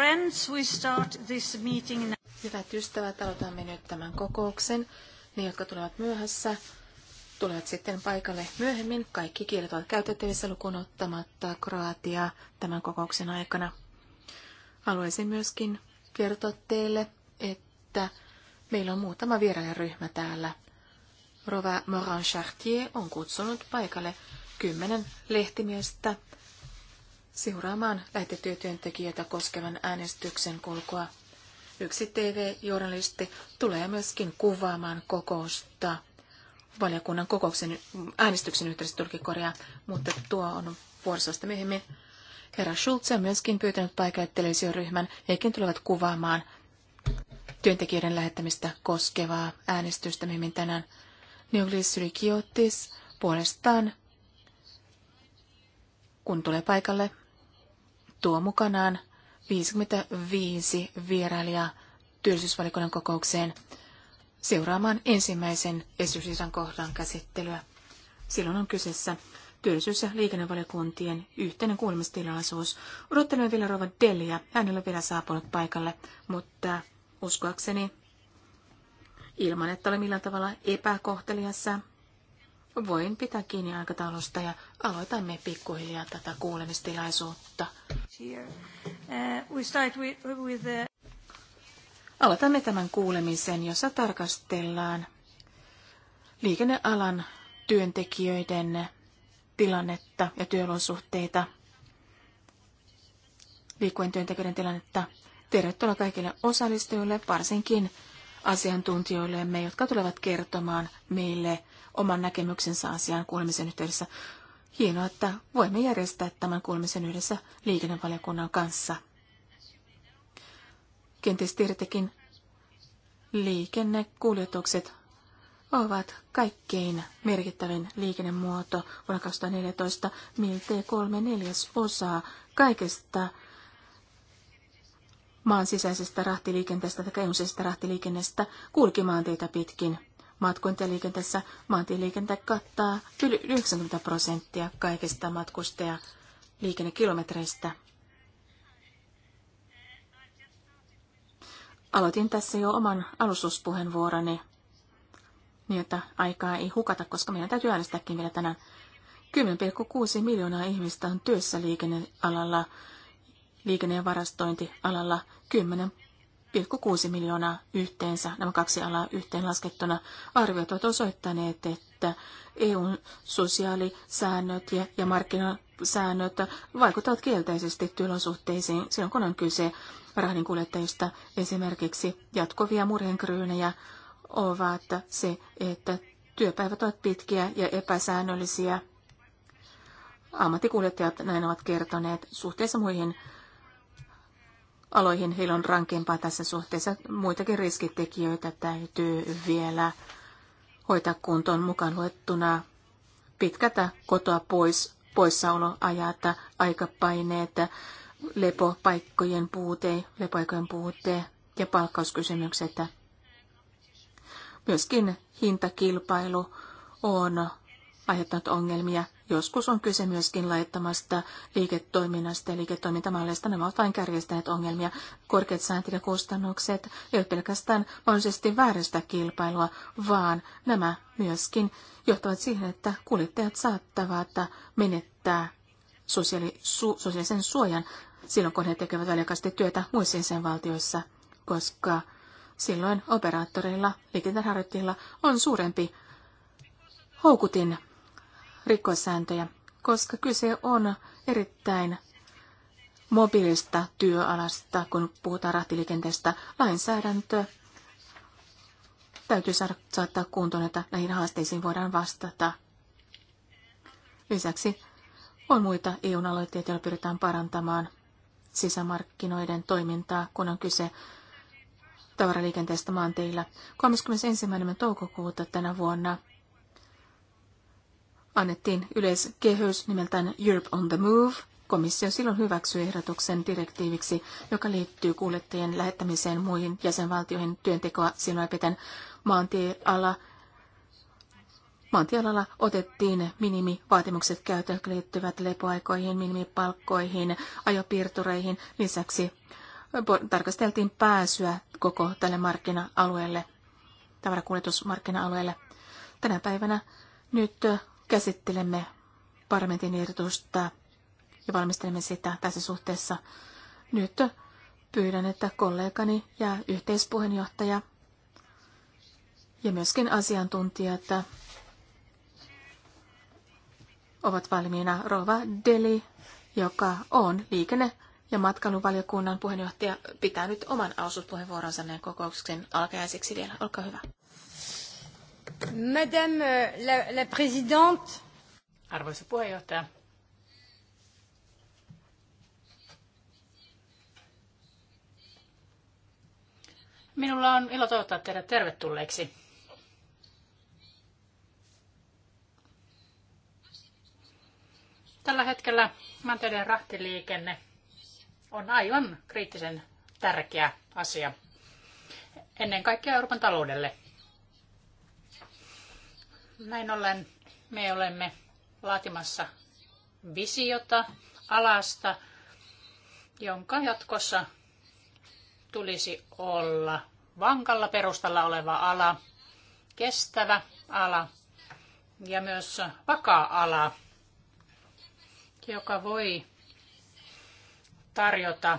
friends, we start this meeting now. Hyvät ystävät, aloitamme nyt tämän kokouksen. Ne, jotka tulevat myöhässä, tulevat sitten paikalle myöhemmin. Kaikki kielet ovat käytettävissä lukuun ottamatta Kroatiaa tämän kokouksen aikana. Haluaisin myöskin kertoa teille, että meillä on muutama vierailijaryhmä täällä. Rova Moran Chartier on kutsunut paikalle kymmenen lehtimiestä seuraamaan lähetetyötyöntekijöitä koskevan äänestyksen kulkua. Yksi TV-journalisti tulee myöskin kuvaamaan kokousta valiokunnan kokouksen äänestyksen yhteydessä tulkikorjaa, mutta tuo on vuorososta myöhemmin. Herra Schulz on myöskin pyytänyt paikatteleisijoryhmän, hekin tulevat kuvaamaan työntekijöiden lähettämistä koskevaa äänestystä myöhemmin tänään. Neuglis Rikiotis puolestaan, kun tulee paikalle, tuo mukanaan 55 vierailijaa työllisyysvalikunnan kokoukseen seuraamaan ensimmäisen esitysisän kohdan käsittelyä. Silloin on kyseessä työllisyys- ja liikennevaliokuntien yhteinen kuulemistilaisuus. Odottelemme vielä Rova Delia. Hänellä on vielä saapunut paikalle, mutta uskoakseni ilman, että olen millään tavalla epäkohteliassa, voin pitää kiinni aikataulusta ja aloitamme pikkuhiljaa tätä kuulemistilaisuutta. Here. Uh, we start with, the... Aloitamme tämän kuulemisen, jossa tarkastellaan liikennealan työntekijöiden tilannetta ja työolosuhteita, liikkuen työntekijöiden tilannetta. Tervetuloa kaikille osallistujille, varsinkin asiantuntijoillemme, jotka tulevat kertomaan meille oman näkemyksensä asiaan kuulemisen yhteydessä. Hienoa, että voimme järjestää tämän kuulemisen yhdessä liikennevaliokunnan kanssa. Kenties tietenkin liikennekuljetukset ovat kaikkein merkittävin liikennemuoto vuonna 2014, miltei kolme neljäs osaa kaikesta maan sisäisestä rahtiliikenteestä tai EUn sisäisestä rahtiliikenneestä kulki maanteita pitkin matkuntaliikenteessä. Maantieliikente kattaa yli 90 prosenttia kaikista matkustaja liikennekilometreistä. Aloitin tässä jo oman alustuspuheenvuoroni, niin että aikaa ei hukata, koska meidän täytyy äänestääkin vielä tänään. 10,6 miljoonaa ihmistä on työssä liikennealalla, liikenne- ja varastointialalla. 10 1,6 miljoonaa yhteensä, nämä kaksi alaa yhteenlaskettuna, arviot ovat osoittaneet, että EUn sosiaalisäännöt ja, ja markkinasäännöt vaikuttavat kielteisesti työolosuhteisiin silloin, kun on kyse rahdinkuljettajista. Esimerkiksi jatkuvia murhenkryynejä ovat se, että työpäivät ovat pitkiä ja epäsäännöllisiä. Ammattikuljettajat näin ovat kertoneet suhteessa muihin aloihin heillä on rankempaa tässä suhteessa. Muitakin riskitekijöitä täytyy vielä hoitaa kuntoon mukaan luettuna pitkätä kotoa pois, poissaoloajat, aikapaineet, lepopaikkojen puute, lepoaikojen puute ja palkkauskysymykset. Myöskin hintakilpailu on aiheuttanut ongelmia Joskus on kyse myöskin laittamasta liiketoiminnasta ja liiketoimintamalleista. Nämä ovat vain kärjestäneet ongelmia. Korkeat sääntelykustannukset eivät pelkästään mahdollisesti vääristä kilpailua, vaan nämä myöskin johtavat siihen, että kuljettajat saattavat menettää sosiaali, su, sosiaalisen suojan silloin, kun he tekevät väliaikaisesti työtä muissa jäsenvaltioissa, koska silloin operaattoreilla, liikenteenharjoittajilla on suurempi houkutin Rikosääntöjä, koska kyse on erittäin mobiilista työalasta, kun puhutaan rahtiliikenteestä. Lainsäädäntö täytyy saada, saattaa kuntoon, että näihin haasteisiin voidaan vastata. Lisäksi on muita EU-aloitteita, joilla pyritään parantamaan sisämarkkinoiden toimintaa, kun on kyse tavaraliikenteestä maanteillä. 31. toukokuuta tänä vuonna – annettiin yleiskehys nimeltään Europe on the Move. Komissio silloin hyväksyi ehdotuksen direktiiviksi, joka liittyy kuljettajien lähettämiseen muihin jäsenvaltioihin työntekoa silloin pitäen maantieala. Maantialalla otettiin minimivaatimukset käyttöön, jotka liittyvät lepoaikoihin, minimipalkkoihin, ajopiirtureihin. Lisäksi tarkasteltiin pääsyä koko tälle markkina-alueelle, tavarakuljetusmarkkina-alueelle. Tänä päivänä nyt käsittelemme parlamentin ehdotusta ja valmistelemme sitä tässä suhteessa. Nyt pyydän, että kollegani ja yhteispuheenjohtaja ja myöskin asiantuntijat ovat valmiina Rova Deli, joka on liikenne- ja matkailuvaliokunnan puheenjohtaja, pitää nyt oman asuuspuheenvuoronsa kokouksen alkajaisiksi vielä. Olkaa hyvä. Madame euh, la, la présidente. Arvoisa puheenjohtaja. Minulla on ilo toivottaa teidät tervetulleeksi. Tällä hetkellä Manteleen rahtiliikenne on aivan kriittisen tärkeä asia ennen kaikkea Euroopan taloudelle – näin ollen me olemme laatimassa visiota alasta, jonka jatkossa tulisi olla vankalla perustalla oleva ala, kestävä ala ja myös vakaa ala, joka voi tarjota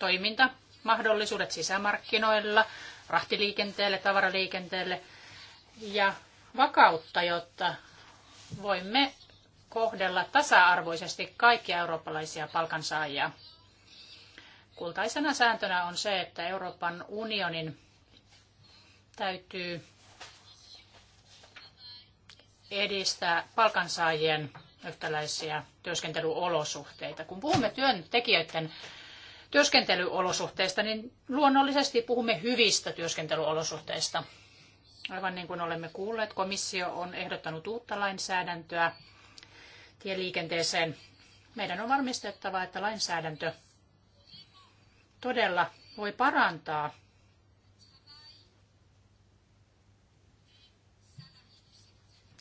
toiminta, mahdollisuudet sisämarkkinoilla, rahtiliikenteelle, tavaraliikenteelle ja vakautta, jotta voimme kohdella tasa-arvoisesti kaikkia eurooppalaisia palkansaajia. Kultaisena sääntönä on se, että Euroopan unionin täytyy edistää palkansaajien yhtäläisiä työskentelyolosuhteita. Kun puhumme työntekijöiden työskentelyolosuhteista, niin luonnollisesti puhumme hyvistä työskentelyolosuhteista. Aivan niin kuin olemme kuulleet, komissio on ehdottanut uutta lainsäädäntöä tieliikenteeseen. Meidän on varmistettava, että lainsäädäntö todella voi parantaa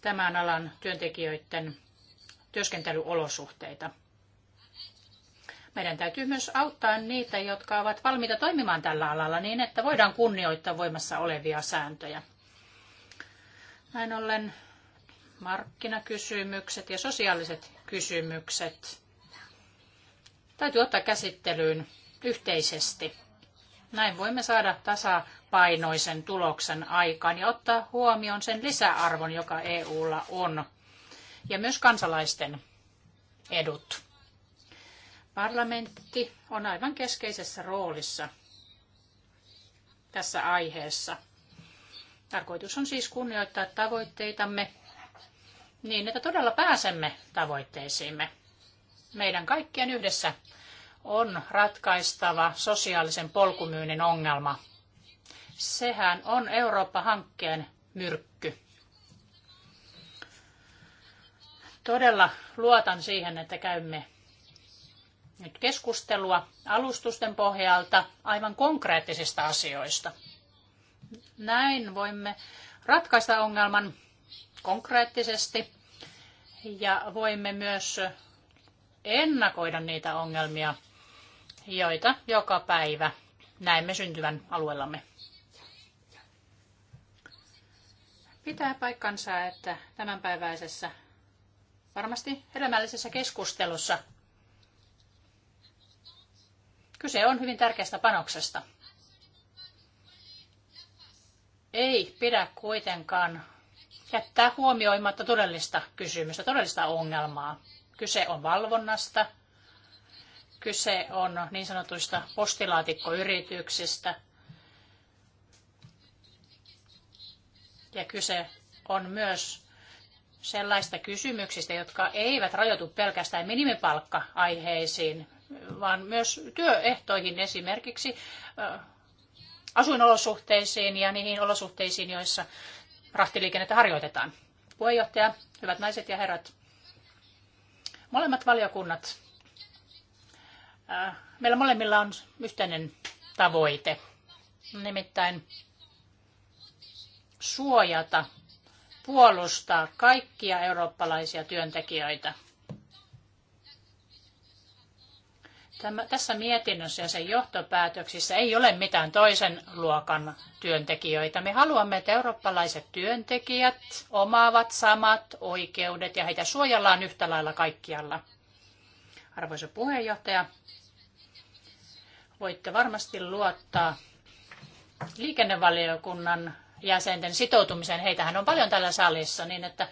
tämän alan työntekijöiden työskentelyolosuhteita. Meidän täytyy myös auttaa niitä, jotka ovat valmiita toimimaan tällä alalla niin, että voidaan kunnioittaa voimassa olevia sääntöjä. Näin ollen markkinakysymykset ja sosiaaliset kysymykset täytyy ottaa käsittelyyn yhteisesti. Näin voimme saada tasapainoisen tuloksen aikaan ja ottaa huomioon sen lisäarvon, joka EUlla on, ja myös kansalaisten edut. Parlamentti on aivan keskeisessä roolissa tässä aiheessa – Tarkoitus on siis kunnioittaa tavoitteitamme niin, että todella pääsemme tavoitteisiimme. Meidän kaikkien yhdessä on ratkaistava sosiaalisen polkumyynnin ongelma. Sehän on Eurooppa-hankkeen myrkky. Todella luotan siihen, että käymme nyt keskustelua alustusten pohjalta aivan konkreettisista asioista – näin voimme ratkaista ongelman konkreettisesti ja voimme myös ennakoida niitä ongelmia, joita joka päivä näemme syntyvän alueellamme. Pitää paikkansa, että tämänpäiväisessä varmasti hedelmällisessä keskustelussa kyse on hyvin tärkeästä panoksesta – ei pidä kuitenkaan jättää huomioimatta todellista kysymystä, todellista ongelmaa. Kyse on valvonnasta, kyse on niin sanotuista postilaatikkoyrityksistä ja kyse on myös sellaista kysymyksistä, jotka eivät rajoitu pelkästään minimipalkka-aiheisiin, vaan myös työehtoihin esimerkiksi asuinolosuhteisiin ja niihin olosuhteisiin, joissa rahtiliikennettä harjoitetaan. Puheenjohtaja, hyvät naiset ja herrat, molemmat valiokunnat, äh, meillä molemmilla on yhteinen tavoite, nimittäin suojata, puolustaa kaikkia eurooppalaisia työntekijöitä – Tämä, tässä mietinnössä ja sen johtopäätöksissä ei ole mitään toisen luokan työntekijöitä. Me haluamme, että eurooppalaiset työntekijät omaavat samat oikeudet ja heitä suojellaan yhtä lailla kaikkialla. Arvoisa puheenjohtaja, voitte varmasti luottaa liikennevaliokunnan jäsenten sitoutumiseen. Heitähän on paljon täällä salissa, niin että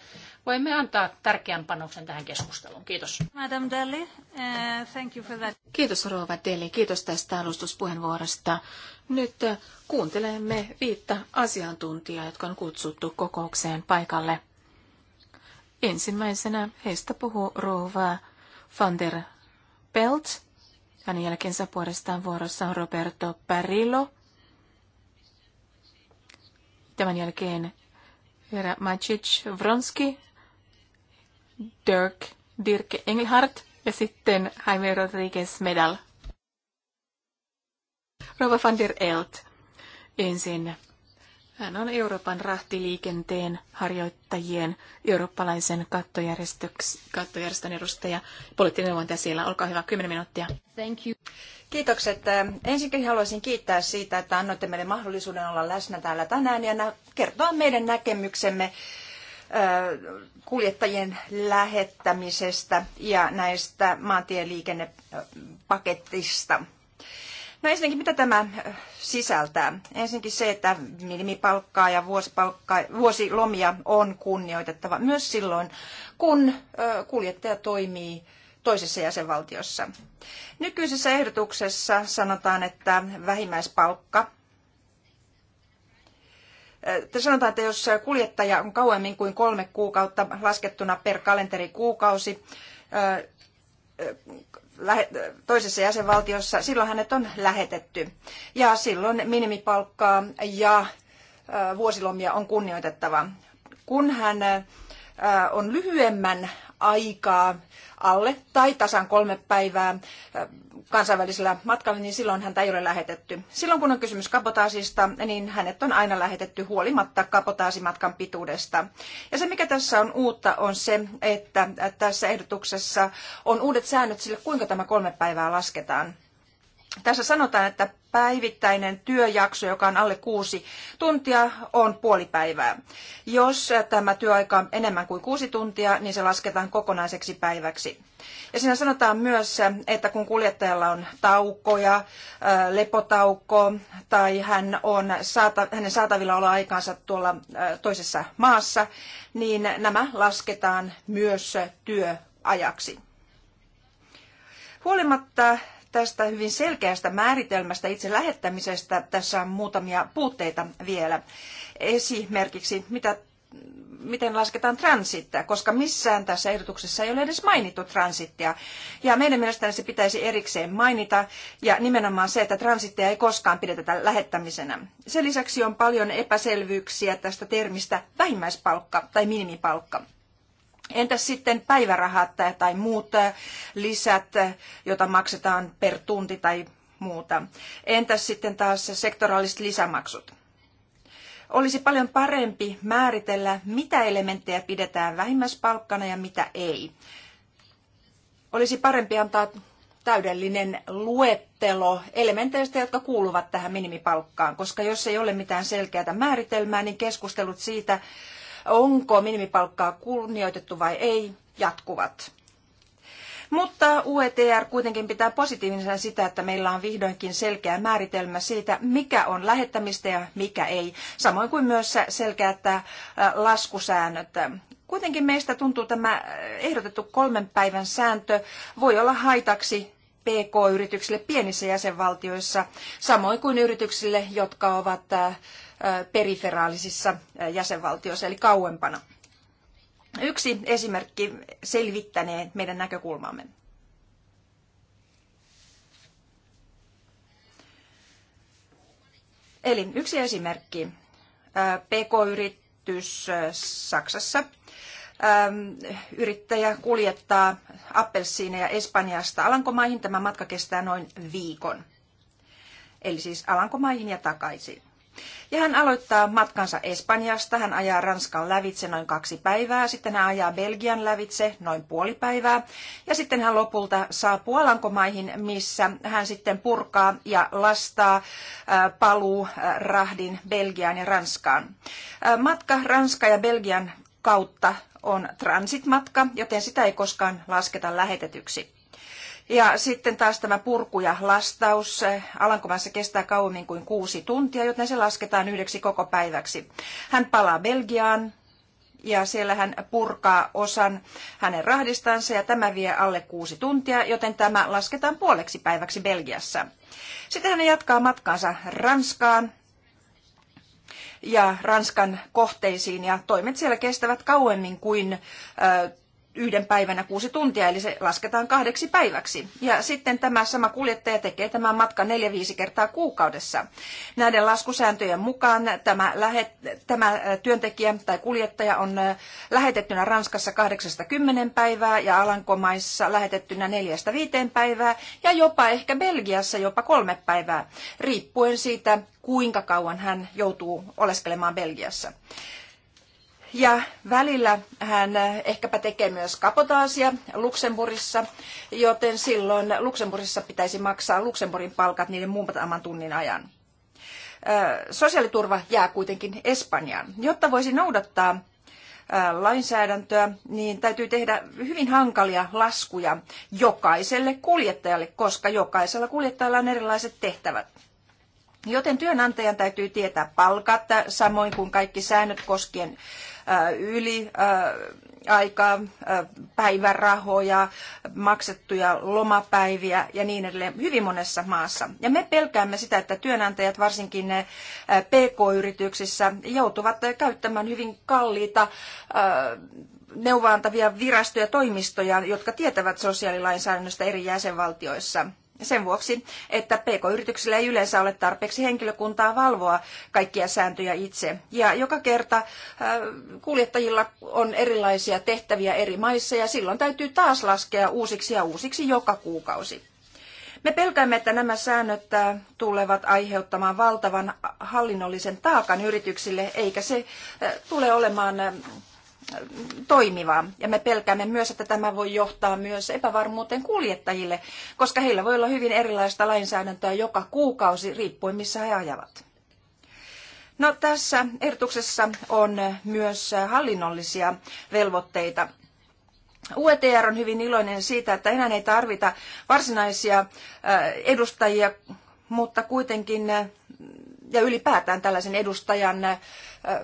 voimme antaa tärkeän panoksen tähän keskusteluun. Kiitos. Madam Deli, eh, thank you for that. Kiitos Rova Deli, kiitos tästä alustuspuheenvuorosta. Nyt eh, kuuntelemme viittä asiantuntijaa, jotka on kutsuttu kokoukseen paikalle. Ensimmäisenä heistä puhuu Rova van der Pelt. Hänen jälkeensä puolestaan vuorossa on Roberto Perillo Tämän jälkeen Vera Macic Vronski, Dirk, Dirk Engelhardt ja sitten Jaime Rodriguez Medal. Rova van der Elt ensin. Hän on Euroopan rahtiliikenteen harjoittajien eurooppalaisen kattojärjestön edustaja. Poliittinen neuvontaja siellä. Olkaa hyvä, 10 minuuttia. Thank you. Kiitokset. Äh, ensinnäkin haluaisin kiittää siitä, että annoitte meille mahdollisuuden olla läsnä täällä tänään ja kertoa meidän näkemyksemme äh, kuljettajien lähettämisestä ja näistä maantieliikennepaketista. No ensinnäkin, mitä tämä äh, sisältää? Ensinnäkin se, että minimipalkkaa ja vuosilomia on kunnioitettava myös silloin, kun kuljettaja toimii toisessa jäsenvaltiossa. Nykyisessä ehdotuksessa sanotaan, että vähimmäispalkka Sanotaan, että jos kuljettaja on kauemmin kuin kolme kuukautta laskettuna per kalenterikuukausi toisessa jäsenvaltiossa, silloin hänet on lähetetty. Ja silloin minimipalkkaa ja vuosilomia on kunnioitettava. Kun hän on lyhyemmän aikaa alle tai tasan kolme päivää äh, kansainvälisellä matkalla, niin silloin häntä ei ole lähetetty. Silloin kun on kysymys kapotaasista, niin hänet on aina lähetetty huolimatta kapotaasimatkan pituudesta. Ja se mikä tässä on uutta on se, että tässä ehdotuksessa on uudet säännöt sille, kuinka tämä kolme päivää lasketaan. Tässä sanotaan, että päivittäinen työjakso, joka on alle kuusi tuntia, on puoli päivää. Jos tämä työaika on enemmän kuin kuusi tuntia, niin se lasketaan kokonaiseksi päiväksi. Ja siinä sanotaan myös, että kun kuljettajalla on taukoja, lepotauko tai hän on saata, hänen saatavilla olla aikaansa tuolla toisessa maassa, niin nämä lasketaan myös työajaksi. Huolimatta tästä hyvin selkeästä määritelmästä itse lähettämisestä tässä on muutamia puutteita vielä. Esimerkiksi mitä, miten lasketaan transittia, koska missään tässä ehdotuksessa ei ole edes mainittu transittia. Ja meidän mielestämme se pitäisi erikseen mainita ja nimenomaan se, että transittia ei koskaan pidetä lähettämisenä. Sen lisäksi on paljon epäselvyyksiä tästä termistä vähimmäispalkka tai minimipalkka. Entäs sitten päivärahat tai muut lisät, joita maksetaan per tunti tai muuta? Entäs sitten taas sektoraaliset lisämaksut? Olisi paljon parempi määritellä, mitä elementtejä pidetään vähimmäispalkkana ja mitä ei. Olisi parempi antaa täydellinen luettelo elementeistä, jotka kuuluvat tähän minimipalkkaan, koska jos ei ole mitään selkeää määritelmää, niin keskustelut siitä, onko minimipalkkaa kunnioitettu vai ei, jatkuvat. Mutta UETR kuitenkin pitää positiivisena sitä, että meillä on vihdoinkin selkeä määritelmä siitä, mikä on lähettämistä ja mikä ei, samoin kuin myös selkeät äh, laskusäännöt. Kuitenkin meistä tuntuu tämä ehdotettu kolmen päivän sääntö voi olla haitaksi PK-yrityksille pienissä jäsenvaltioissa, samoin kuin yrityksille, jotka ovat äh, periferaalisissa jäsenvaltioissa, eli kauempana. Yksi esimerkki selvittänee meidän näkökulmamme. Eli yksi esimerkki. PK-yritys Saksassa. Yrittäjä kuljettaa appelsiineja Espanjasta Alankomaihin. Tämä matka kestää noin viikon. Eli siis Alankomaihin ja takaisin. Ja hän aloittaa matkansa Espanjasta, hän ajaa Ranskan lävitse noin kaksi päivää, sitten hän ajaa Belgian lävitse noin puoli päivää, ja sitten hän lopulta saapuu Alankomaihin, missä hän sitten purkaa ja lastaa äh, paluu äh, rahdin Belgiaan ja Ranskaan. Äh, matka Ranska ja Belgian kautta on transitmatka, joten sitä ei koskaan lasketa lähetetyksi. Ja sitten taas tämä purku ja lastaus. Alankomaissa kestää kauemmin kuin kuusi tuntia, joten se lasketaan yhdeksi koko päiväksi. Hän palaa Belgiaan ja siellä hän purkaa osan hänen rahdistansa ja tämä vie alle kuusi tuntia, joten tämä lasketaan puoleksi päiväksi Belgiassa. Sitten hän jatkaa matkaansa Ranskaan ja Ranskan kohteisiin ja toimet siellä kestävät kauemmin kuin yhden päivänä kuusi tuntia, eli se lasketaan kahdeksi päiväksi. Ja sitten tämä sama kuljettaja tekee tämän matkan neljä viisi kertaa kuukaudessa. Näiden laskusääntöjen mukaan tämä, lähet, tämä työntekijä tai kuljettaja on lähetettynä Ranskassa 8-10 päivää ja Alankomaissa lähetettynä 4-5 päivää ja jopa ehkä Belgiassa jopa kolme päivää, riippuen siitä, kuinka kauan hän joutuu oleskelemaan Belgiassa. Ja välillä hän ehkäpä tekee myös kapotaasia Luxemburgissa, joten silloin Luxemburgissa pitäisi maksaa Luxemburgin palkat niiden muutaman tunnin ajan. Sosiaaliturva jää kuitenkin Espanjaan. Jotta voisi noudattaa lainsäädäntöä, niin täytyy tehdä hyvin hankalia laskuja jokaiselle kuljettajalle, koska jokaisella kuljettajalla on erilaiset tehtävät. Joten työnantajan täytyy tietää palkat, samoin kuin kaikki säännöt koskien yli aikaa, päivärahoja, maksettuja lomapäiviä ja niin edelleen hyvin monessa maassa. Ja me pelkäämme sitä, että työnantajat varsinkin ne PK-yrityksissä joutuvat käyttämään hyvin kalliita neuvoantavia virastoja, toimistoja, jotka tietävät sosiaalilainsäädännöstä eri jäsenvaltioissa sen vuoksi, että PK-yrityksillä ei yleensä ole tarpeeksi henkilökuntaa valvoa kaikkia sääntöjä itse. Ja joka kerta äh, kuljettajilla on erilaisia tehtäviä eri maissa ja silloin täytyy taas laskea uusiksi ja uusiksi joka kuukausi. Me pelkäämme, että nämä säännöt äh, tulevat aiheuttamaan valtavan hallinnollisen taakan yrityksille, eikä se äh, tule olemaan toimiva. Ja me pelkäämme myös, että tämä voi johtaa myös epävarmuuteen kuljettajille, koska heillä voi olla hyvin erilaista lainsäädäntöä joka kuukausi riippuen missä he ajavat. No, tässä ehdotuksessa on myös hallinnollisia velvoitteita. UETR on hyvin iloinen siitä, että enää ei tarvita varsinaisia edustajia, mutta kuitenkin ja ylipäätään tällaisen edustajan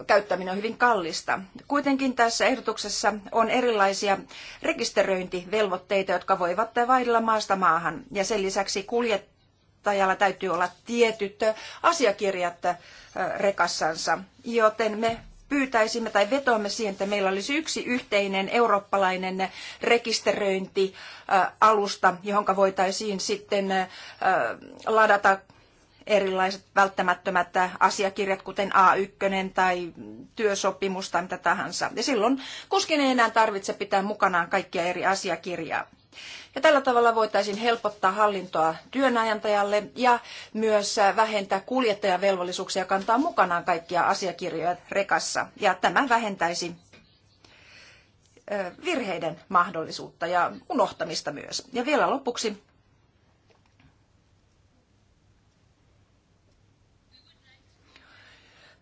käyttäminen on hyvin kallista. Kuitenkin tässä ehdotuksessa on erilaisia rekisteröintivelvoitteita, jotka voivat vaihdella maasta maahan. Ja sen lisäksi kuljettajalla täytyy olla tietyt asiakirjat rekassansa, joten me pyytäisimme tai vetoamme siihen, että meillä olisi yksi yhteinen eurooppalainen rekisteröintialusta, johon voitaisiin sitten ladata erilaiset välttämättömät asiakirjat, kuten A1 tai työsopimus tai mitä tahansa. Ja silloin kuskin ei enää tarvitse pitää mukanaan kaikkia eri asiakirjaa. Ja tällä tavalla voitaisiin helpottaa hallintoa työnantajalle ja myös vähentää kuljettajan velvollisuuksia kantaa mukanaan kaikkia asiakirjoja rekassa. Ja tämä vähentäisi virheiden mahdollisuutta ja unohtamista myös. Ja vielä lopuksi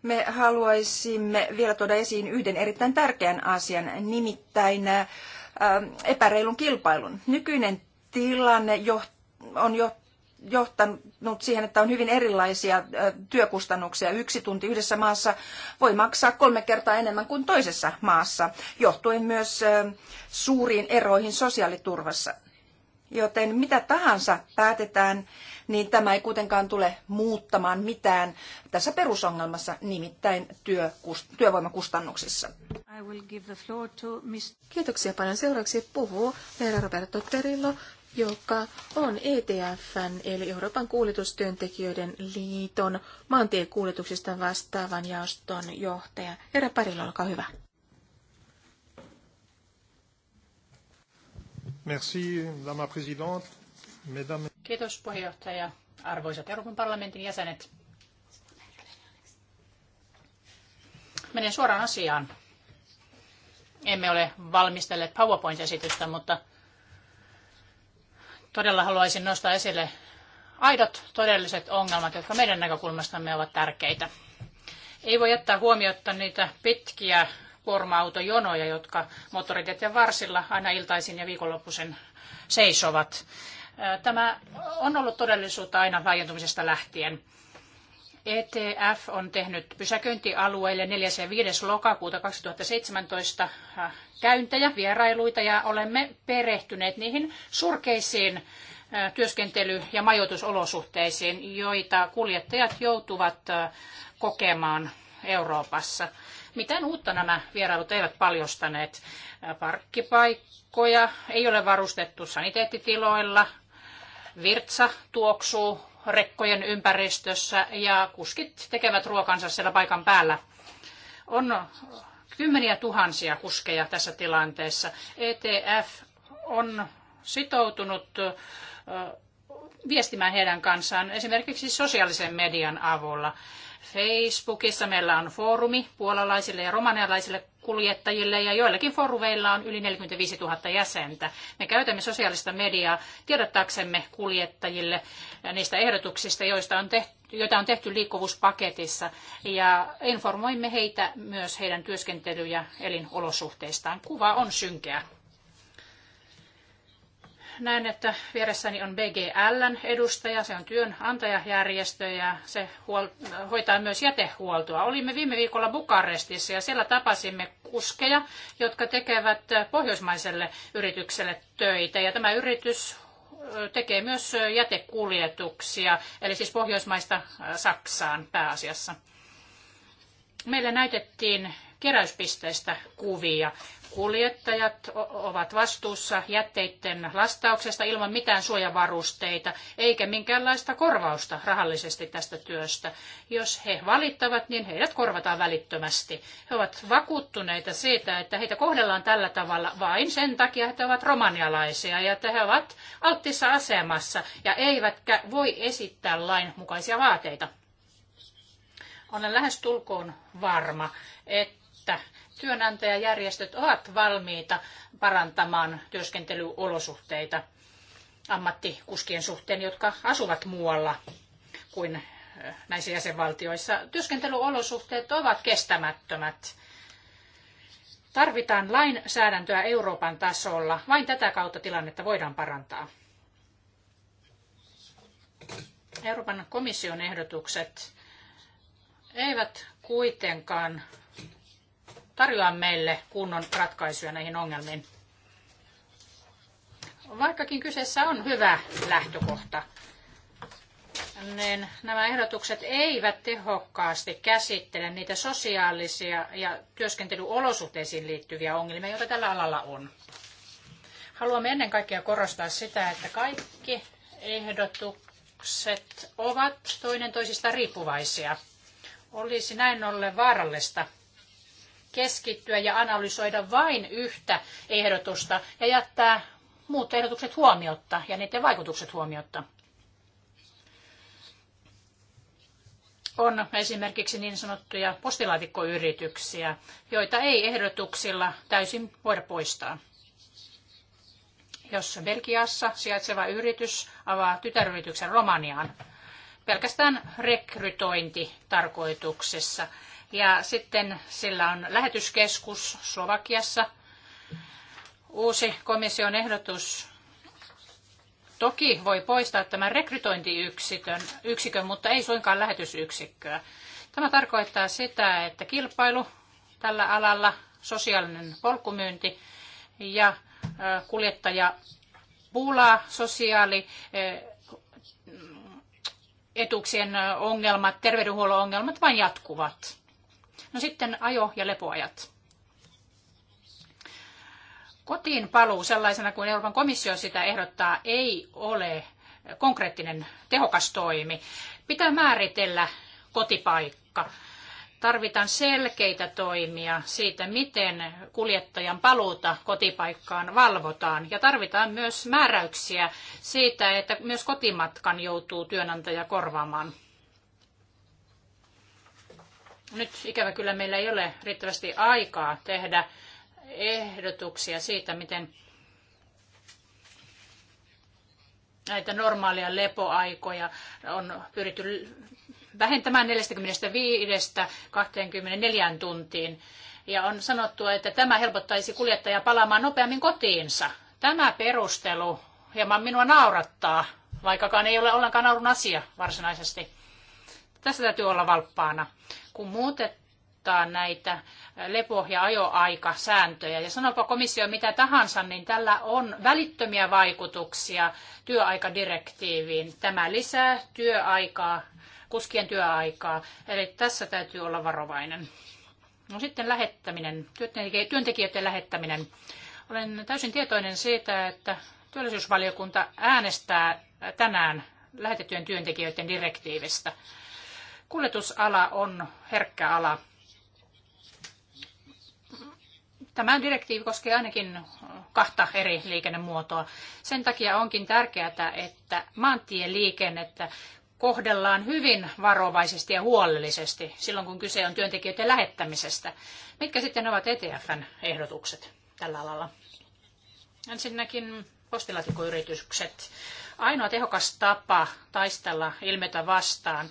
me haluaisimme vielä tuoda esiin yhden erittäin tärkeän asian, nimittäin epäreilun kilpailun. Nykyinen tilanne on jo johtanut siihen, että on hyvin erilaisia työkustannuksia. Yksi tunti yhdessä maassa voi maksaa kolme kertaa enemmän kuin toisessa maassa, johtuen myös suuriin eroihin sosiaaliturvassa. Joten mitä tahansa päätetään, niin tämä ei kuitenkaan tule muuttamaan mitään tässä perusongelmassa, nimittäin työvoimakustannuksissa. Kiitoksia paljon. Seuraavaksi puhuu Herra Roberto Perillo, joka on ETFn eli Euroopan kuljetustyöntekijöiden liiton maantiekuljetuksista vastaavan jaoston johtaja. Herra Perillo, olkaa hyvä. Merci, Madame la Présidente. Kiitos puheenjohtaja. Arvoisat Euroopan parlamentin jäsenet. Menen suoraan asiaan. Emme ole valmistelleet PowerPoint-esitystä, mutta todella haluaisin nostaa esille aidot todelliset ongelmat, jotka meidän näkökulmastamme ovat tärkeitä. Ei voi jättää huomiota niitä pitkiä kuorma-autojonoja, jotka moottoritieteen varsilla aina iltaisin ja viikonloppuisen seisovat. Tämä on ollut todellisuutta aina laajentumisesta lähtien. ETF on tehnyt pysäköintialueille 4. ja 5. lokakuuta 2017 käyntejä, vierailuita ja olemme perehtyneet niihin surkeisiin työskentely- ja majoitusolosuhteisiin, joita kuljettajat joutuvat kokemaan Euroopassa. Mitään uutta nämä vierailut eivät paljostaneet. Parkkipaikkoja ei ole varustettu saniteettitiloilla, virtsa tuoksuu rekkojen ympäristössä ja kuskit tekevät ruokansa siellä paikan päällä. On kymmeniä tuhansia kuskeja tässä tilanteessa. ETF on sitoutunut viestimään heidän kanssaan esimerkiksi sosiaalisen median avulla. Facebookissa meillä on foorumi puolalaisille ja romanialaisille kuljettajille ja joillakin foorumeilla on yli 45 000 jäsentä. Me käytämme sosiaalista mediaa tiedottaaksemme kuljettajille niistä ehdotuksista, joista on tehty, joita on tehty liikkuvuuspaketissa ja informoimme heitä myös heidän työskentely- ja elinolosuhteistaan. Kuva on synkeä näen, että vieressäni on BGLn edustaja, se on työnantajajärjestö ja se huol- hoitaa myös jätehuoltoa. Olimme viime viikolla Bukarestissa ja siellä tapasimme kuskeja, jotka tekevät pohjoismaiselle yritykselle töitä ja tämä yritys tekee myös jätekuljetuksia, eli siis Pohjoismaista Saksaan pääasiassa. Meille näytettiin keräyspisteistä kuvia kuljettajat ovat vastuussa jätteiden lastauksesta ilman mitään suojavarusteita eikä minkäänlaista korvausta rahallisesti tästä työstä. Jos he valittavat, niin heidät korvataan välittömästi. He ovat vakuuttuneita siitä, että heitä kohdellaan tällä tavalla vain sen takia, että he ovat romanialaisia ja että he ovat alttissa asemassa ja eivätkä voi esittää lain mukaisia vaateita. Olen lähes tulkoon varma, että työnantajajärjestöt ovat valmiita parantamaan työskentelyolosuhteita ammattikuskien suhteen, jotka asuvat muualla kuin näissä jäsenvaltioissa. Työskentelyolosuhteet ovat kestämättömät. Tarvitaan lainsäädäntöä Euroopan tasolla. Vain tätä kautta tilannetta voidaan parantaa. Euroopan komission ehdotukset eivät kuitenkaan tarjoa meille kunnon ratkaisuja näihin ongelmiin. Vaikkakin kyseessä on hyvä lähtökohta, niin nämä ehdotukset eivät tehokkaasti käsittele niitä sosiaalisia ja työskentelyolosuhteisiin liittyviä ongelmia, joita tällä alalla on. Haluamme ennen kaikkea korostaa sitä, että kaikki ehdotukset ovat toinen toisista riippuvaisia. Olisi näin ollen vaarallista keskittyä ja analysoida vain yhtä ehdotusta ja jättää muut ehdotukset huomiotta ja niiden vaikutukset huomiotta. On esimerkiksi niin sanottuja postilaatikkoyrityksiä, joita ei ehdotuksilla täysin voida poistaa. Jos Belgiassa sijaitseva yritys avaa tytäryrityksen Romaniaan pelkästään rekrytointitarkoituksessa, ja sitten sillä on lähetyskeskus Slovakiassa. Uusi komission ehdotus toki voi poistaa tämän rekrytointiyksikön, yksikön, mutta ei suinkaan lähetysyksikköä. Tämä tarkoittaa sitä, että kilpailu tällä alalla, sosiaalinen polkumyynti ja kuljettaja puulaa sosiaali, etuuksien ongelmat, terveydenhuollon ongelmat vain jatkuvat. No sitten ajo- ja lepoajat. Kotiin paluu sellaisena kuin Euroopan komissio sitä ehdottaa ei ole konkreettinen tehokas toimi. Pitää määritellä kotipaikka. Tarvitaan selkeitä toimia siitä, miten kuljettajan paluuta kotipaikkaan valvotaan. Ja tarvitaan myös määräyksiä siitä, että myös kotimatkan joutuu työnantaja korvaamaan. Nyt ikävä kyllä meillä ei ole riittävästi aikaa tehdä ehdotuksia siitä, miten näitä normaalia lepoaikoja on pyritty vähentämään 45-24 tuntiin. Ja on sanottu, että tämä helpottaisi kuljettajaa palaamaan nopeammin kotiinsa. Tämä perustelu hieman minua naurattaa, vaikkakaan ei ole ollenkaan naurun asia varsinaisesti. Tässä täytyy olla valppaana kun muutetaan näitä lepo- ja ajoaikasääntöjä, ja sanopa komissio mitä tahansa, niin tällä on välittömiä vaikutuksia työaikadirektiiviin. Tämä lisää työaikaa, kuskien työaikaa, eli tässä täytyy olla varovainen. No sitten lähettäminen, työntekijöiden lähettäminen. Olen täysin tietoinen siitä, että työllisyysvaliokunta äänestää tänään lähetettyjen työntekijöiden direktiivistä. Kuljetusala on herkkä ala. Tämä direktiivi koskee ainakin kahta eri liikennemuotoa. Sen takia onkin tärkeää, että maantieliikennettä kohdellaan hyvin varovaisesti ja huolellisesti silloin, kun kyse on työntekijöiden lähettämisestä. Mitkä sitten ovat ETFn ehdotukset tällä alalla? Ensinnäkin postilatikoyritykset. Ainoa tehokas tapa taistella ilmetä vastaan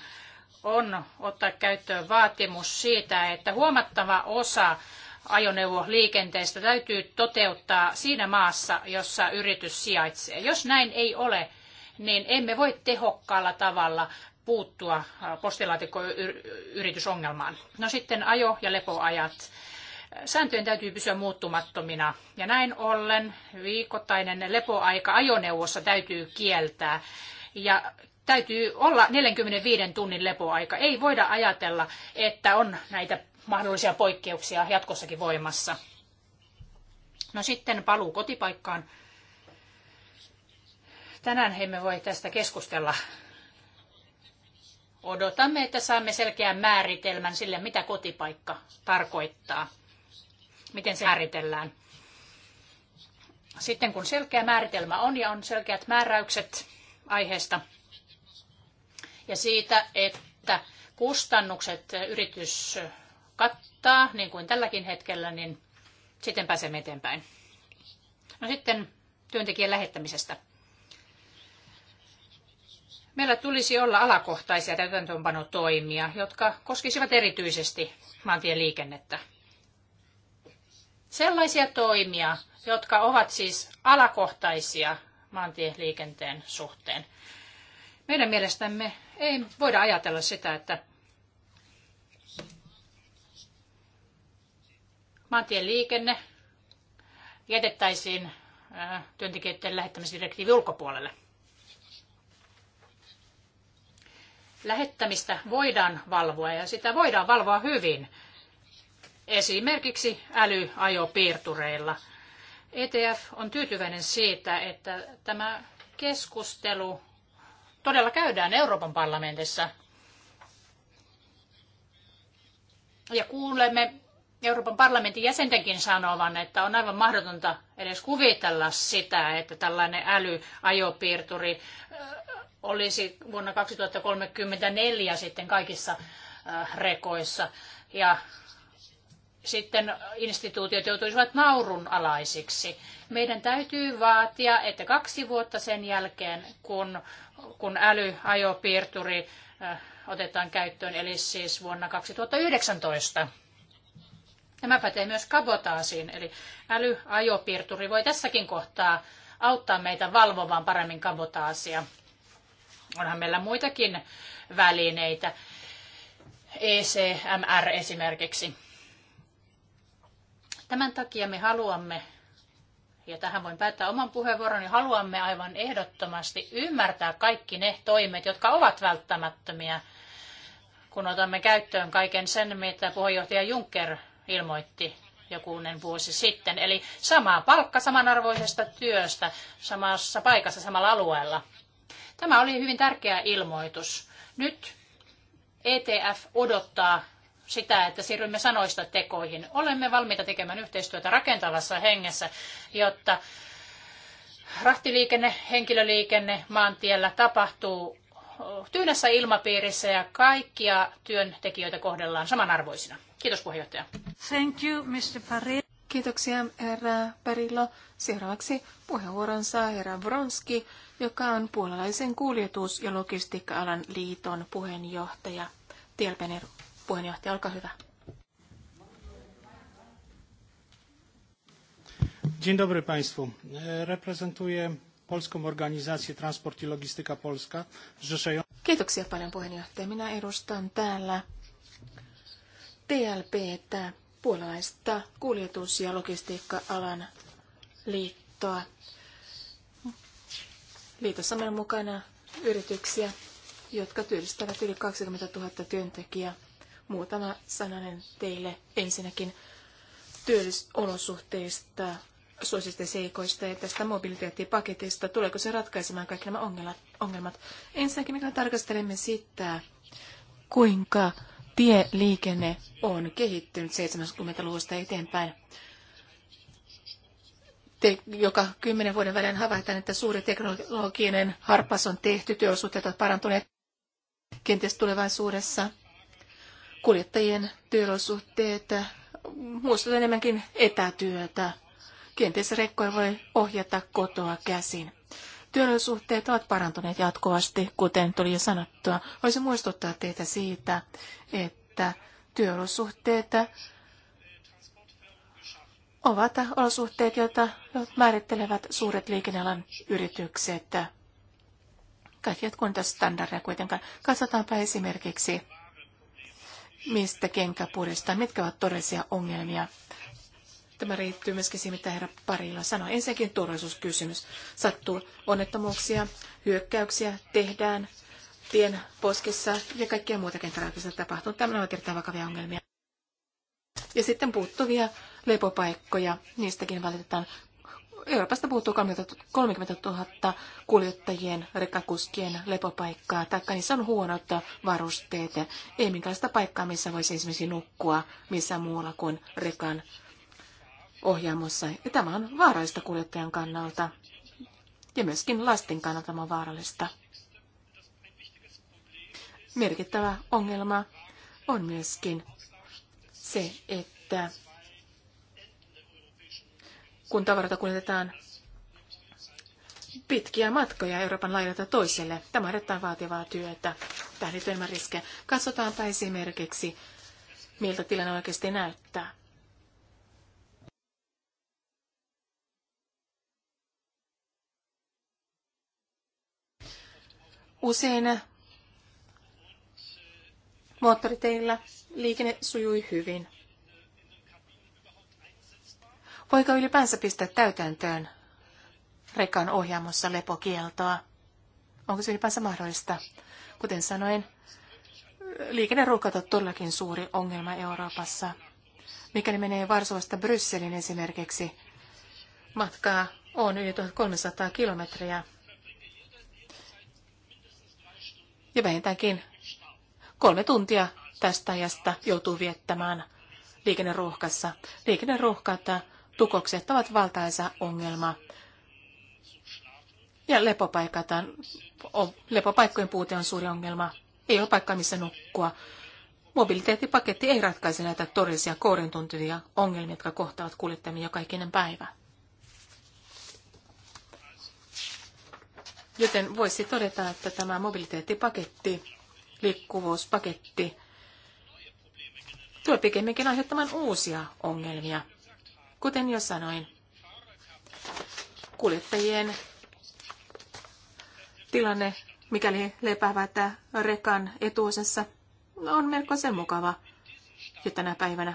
on ottaa käyttöön vaatimus siitä, että huomattava osa ajoneuvoliikenteestä täytyy toteuttaa siinä maassa, jossa yritys sijaitsee. Jos näin ei ole, niin emme voi tehokkaalla tavalla puuttua postilaatikkoyritysongelmaan. No sitten ajo- ja lepoajat. Sääntöjen täytyy pysyä muuttumattomina ja näin ollen viikoittainen lepoaika ajoneuvossa täytyy kieltää ja täytyy olla 45 tunnin lepoaika. Ei voida ajatella, että on näitä mahdollisia poikkeuksia jatkossakin voimassa. No sitten paluu kotipaikkaan. Tänään emme voi tästä keskustella. Odotamme, että saamme selkeän määritelmän sille, mitä kotipaikka tarkoittaa. Miten se määritellään. Sitten kun selkeä määritelmä on ja on selkeät määräykset aiheesta, ja siitä, että kustannukset yritys kattaa, niin kuin tälläkin hetkellä, niin sitten pääsemme eteenpäin. No sitten työntekijän lähettämisestä. Meillä tulisi olla alakohtaisia täytäntöönpanotoimia, jotka koskisivat erityisesti liikennettä. Sellaisia toimia, jotka ovat siis alakohtaisia maantieliikenteen suhteen. Meidän mielestämme ei voida ajatella sitä, että maantien liikenne jätettäisiin äh, työntekijöiden lähettämisdirektiivi ulkopuolelle. Lähettämistä voidaan valvoa ja sitä voidaan valvoa hyvin. Esimerkiksi älyajopiirtureilla. ETF on tyytyväinen siitä, että tämä keskustelu todella käydään Euroopan parlamentissa. Ja kuulemme Euroopan parlamentin jäsentenkin sanovan, että on aivan mahdotonta edes kuvitella sitä, että tällainen älyajopiirturi olisi vuonna 2034 sitten kaikissa rekoissa. Ja sitten instituutiot joutuisivat naurun alaisiksi. Meidän täytyy vaatia, että kaksi vuotta sen jälkeen, kun, kun älyajopiirturi äh, otetaan käyttöön, eli siis vuonna 2019. Tämä pätee myös kabotaasiin, eli älyajopiirturi voi tässäkin kohtaa auttaa meitä valvomaan paremmin kabotaasia. Onhan meillä muitakin välineitä, ECMR esimerkiksi. Tämän takia me haluamme, ja tähän voin päättää oman puheenvuoroni, haluamme aivan ehdottomasti ymmärtää kaikki ne toimet, jotka ovat välttämättömiä, kun otamme käyttöön kaiken sen, mitä puheenjohtaja Juncker ilmoitti jokunen vuosi sitten. Eli sama palkka samanarvoisesta työstä samassa paikassa samalla alueella. Tämä oli hyvin tärkeä ilmoitus. Nyt ETF odottaa sitä, että siirrymme sanoista tekoihin. Olemme valmiita tekemään yhteistyötä rakentavassa hengessä, jotta rahtiliikenne, henkilöliikenne maantiellä tapahtuu tyynessä ilmapiirissä ja kaikkia työntekijöitä kohdellaan samanarvoisina. Kiitos puheenjohtaja. Thank you, Mr. Parillo. Kiitoksia, herra Perillo. Seuraavaksi puheenvuoron saa herra Vronski, joka on puolalaisen kuljetus- ja logistiikka-alan liiton puheenjohtaja. Tielpeneru. Puheenjohtaja, olkaa hyvä. Dzień dobry Państwu. E, reprezentuję Polską Organizację Transport i Logistyka Polska, zrzeszającą... Kiitoksia paljon puheenjohtaja. Minä edustan täällä TLPtä, puolalaista kuljetus- ja logistiikka-alan liittoa. Liitossa meillä on mukana yrityksiä, jotka työllistävät yli 20 000 työntekijää. Muutama sananen teille ensinnäkin työllisolosuhteista, suosista seikoista ja tästä mobiliteettipaketista. Tuleeko se ratkaisemaan kaikki nämä ongelmat? Ensinnäkin me tarkastelemme sitä, kuinka tieliikenne on kehittynyt 70-luvusta eteenpäin. Te, joka kymmenen vuoden välein havaitaan, että suuri teknologinen harpas on tehty, työosuhteet ovat parantuneet kenties tulevaisuudessa Kuljettajien työolosuhteet muistuttavat enemmänkin etätyötä. Kenties rekkoja voi ohjata kotoa käsin. Työolosuhteet ovat parantuneet jatkuvasti, kuten tuli jo sanottua. Voisin muistuttaa teitä siitä, että työolosuhteet ovat olosuhteet, joita määrittelevät suuret liikennealan yritykset. Kaikki jotkut standardeja kuitenkaan. Katsotaanpa esimerkiksi mistä kenkä puristaa, mitkä ovat todellisia ongelmia. Tämä riittyy myöskin siihen, mitä herra Parilla sanoi. Ensinnäkin turvallisuuskysymys. Sattuu onnettomuuksia, hyökkäyksiä tehdään tien poskissa ja kaikkia muuta traagista tapahtuu. Tämä on erittäin vakavia ongelmia. Ja sitten puuttuvia lepopaikkoja, niistäkin valitetaan. Euroopasta puuttuu 30 000 kuljettajien, rekkakuskien lepopaikkaa, taikka niissä on huonot varusteet. Ei minkäänlaista paikkaa, missä voisi esimerkiksi nukkua missä muualla kuin rekan ohjaamossa. Ja tämä on vaarallista kuljettajan kannalta. Ja myöskin lasten kannalta tämä on vaarallista. Merkittävä ongelma on myöskin se, että kun tavarata kuljetetaan pitkiä matkoja Euroopan laidalta toiselle. Tämä on erittäin vaativaa työtä. Tähän liittyy enemmän riskejä. Katsotaanpa esimerkiksi, miltä tilanne oikeasti näyttää. Usein moottoriteillä liikenne sujui hyvin. Voiko ylipäänsä pistää täytäntöön rekan ohjaamossa lepokieltoa? Onko se ylipäänsä mahdollista? Kuten sanoin, liikenneruuhkat ovat todellakin suuri ongelma Euroopassa. Mikäli menee Varsovasta Brysselin esimerkiksi, matkaa on yli 1300 kilometriä. Ja vähintäänkin kolme tuntia tästä ajasta joutuu viettämään liikenneruuhkassa. Liikenneruuhkat Tukokset ovat valtaisa ongelma. Ja lepopaikat on, lepopaikkojen puute on suuri ongelma. Ei ole paikkaa, missä nukkua. Mobiliteettipaketti ei ratkaise näitä todellisia kourintuntuvia ongelmia, jotka kohtaavat kuljettaminen joka ikinen päivä. Joten voisi todeta, että tämä mobiliteettipaketti, liikkuvuuspaketti, tulee pikemminkin aiheuttamaan uusia ongelmia Kuten jo sanoin, kuljettajien tilanne, mikäli he lepäävät rekan etuosassa, on sen mukava jo tänä päivänä.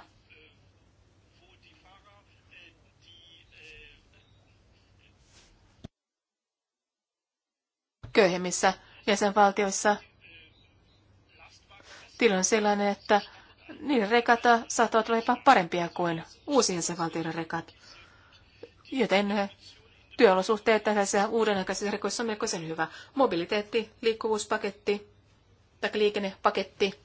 Köyhemmissä jäsenvaltioissa tilanne on sellainen, että niin, rekat saattavat olla jopa parempia kuin uusien sevaltioiden rekat. Joten eh, työolosuhteet tällaisissa uudenaikaisissa rekoissa on sen hyvä. Mobiliteetti, liikkuvuuspaketti tai liikennepaketti.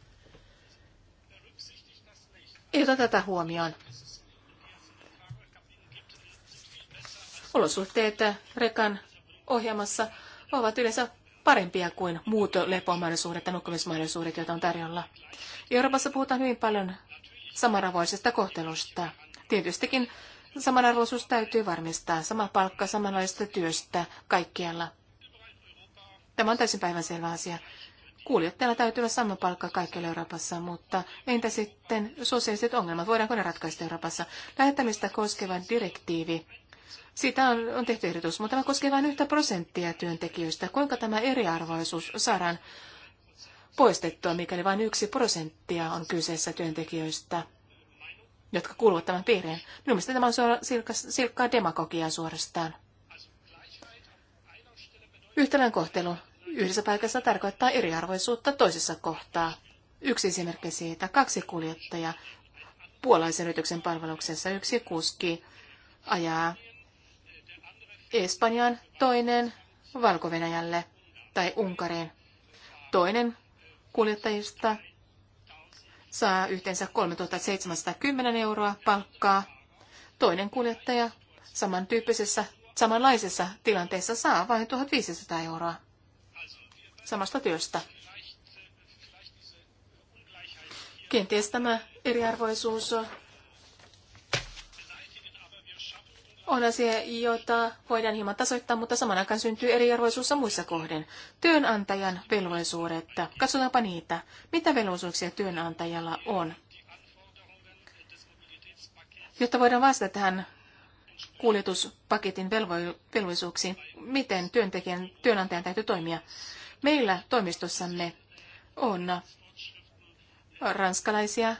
Ei ota tätä huomioon. Olosuhteet rekan ohjelmassa ovat yleensä parempia kuin muut lepomahdollisuudet ja nukkumismahdollisuudet, joita on tarjolla. Euroopassa puhutaan hyvin paljon samanarvoisesta kohtelusta. Tietystikin samanarvoisuus täytyy varmistaa. Sama palkka samanlaista työstä kaikkialla. Tämä on täysin päivänselvä asia. Kuljettajalla täytyy olla sama palkka kaikkialla Euroopassa, mutta entä sitten sosiaaliset ongelmat? Voidaanko ne ratkaista Euroopassa? Lähettämistä koskeva direktiivi siitä on, on tehty ehdotus, mutta tämä koskee vain yhtä prosenttia työntekijöistä. Kuinka tämä eriarvoisuus saadaan poistettua, mikäli vain yksi prosenttia on kyseessä työntekijöistä, jotka kuuluvat tämän piiriin? Minun mielestä tämä on silkka, silkkaa demagogiaa suorastaan. Yhtälön kohtelu yhdessä paikassa tarkoittaa eriarvoisuutta toisessa kohtaa. Yksi esimerkki siitä, kaksi kuljettajaa puolaisen yrityksen palveluksessa yksi kuski ajaa Espanjaan, toinen valko tai Unkariin. Toinen kuljettajista saa yhteensä 3710 euroa palkkaa. Toinen kuljettaja samantyyppisessä, samanlaisessa tilanteessa saa vain 1500 euroa samasta työstä. Kenties tämä eriarvoisuus on asia, jota voidaan hieman tasoittaa, mutta saman aikaan syntyy eriarvoisuussa muissa kohden. Työnantajan velvollisuudet. Katsotaanpa niitä. Mitä velvollisuuksia työnantajalla on? Jotta voidaan vastata tähän kuljetuspaketin velvollisuuksiin, miten työntekijän, työnantajan täytyy toimia. Meillä toimistossamme on ranskalaisia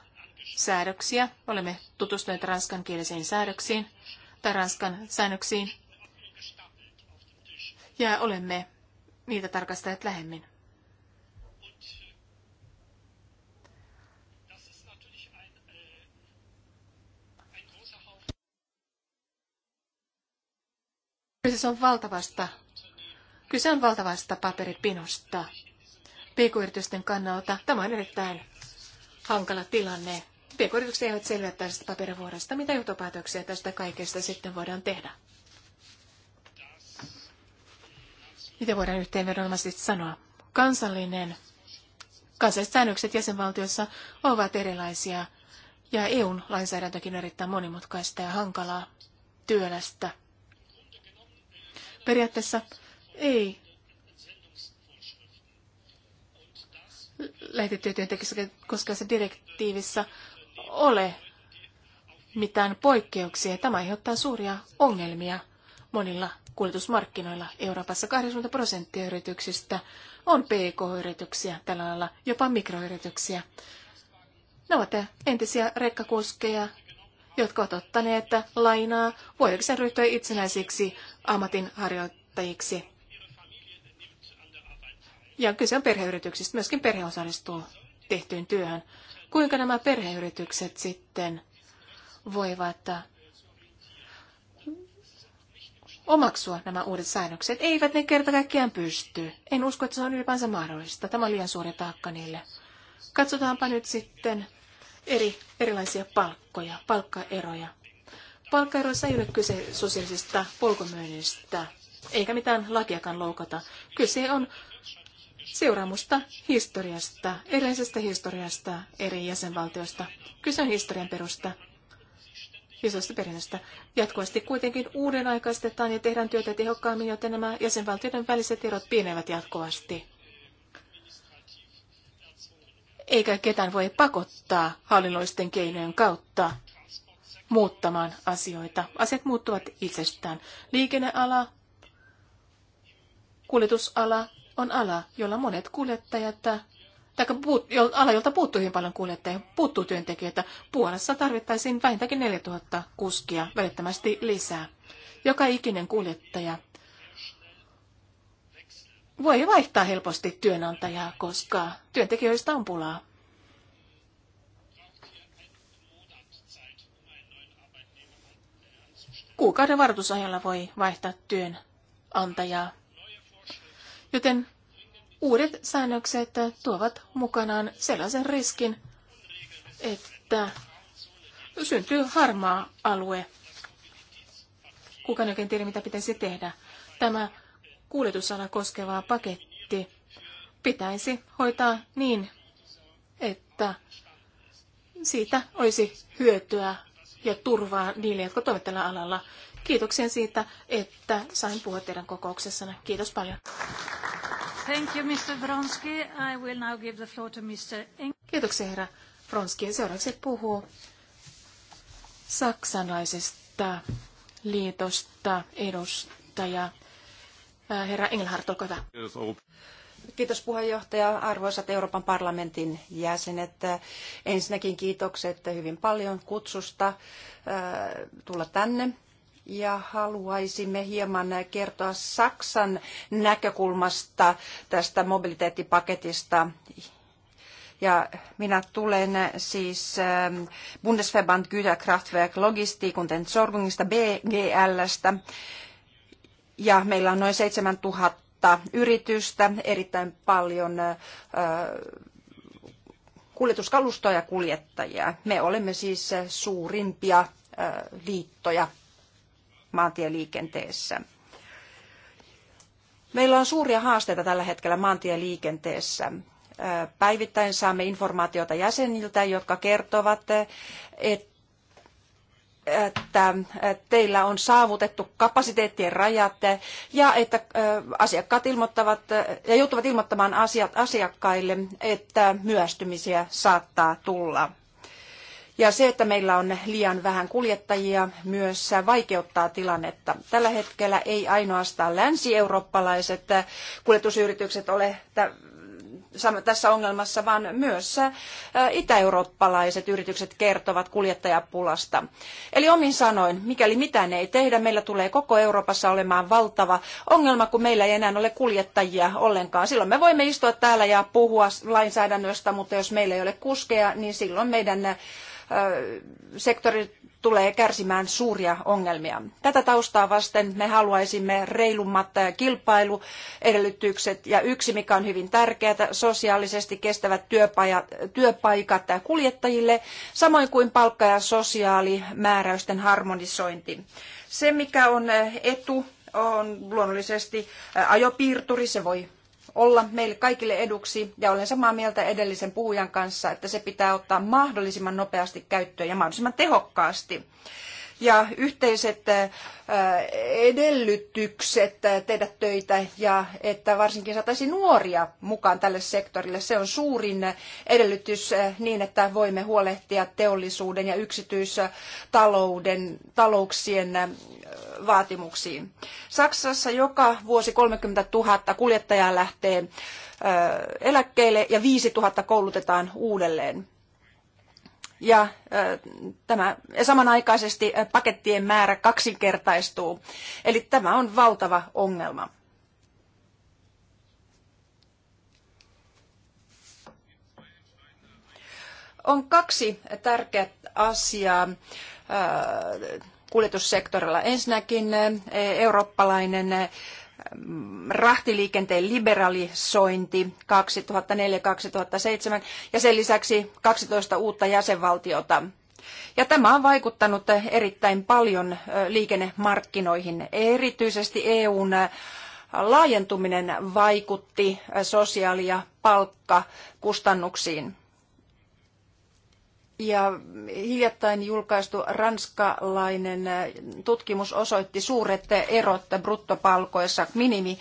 säädöksiä. Olemme tutustuneet ranskankieliseen säädöksiin tai Ranskan säännöksiin. Ja olemme niitä tarkastajat lähemmin. Kyse on valtavasta, kyse on valtavasta paperipinosta. Pk-yritysten kannalta tämä on erittäin hankala tilanne. Pk-yritykset eivät selviä tästä paperivuorosta. Mitä johtopäätöksiä tästä kaikesta sitten voidaan tehdä? Mitä voidaan yhteenvedonomaisesti sanoa? Kansallinen, kansalliset säännökset jäsenvaltiossa ovat erilaisia ja EUn lainsäädäntökin on erittäin monimutkaista ja hankalaa työlästä. Periaatteessa ei lähetettyjen työntekijöissä koskevassa direktiivissä ole mitään poikkeuksia. Tämä aiheuttaa suuria ongelmia monilla kuljetusmarkkinoilla. Euroopassa 80 prosenttia yrityksistä on PK-yrityksiä tällä lailla, jopa mikroyrityksiä. Ne ovat entisiä rekkakuskeja, jotka ovat ottaneet lainaa voidakseen ryhtyä itsenäisiksi ammatinharjoittajiksi. Ja kyse on perheyrityksistä. Myöskin perhe osallistuu tehtyyn työhön. Kuinka nämä perheyritykset sitten voivat äh, omaksua nämä uudet säännökset? Eivät ne kerta kaikkiaan pysty. En usko, että se on ylipäänsä mahdollista. Tämä on liian suuri taakka niille. Katsotaanpa nyt sitten eri, erilaisia palkkoja, palkkaeroja. Palkkaeroissa ei ole kyse sosiaalisesta polkumyynnistä, eikä mitään lakiakaan loukata. Kyse on seuraamusta historiasta, erillisestä historiasta eri jäsenvaltioista. Kyse on historian perusta, isosta perinnöstä. Jatkuvasti kuitenkin uuden aikaistetaan ja tehdään työtä tehokkaammin, joten nämä jäsenvaltioiden väliset erot pienevät jatkuvasti. Eikä ketään voi pakottaa hallinnollisten keinojen kautta muuttamaan asioita. Asiat muuttuvat itsestään. Liikenneala, kuljetusala, on ala, jolla monet kuljettajat, tai ala, jolta puuttuu hyvin paljon kuljettajia, puuttuu työntekijöitä. Puolassa tarvittaisiin vähintäänkin 4000 kuskia välittömästi lisää. Joka ikinen kuljettaja voi vaihtaa helposti työnantajaa, koska työntekijöistä on pulaa. Kuukauden varoitusajalla voi vaihtaa työnantajaa Joten uudet säännökset tuovat mukanaan sellaisen riskin, että syntyy harmaa alue. Kukaan oikein tiedä, mitä pitäisi tehdä. Tämä kuljetusala koskeva paketti pitäisi hoitaa niin, että siitä olisi hyötyä ja turvaa niille, jotka toimivat tällä alalla. Kiitoksia siitä, että sain puhua teidän kokouksessanne. Kiitos paljon. Thank you, Mr. Vronsky. I will now give the floor to Mr. Eng- Kiitoksia, herra Vronsky. Seuraavaksi puhuu saksalaisesta liitosta edustaja äh, herra Engelhardt, olkaa hyvä. Kiitos puheenjohtaja, arvoisat Euroopan parlamentin jäsenet. Ensinnäkin kiitokset hyvin paljon kutsusta äh, tulla tänne ja haluaisimme hieman kertoa Saksan näkökulmasta tästä mobiliteettipaketista. Ja minä tulen siis ähm, Bundesverband Güterkraftwerk Logistik und Entsorgungista BGLstä. Ja meillä on noin 7000 yritystä, erittäin paljon äh, kuljetuskalustoa ja kuljettajia. Me olemme siis suurimpia äh, liittoja maantieliikenteessä. Meillä on suuria haasteita tällä hetkellä maantieliikenteessä. Päivittäin saamme informaatiota jäseniltä, jotka kertovat, että teillä on saavutettu kapasiteettien rajat ja että asiakkaat ilmoittavat ja joutuvat ilmoittamaan asiakkaille, että myöstymisiä saattaa tulla. Ja se, että meillä on liian vähän kuljettajia, myös vaikeuttaa tilannetta. Tällä hetkellä ei ainoastaan länsi-eurooppalaiset kuljetusyritykset ole tässä ongelmassa, vaan myös itä-eurooppalaiset yritykset kertovat kuljettajapulasta. Eli omin sanoin, mikäli mitään ei tehdä, meillä tulee koko Euroopassa olemaan valtava ongelma, kun meillä ei enää ole kuljettajia ollenkaan. Silloin me voimme istua täällä ja puhua lainsäädännöstä, mutta jos meillä ei ole kuskeja, niin silloin meidän sektori tulee kärsimään suuria ongelmia. Tätä taustaa vasten me haluaisimme reilummat kilpailuedellytykset ja yksi, mikä on hyvin tärkeää, sosiaalisesti kestävät työpaikat kuljettajille, samoin kuin palkka- ja sosiaalimääräysten harmonisointi. Se, mikä on etu, on luonnollisesti ajopiirturi, se voi olla meille kaikille eduksi ja olen samaa mieltä edellisen puhujan kanssa, että se pitää ottaa mahdollisimman nopeasti käyttöön ja mahdollisimman tehokkaasti ja yhteiset edellytykset tehdä töitä ja että varsinkin saataisiin nuoria mukaan tälle sektorille. Se on suurin edellytys niin, että voimme huolehtia teollisuuden ja yksityistalouden talouksien vaatimuksiin. Saksassa joka vuosi 30 000 kuljettajaa lähtee eläkkeelle ja 5 000 koulutetaan uudelleen ja äh, tämä samanaikaisesti äh, pakettien määrä kaksinkertaistuu. Eli tämä on valtava ongelma. On kaksi tärkeää asiaa äh, kuljetussektorilla. Ensinnäkin eurooppalainen rahtiliikenteen liberalisointi 2004-2007 ja sen lisäksi 12 uutta jäsenvaltiota. Ja tämä on vaikuttanut erittäin paljon liikennemarkkinoihin. Erityisesti EUn laajentuminen vaikutti sosiaali- ja palkkakustannuksiin. Ja hiljattain julkaistu ranskalainen tutkimus osoitti suuret erot bruttopalkoissa, minimi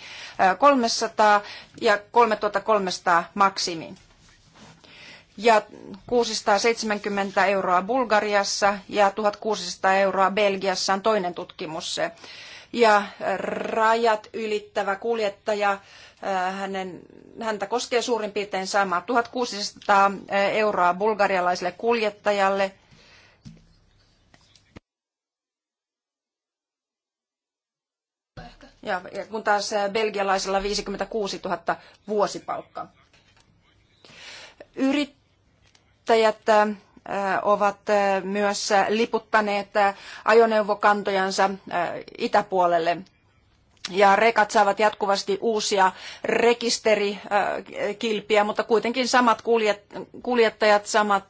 300 ja 3300 maksimi. Ja 670 euroa Bulgariassa ja 1600 euroa Belgiassa on toinen tutkimus ja rajat ylittävä kuljettaja, äh, hänen, häntä koskee suurin piirtein sama 1600 äh, euroa bulgarialaiselle kuljettajalle – Ja, kun taas äh, belgialaisella 56 000 vuosipalkka. Yrittäjät Äh, ovat äh, myös äh, liputtaneet ajoneuvokantojansa itäpuolelle. Ja rekat saavat jatkuvasti uusia rekisterikilpiä, mutta kuitenkin samat kuljettajat, samat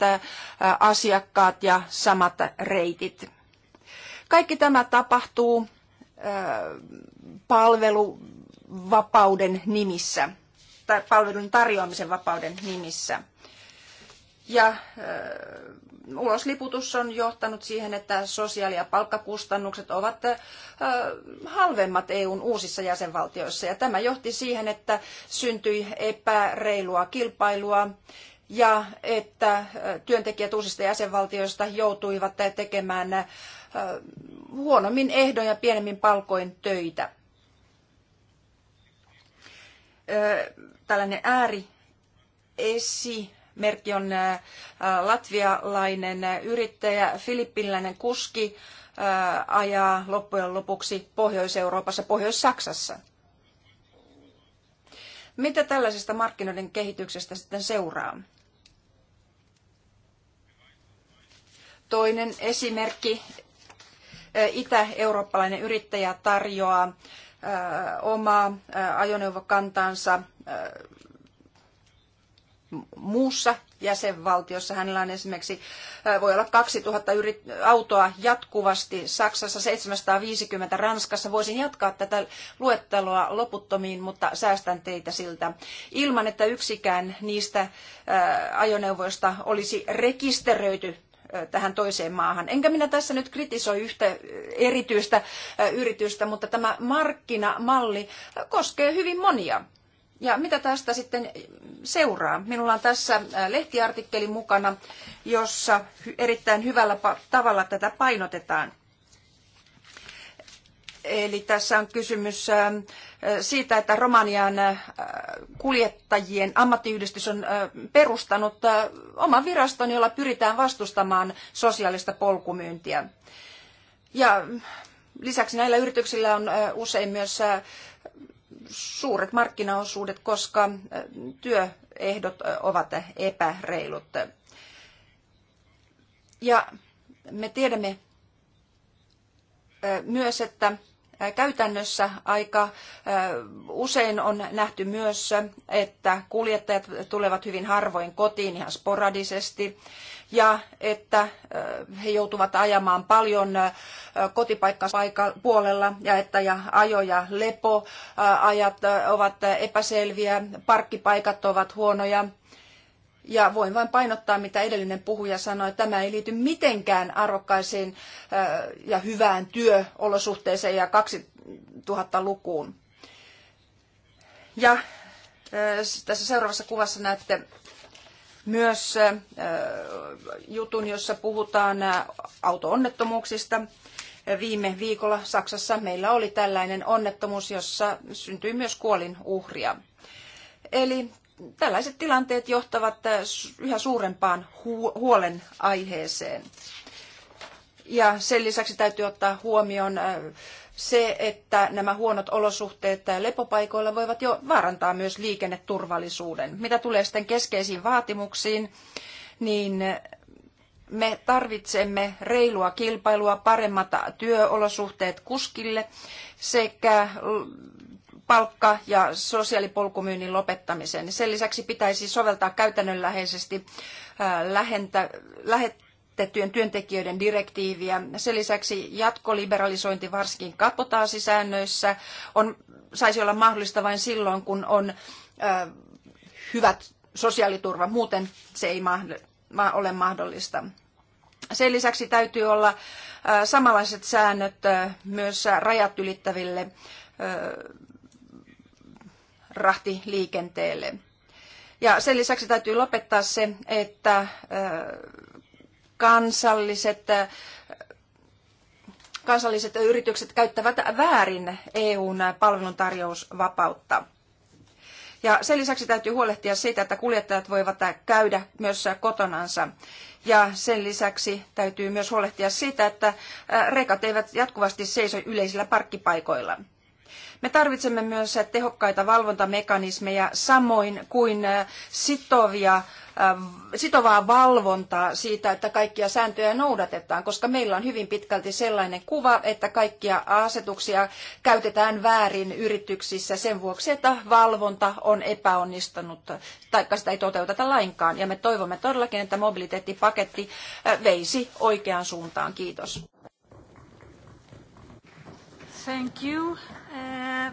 asiakkaat ja samat reitit. Kaikki tämä tapahtuu palveluvapauden nimissä, tai palvelun tarjoamisen vapauden nimissä. Ja äh, ulosliputus on johtanut siihen, että sosiaali- ja palkkakustannukset ovat äh, halvemmat EUn uusissa jäsenvaltioissa. Ja tämä johti siihen, että syntyi epäreilua kilpailua ja että työntekijät uusista jäsenvaltioista joutuivat tekemään äh, huonommin ehdoin ja pienemmin palkoin töitä. Äh, tällainen ääri esi merkki on äh, äh, latvialainen yrittäjä, filippiniläinen kuski äh, ajaa loppujen lopuksi Pohjois-Euroopassa, Pohjois-Saksassa. Mitä tällaisesta markkinoiden kehityksestä sitten seuraa? Toinen esimerkki. Itä-eurooppalainen yrittäjä tarjoaa omaa ajoneuvokantaansa muussa jäsenvaltiossa. Hänellä on esimerkiksi, voi olla 2000 autoa jatkuvasti, Saksassa 750, Ranskassa. Voisin jatkaa tätä luetteloa loputtomiin, mutta säästän teitä siltä. Ilman, että yksikään niistä ajoneuvoista olisi rekisteröity tähän toiseen maahan. Enkä minä tässä nyt kritisoi yhtä erityistä yritystä, mutta tämä markkinamalli koskee hyvin monia ja mitä tästä sitten seuraa? Minulla on tässä lehtiartikkeli mukana, jossa erittäin hyvällä tavalla tätä painotetaan. Eli tässä on kysymys siitä, että Romanian kuljettajien ammattiyhdistys on perustanut oman viraston, jolla pyritään vastustamaan sosiaalista polkumyyntiä. Ja lisäksi näillä yrityksillä on usein myös suuret markkinaosuudet, koska työehdot ovat epäreilut. Ja me tiedämme myös, että Käytännössä aika usein on nähty myös, että kuljettajat tulevat hyvin harvoin kotiin ihan sporadisesti ja että he joutuvat ajamaan paljon puolella ja että ja ajo- ja lepoajat ovat epäselviä, parkkipaikat ovat huonoja ja voin vain painottaa, mitä edellinen puhuja sanoi, että tämä ei liity mitenkään arvokkaisiin ja hyvään työolosuhteeseen ja 2000-lukuun. Ja tässä seuraavassa kuvassa näette myös jutun, jossa puhutaan auto-onnettomuuksista. Viime viikolla Saksassa meillä oli tällainen onnettomuus, jossa syntyi myös kuolin uhria. Eli tällaiset tilanteet johtavat äh, yhä suurempaan huolen aiheeseen. Ja sen lisäksi täytyy ottaa huomioon äh, se, että nämä huonot olosuhteet äh, lepopaikoilla voivat jo vaarantaa myös liikenneturvallisuuden. Mitä tulee sitten keskeisiin vaatimuksiin, niin me tarvitsemme reilua kilpailua, paremmat työolosuhteet kuskille sekä palkka- ja sosiaalipolkumyynnin lopettamisen. Sen lisäksi pitäisi soveltaa käytännönläheisesti lähentä, lähetettyjen työntekijöiden direktiiviä. Sen lisäksi jatkoliberalisointi varsinkin kapotaasisäännöissä on, saisi olla mahdollista vain silloin, kun on hyvät sosiaaliturva. Muuten se ei ole mahdollista. Sen lisäksi täytyy olla samanlaiset säännöt myös rajat ylittäville rahtiliikenteelle. Ja sen lisäksi täytyy lopettaa se, että kansalliset, kansalliset yritykset käyttävät väärin EUn palveluntarjousvapautta. Ja sen lisäksi täytyy huolehtia siitä, että kuljettajat voivat käydä myös kotonansa. Ja sen lisäksi täytyy myös huolehtia siitä, että rekat eivät jatkuvasti seiso yleisillä parkkipaikoilla. Me tarvitsemme myös tehokkaita valvontamekanismeja samoin kuin äh, sitovia äh, sitovaa valvontaa siitä, että kaikkia sääntöjä noudatetaan, koska meillä on hyvin pitkälti sellainen kuva, että kaikkia asetuksia käytetään väärin yrityksissä sen vuoksi, että valvonta on epäonnistunut, taikka sitä ei toteuteta lainkaan. Ja me toivomme todellakin, että mobiliteettipaketti äh, veisi oikeaan suuntaan. Kiitos. Thank you, uh,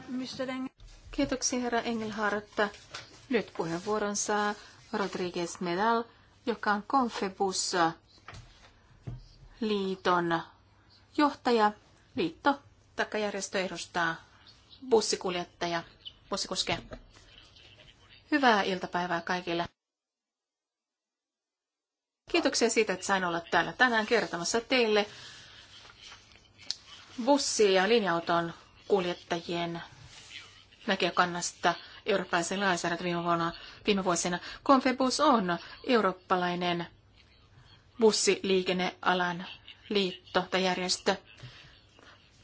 Mr. Engel. Kiitoksia, herra Engelhardt. Nyt puheenvuoron saa Rodriguez Medal, joka on Confebus liiton johtaja. Liitto takajärjestö edustaa bussikuljettaja, Bussikuske. Hyvää iltapäivää kaikille. Kiitoksia siitä, että sain olla täällä tänään kertomassa teille bussi- ja linja-auton kuljettajien näkökannasta eurooppalaisen lainsäädäntö viime, vuonna, viime vuosina. Konfebus on eurooppalainen bussiliikennealan liitto tai järjestö.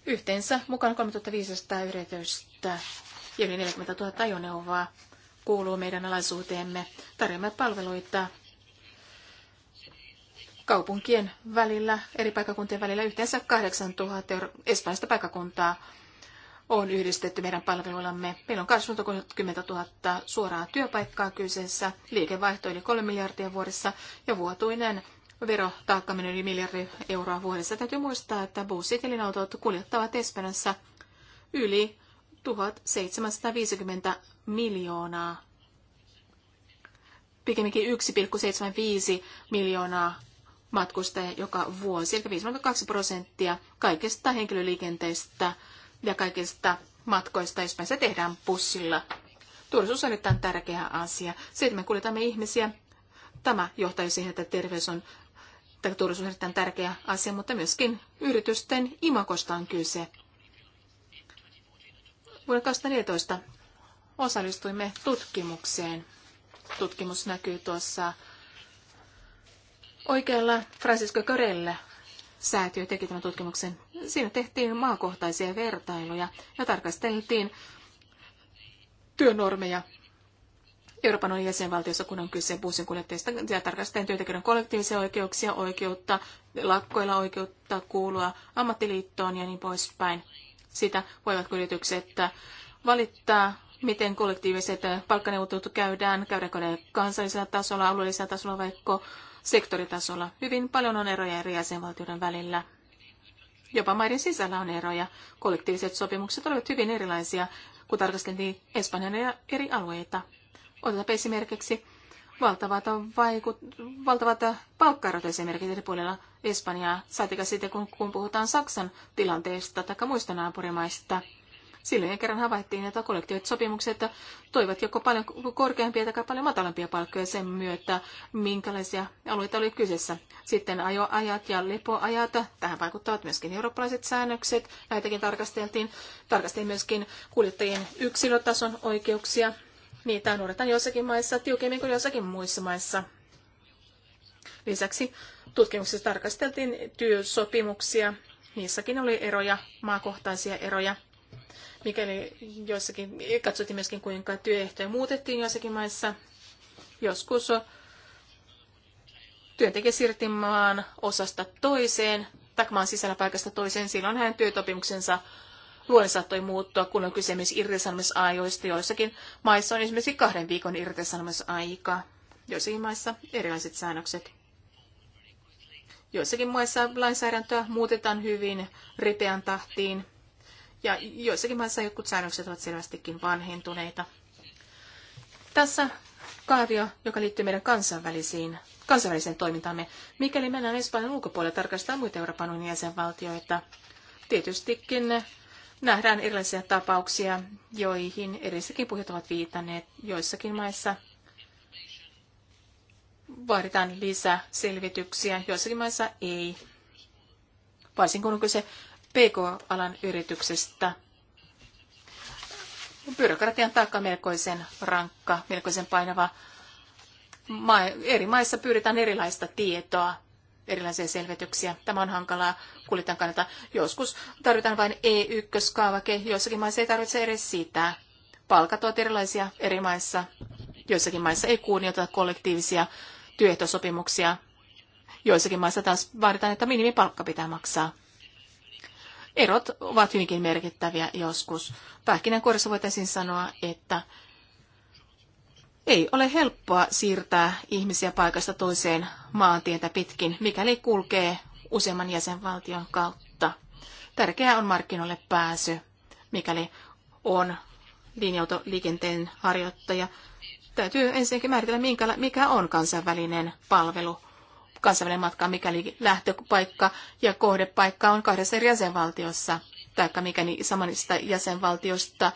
Yhteensä mukana 3500 yritystä ja yli 40 000 ajoneuvoa kuuluu meidän alaisuuteemme. Tarjoamme palveluita kaupunkien välillä, eri paikkakuntien välillä yhteensä 8000 euro- espanjasta paikkakuntaa on yhdistetty meidän palveluillamme. Meillä on 20 000 suoraa työpaikkaa kyseessä, liikevaihto yli 3 miljardia vuodessa ja vuotuinen vero meni yli miljardi euroa vuodessa. Täytyy muistaa, että ja linautot kuljettavat Espanjassa yli 1750 miljoonaa pikemminkin 1,75 miljoonaa matkustaja joka vuosi, eli 52 prosenttia kaikesta henkilöliikenteestä ja kaikista matkoista Espanjassa tehdään bussilla. Turvallisuus on erittäin tärkeä asia. Se, että me kuljetamme ihmisiä, tämä johtaa siihen, että terveys on tai turvallisuus on erittäin tärkeä asia, mutta myöskin yritysten imakosta on kyse. Vuonna 2014 osallistuimme tutkimukseen. Tutkimus näkyy tuossa Oikealla Francisco Corella säätiö teki tämän tutkimuksen. Siinä tehtiin maakohtaisia vertailuja ja tarkasteltiin työnormeja Euroopan unionin jäsenvaltiossa, kun on kyse kuljettajista ja tarkastetaan työntekijöiden kollektiivisia oikeuksia, oikeutta, lakkoilla oikeutta kuulua ammattiliittoon ja niin poispäin. Sitä voivat yritykset valittaa, miten kollektiiviset palkkaneuvottelut käydään, käydäänkö ne kansallisella tasolla, alueellisella tasolla, vaikka sektoritasolla. Hyvin paljon on eroja eri jäsenvaltioiden välillä. Jopa maiden sisällä on eroja. Kollektiiviset sopimukset olivat hyvin erilaisia, kun tarkasteltiin Espanjan ja eri alueita. Otetaan esimerkiksi valtavat, vaikut, valtavat palkkaerot esimerkiksi eri puolilla Espanjaa, saatika sitten kun, kun puhutaan Saksan tilanteesta tai muista naapurimaista – Silloin kerran havaittiin, että kollektiiviset sopimukset toivat joko paljon korkeampia tai paljon matalampia palkkoja sen myötä, minkälaisia alueita oli kyseessä. Sitten ajoajat ja lepoajat, tähän vaikuttavat myöskin eurooppalaiset säännökset, näitäkin tarkasteltiin. Tarkasteltiin myöskin kuljettajien yksilötason oikeuksia. Niitä noudatetaan joissakin maissa tiukemmin kuin joissakin muissa maissa. Lisäksi tutkimuksessa tarkasteltiin työsopimuksia. Niissäkin oli eroja, maakohtaisia eroja. Mikäli joissakin, katsottiin myöskin kuinka työehtoja muutettiin joissakin maissa. Joskus työntekijä siirrettiin maan osasta toiseen, tai maan sisällä paikasta toiseen. Silloin hänen työtopimuksensa luonne saattoi muuttua, kun on kyse myös irtisanomisajoista. Joissakin maissa on esimerkiksi kahden viikon irtisanomisaika. Joissakin maissa erilaiset säännökset. Joissakin maissa lainsäädäntöä muutetaan hyvin ripeän tahtiin ja joissakin maissa jotkut säännökset ovat selvästikin vanhentuneita. Tässä kaavio, joka liittyy meidän kansainvälisiin, kansainväliseen toimintaamme. Mikäli mennään Espanjan ulkopuolelle tarkastaa muita Euroopan unionin jäsenvaltioita, tietystikin nähdään erilaisia tapauksia, joihin edellisetkin puheet ovat viitanneet. Joissakin maissa vaaditaan lisäselvityksiä, joissakin maissa ei. Varsinkin kun on kyse PK-alan yrityksestä. Byrokratian taakka melkoisen rankka, melkoisen painava. eri maissa pyydetään erilaista tietoa, erilaisia selvityksiä. Tämä on hankalaa kuljettajan kannalta. Joskus tarvitaan vain E1-kaavake, joissakin maissa ei tarvitse edes sitä. Palkat ovat erilaisia eri maissa. Joissakin maissa ei kunnioiteta kollektiivisia työehtosopimuksia. Joissakin maissa taas vaaditaan, että minimipalkka pitää maksaa erot ovat hyvinkin merkittäviä joskus. Pähkinänkuoressa voitaisiin sanoa, että ei ole helppoa siirtää ihmisiä paikasta toiseen maantietä pitkin, mikäli kulkee useamman jäsenvaltion kautta. Tärkeää on markkinoille pääsy, mikäli on linja-autoliikenteen harjoittaja. Täytyy ensinnäkin määritellä, mikä on kansainvälinen palvelu kansainvälinen matka, mikäli lähtöpaikka ja kohdepaikka on kahdessa eri jäsenvaltiossa, tai mikäli samanista jäsenvaltiosta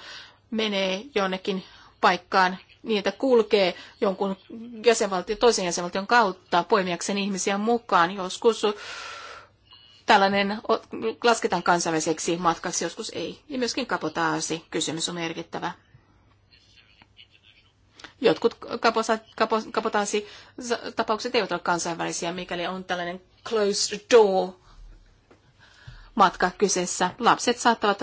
menee jonnekin paikkaan niitä kulkee jonkun jäsenvaltio, toisen jäsenvaltion kautta poimiakseen ihmisiä mukaan. Joskus tällainen lasketaan kansainväliseksi matkaksi, joskus ei. Ja myöskin kapotaasi kysymys on merkittävä. Jotkut tapaukset eivät ole kansainvälisiä, mikäli on tällainen closed door matka kyseessä. Lapset saattavat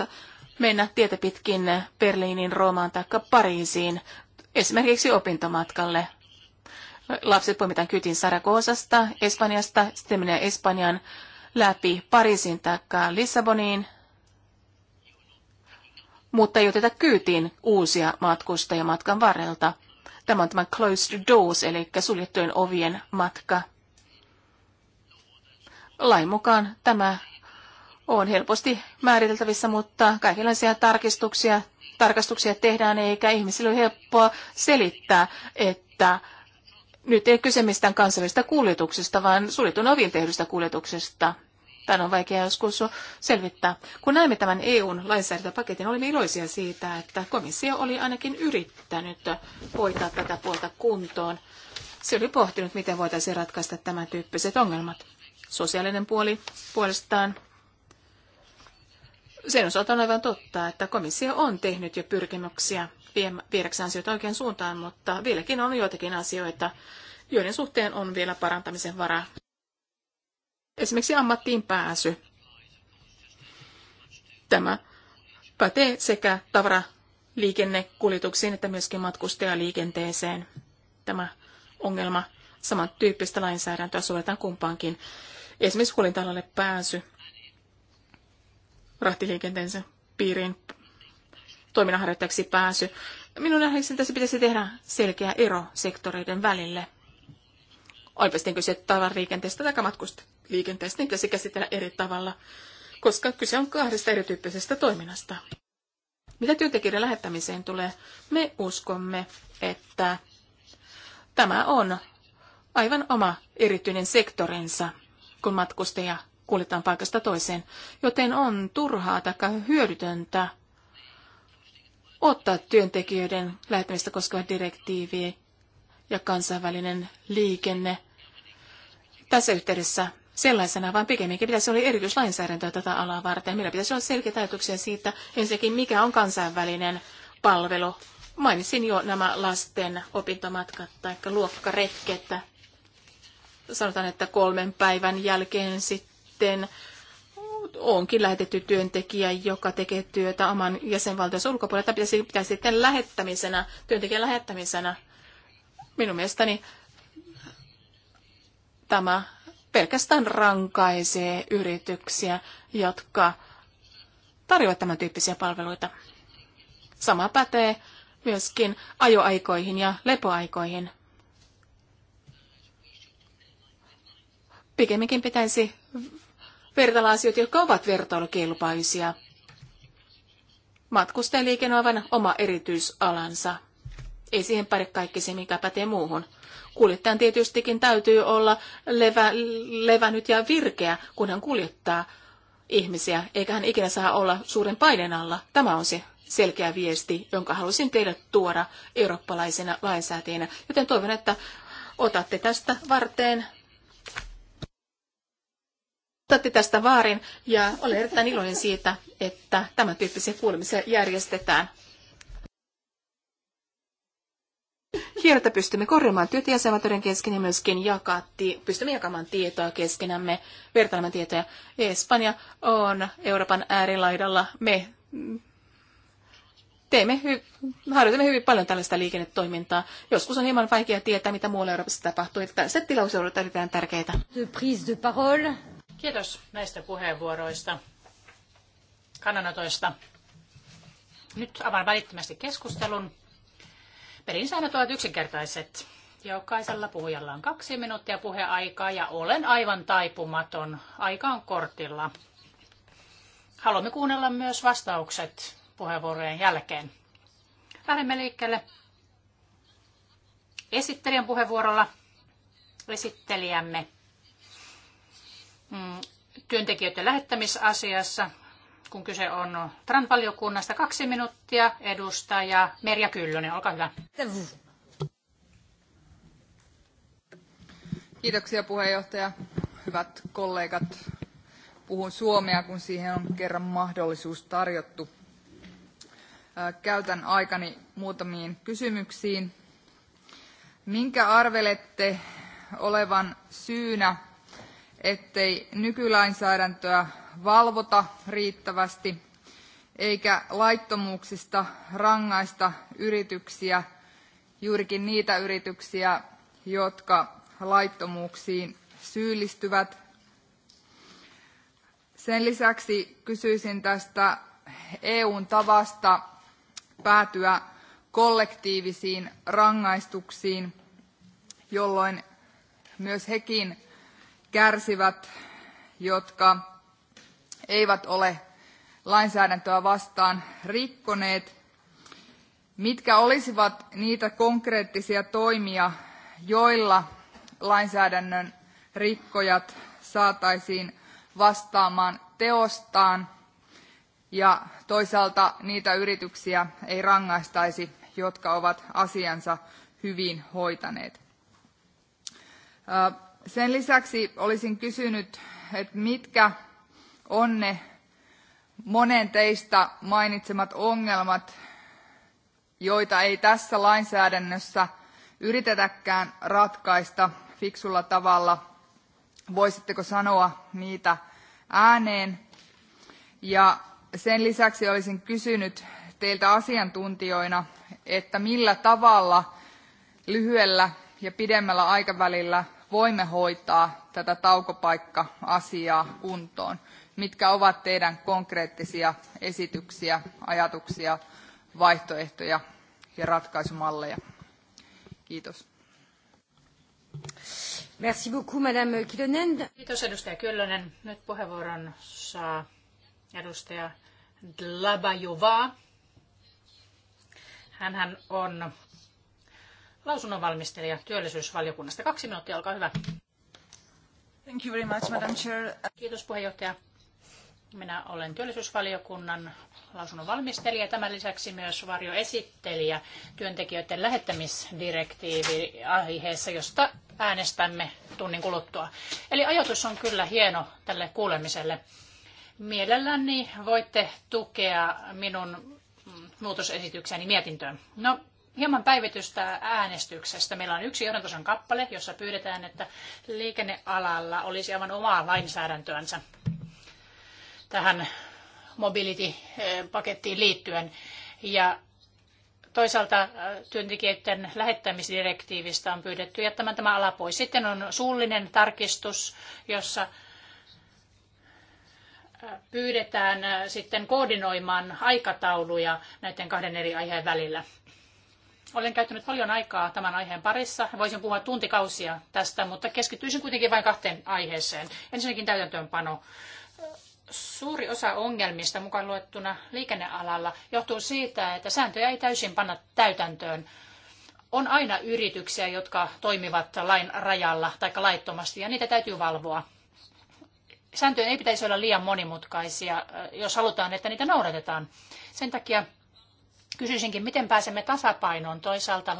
mennä tietä pitkin Berliinin, Roomaan tai Pariisiin esimerkiksi opintomatkalle. Lapset poimitaan kytin Saragosasta, Espanjasta, sitten menee Espanjan läpi Pariisiin tai Lissaboniin, mutta ei oteta kyytiin uusia matkustajia matkan varrelta. Tämä on tämä closed doors, eli suljettujen ovien matka. Lain mukaan tämä on helposti määriteltävissä, mutta kaikenlaisia tarkistuksia, tarkastuksia tehdään, eikä ihmisille ole helppoa selittää, että nyt ei kyse mistään kansallisesta kuljetuksesta, vaan suljetun ovien tehdystä kuljetuksesta. Tämä on vaikea joskus selvittää. Kun näimme tämän EUn lainsäädäntöpaketin, olimme iloisia siitä, että komissio oli ainakin yrittänyt hoitaa tätä puolta kuntoon. Se oli pohtinut, miten voitaisiin ratkaista tämän tyyppiset ongelmat. Sosiaalinen puoli puolestaan. Sen osalta on aivan totta, että komissio on tehnyt jo pyrkimyksiä viedäkseen asioita oikean suuntaan, mutta vieläkin on joitakin asioita, joiden suhteen on vielä parantamisen varaa. Esimerkiksi ammattiin pääsy. Tämä pätee sekä tavaraliikennekuljetuksiin että myöskin matkustajaliikenteeseen. Tämä ongelma samantyyppistä lainsäädäntöä sovelletaan kumpaankin. Esimerkiksi huolintalalle pääsy rahtiliikenteensä piiriin toiminnanharjoittajaksi pääsy. Minun nähdäkseni tässä pitäisi tehdä selkeä ero sektoreiden välille. Olipa sitten kyse tavaraliikenteestä tai matkusta, liikenteestä, niitä pitäisi käsitellä eri tavalla, koska kyse on kahdesta erityyppisestä toiminnasta. Mitä työntekijöiden lähettämiseen tulee, me uskomme, että tämä on aivan oma erityinen sektorinsa, kun matkustaja kuljetaan paikasta toiseen, joten on turhaa tai hyödytöntä ottaa työntekijöiden lähettämistä koskeva direktiivi ja kansainvälinen liikenne tässä yhteydessä sellaisena, vaan pikemminkin pitäisi olla erityislainsäädäntöä tätä alaa varten. Meillä pitäisi olla selkeitä ajatuksia siitä ensinnäkin, mikä on kansainvälinen palvelu. Mainitsin jo nämä lasten opintomatkat tai luokkaretket. Sanotaan, että kolmen päivän jälkeen sitten onkin lähetetty työntekijä, joka tekee työtä oman jäsenvaltionsa ulkopuolelta. Pitäisi, pitää sitten lähettämisenä, työntekijän lähettämisenä. Minun mielestäni tämä pelkästään rankaisee yrityksiä, jotka tarjoavat tämän tyyppisiä palveluita. Sama pätee myöskin ajoaikoihin ja lepoaikoihin. Pikemminkin pitäisi vertailla asioita, jotka ovat vertailukelpaisia. Matkustajaliikenne on aivan oma erityisalansa. Ei siihen päde kaikki se, mikä pätee muuhun. Kuljettajan tietystikin täytyy olla levä, levännyt ja virkeä, kun hän kuljettaa ihmisiä, eikä hän ikinä saa olla suuren paineen alla. Tämä on se selkeä viesti, jonka halusin teille tuoda eurooppalaisena lainsäätäjänä. Joten toivon, että otatte tästä varteen otatte tästä vaarin ja olen erittäin iloinen siitä, että tämän tyyppisiä kuulemisia järjestetään. Hienoa, että pystymme korjaamaan työtä kesken ja myöskin jakaa, pystymme jakamaan tietoa keskenämme, vertailemaan tietoja. Espanja on Euroopan äärilaidalla. Me teemme hy- harjoitamme hyvin paljon tällaista liikennetoimintaa. Joskus on hieman vaikea tietää, mitä muualla Euroopassa tapahtuu. Tällaiset tilaukset ovat erittäin tärkeitä. Kiitos näistä puheenvuoroista, kannanotoista. Nyt avaan välittömästi keskustelun. Pelinsäännöt ovat yksinkertaiset. Jokaisella puhujalla on kaksi minuuttia puheaikaa ja olen aivan taipumaton. Aika on kortilla. Haluamme kuunnella myös vastaukset puheenvuorojen jälkeen. Lähdemme liikkeelle esittelijän puheenvuorolla. Esittelijämme mm, työntekijöiden lähettämisasiassa kun kyse on TRAN-valiokunnasta. Kaksi minuuttia edustaja Merja Kyllönen, olkaa hyvä. Kiitoksia puheenjohtaja. Hyvät kollegat, puhun suomea, kun siihen on kerran mahdollisuus tarjottu. Käytän aikani muutamiin kysymyksiin. Minkä arvelette olevan syynä ettei nykylainsäädäntöä valvota riittävästi eikä laittomuuksista rangaista yrityksiä, juurikin niitä yrityksiä, jotka laittomuuksiin syyllistyvät. Sen lisäksi kysyisin tästä EUn tavasta päätyä kollektiivisiin rangaistuksiin, jolloin myös hekin kärsivät, jotka eivät ole lainsäädäntöä vastaan rikkoneet. Mitkä olisivat niitä konkreettisia toimia, joilla lainsäädännön rikkojat saataisiin vastaamaan teostaan ja toisaalta niitä yrityksiä ei rangaistaisi, jotka ovat asiansa hyvin hoitaneet. Sen lisäksi olisin kysynyt, että mitkä on ne monen teistä mainitsemat ongelmat, joita ei tässä lainsäädännössä yritetäkään ratkaista fiksulla tavalla. Voisitteko sanoa niitä ääneen? Ja sen lisäksi olisin kysynyt teiltä asiantuntijoina, että millä tavalla lyhyellä ja pidemmällä aikavälillä voimme hoitaa tätä taukopaikka-asiaa kuntoon? Mitkä ovat teidän konkreettisia esityksiä, ajatuksia, vaihtoehtoja ja ratkaisumalleja? Kiitos. Merci beaucoup, Madame Kiitos, edustaja Kyllönen. Nyt puheenvuoron saa edustaja Dlabajova. Hänhän on lausunnonvalmistelija työllisyysvaliokunnasta. Kaksi minuuttia, olkaa hyvä. Thank you very much, Madam Chair. Kiitos puheenjohtaja. Minä olen työllisyysvaliokunnan lausunnon valmistelija. Tämän lisäksi myös varjoesittelijä työntekijöiden lähettämisdirektiivi aiheessa, josta äänestämme tunnin kuluttua. Eli ajoitus on kyllä hieno tälle kuulemiselle. Mielelläni voitte tukea minun muutosesitykseni mietintöön. No, hieman päivitystä äänestyksestä. Meillä on yksi johdantosan kappale, jossa pyydetään, että liikennealalla olisi aivan omaa lainsäädäntöänsä tähän mobility-pakettiin liittyen. Ja toisaalta äh, työntekijöiden lähettämisdirektiivistä on pyydetty jättämään tämä ala pois. Sitten on suullinen tarkistus, jossa äh, pyydetään äh, sitten koordinoimaan aikatauluja näiden kahden eri aiheen välillä. Olen käyttänyt paljon aikaa tämän aiheen parissa. Voisin puhua tuntikausia tästä, mutta keskittyisin kuitenkin vain kahteen aiheeseen. Ensinnäkin täytäntöönpano. Suuri osa ongelmista mukaan luettuna liikennealalla johtuu siitä, että sääntöjä ei täysin panna täytäntöön. On aina yrityksiä, jotka toimivat lain rajalla tai laittomasti, ja niitä täytyy valvoa. Sääntöjen ei pitäisi olla liian monimutkaisia, jos halutaan, että niitä noudatetaan. Sen takia Kysyisinkin, miten pääsemme tasapainoon toisaalta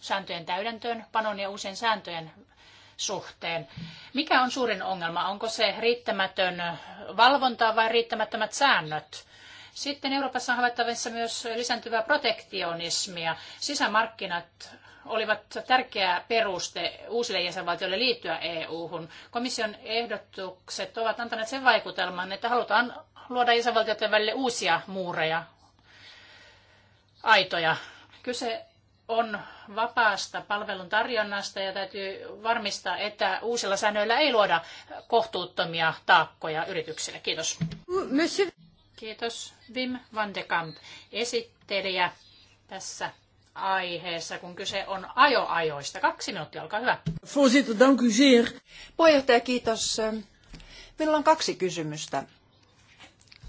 sääntöjen panon ja uusien sääntöjen suhteen. Mikä on suurin ongelma? Onko se riittämätön valvonta vai riittämättömät säännöt? Sitten Euroopassa on havaittavissa myös lisääntyvää protektionismia. Sisämarkkinat olivat tärkeä peruste uusille jäsenvaltioille liittyä EU-hun. Komission ehdotukset ovat antaneet sen vaikutelman, että halutaan luoda jäsenvaltioiden välille uusia muureja, aitoja. Kyse on vapaasta palvelun tarjonnasta ja täytyy varmistaa, että uusilla säännöillä ei luoda kohtuuttomia taakkoja yrityksille. Kiitos. Monsieur. Kiitos Wim van de Kamp, esittelijä tässä aiheessa, kun kyse on ajoajoista. Kaksi minuuttia, olkaa hyvä. Puheenjohtaja, kiitos. Minulla on kaksi kysymystä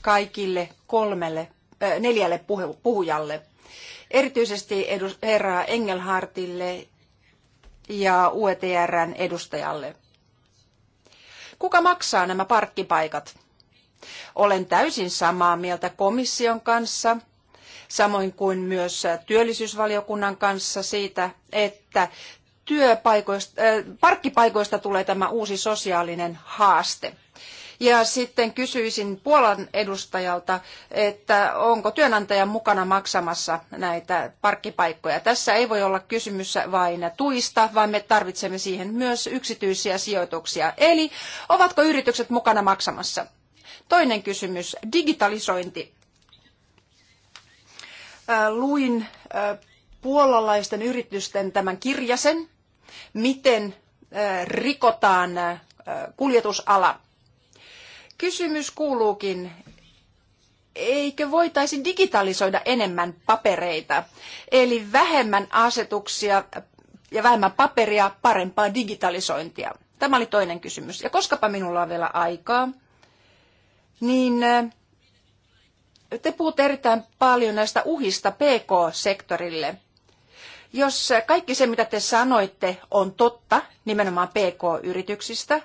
kaikille kolmelle, äh, neljälle puhujalle erityisesti herra Engelhartille ja UETRn edustajalle. Kuka maksaa nämä parkkipaikat? Olen täysin samaa mieltä komission kanssa, samoin kuin myös työllisyysvaliokunnan kanssa siitä, että työpaikoista, äh, parkkipaikoista tulee tämä uusi sosiaalinen haaste. Ja sitten kysyisin Puolan edustajalta, että onko työnantaja mukana maksamassa näitä parkkipaikkoja. Tässä ei voi olla kysymys vain tuista, vaan me tarvitsemme siihen myös yksityisiä sijoituksia. Eli ovatko yritykset mukana maksamassa? Toinen kysymys, digitalisointi. Luin puolalaisten yritysten tämän kirjasen, miten rikotaan kuljetusala. Kysymys kuuluukin, eikö voitaisi digitalisoida enemmän papereita, eli vähemmän asetuksia ja vähemmän paperia, parempaa digitalisointia? Tämä oli toinen kysymys. Ja koskapa minulla on vielä aikaa, niin äh, te puhutte erittäin paljon näistä uhista PK-sektorille. Jos kaikki se, mitä te sanoitte, on totta nimenomaan PK-yrityksistä,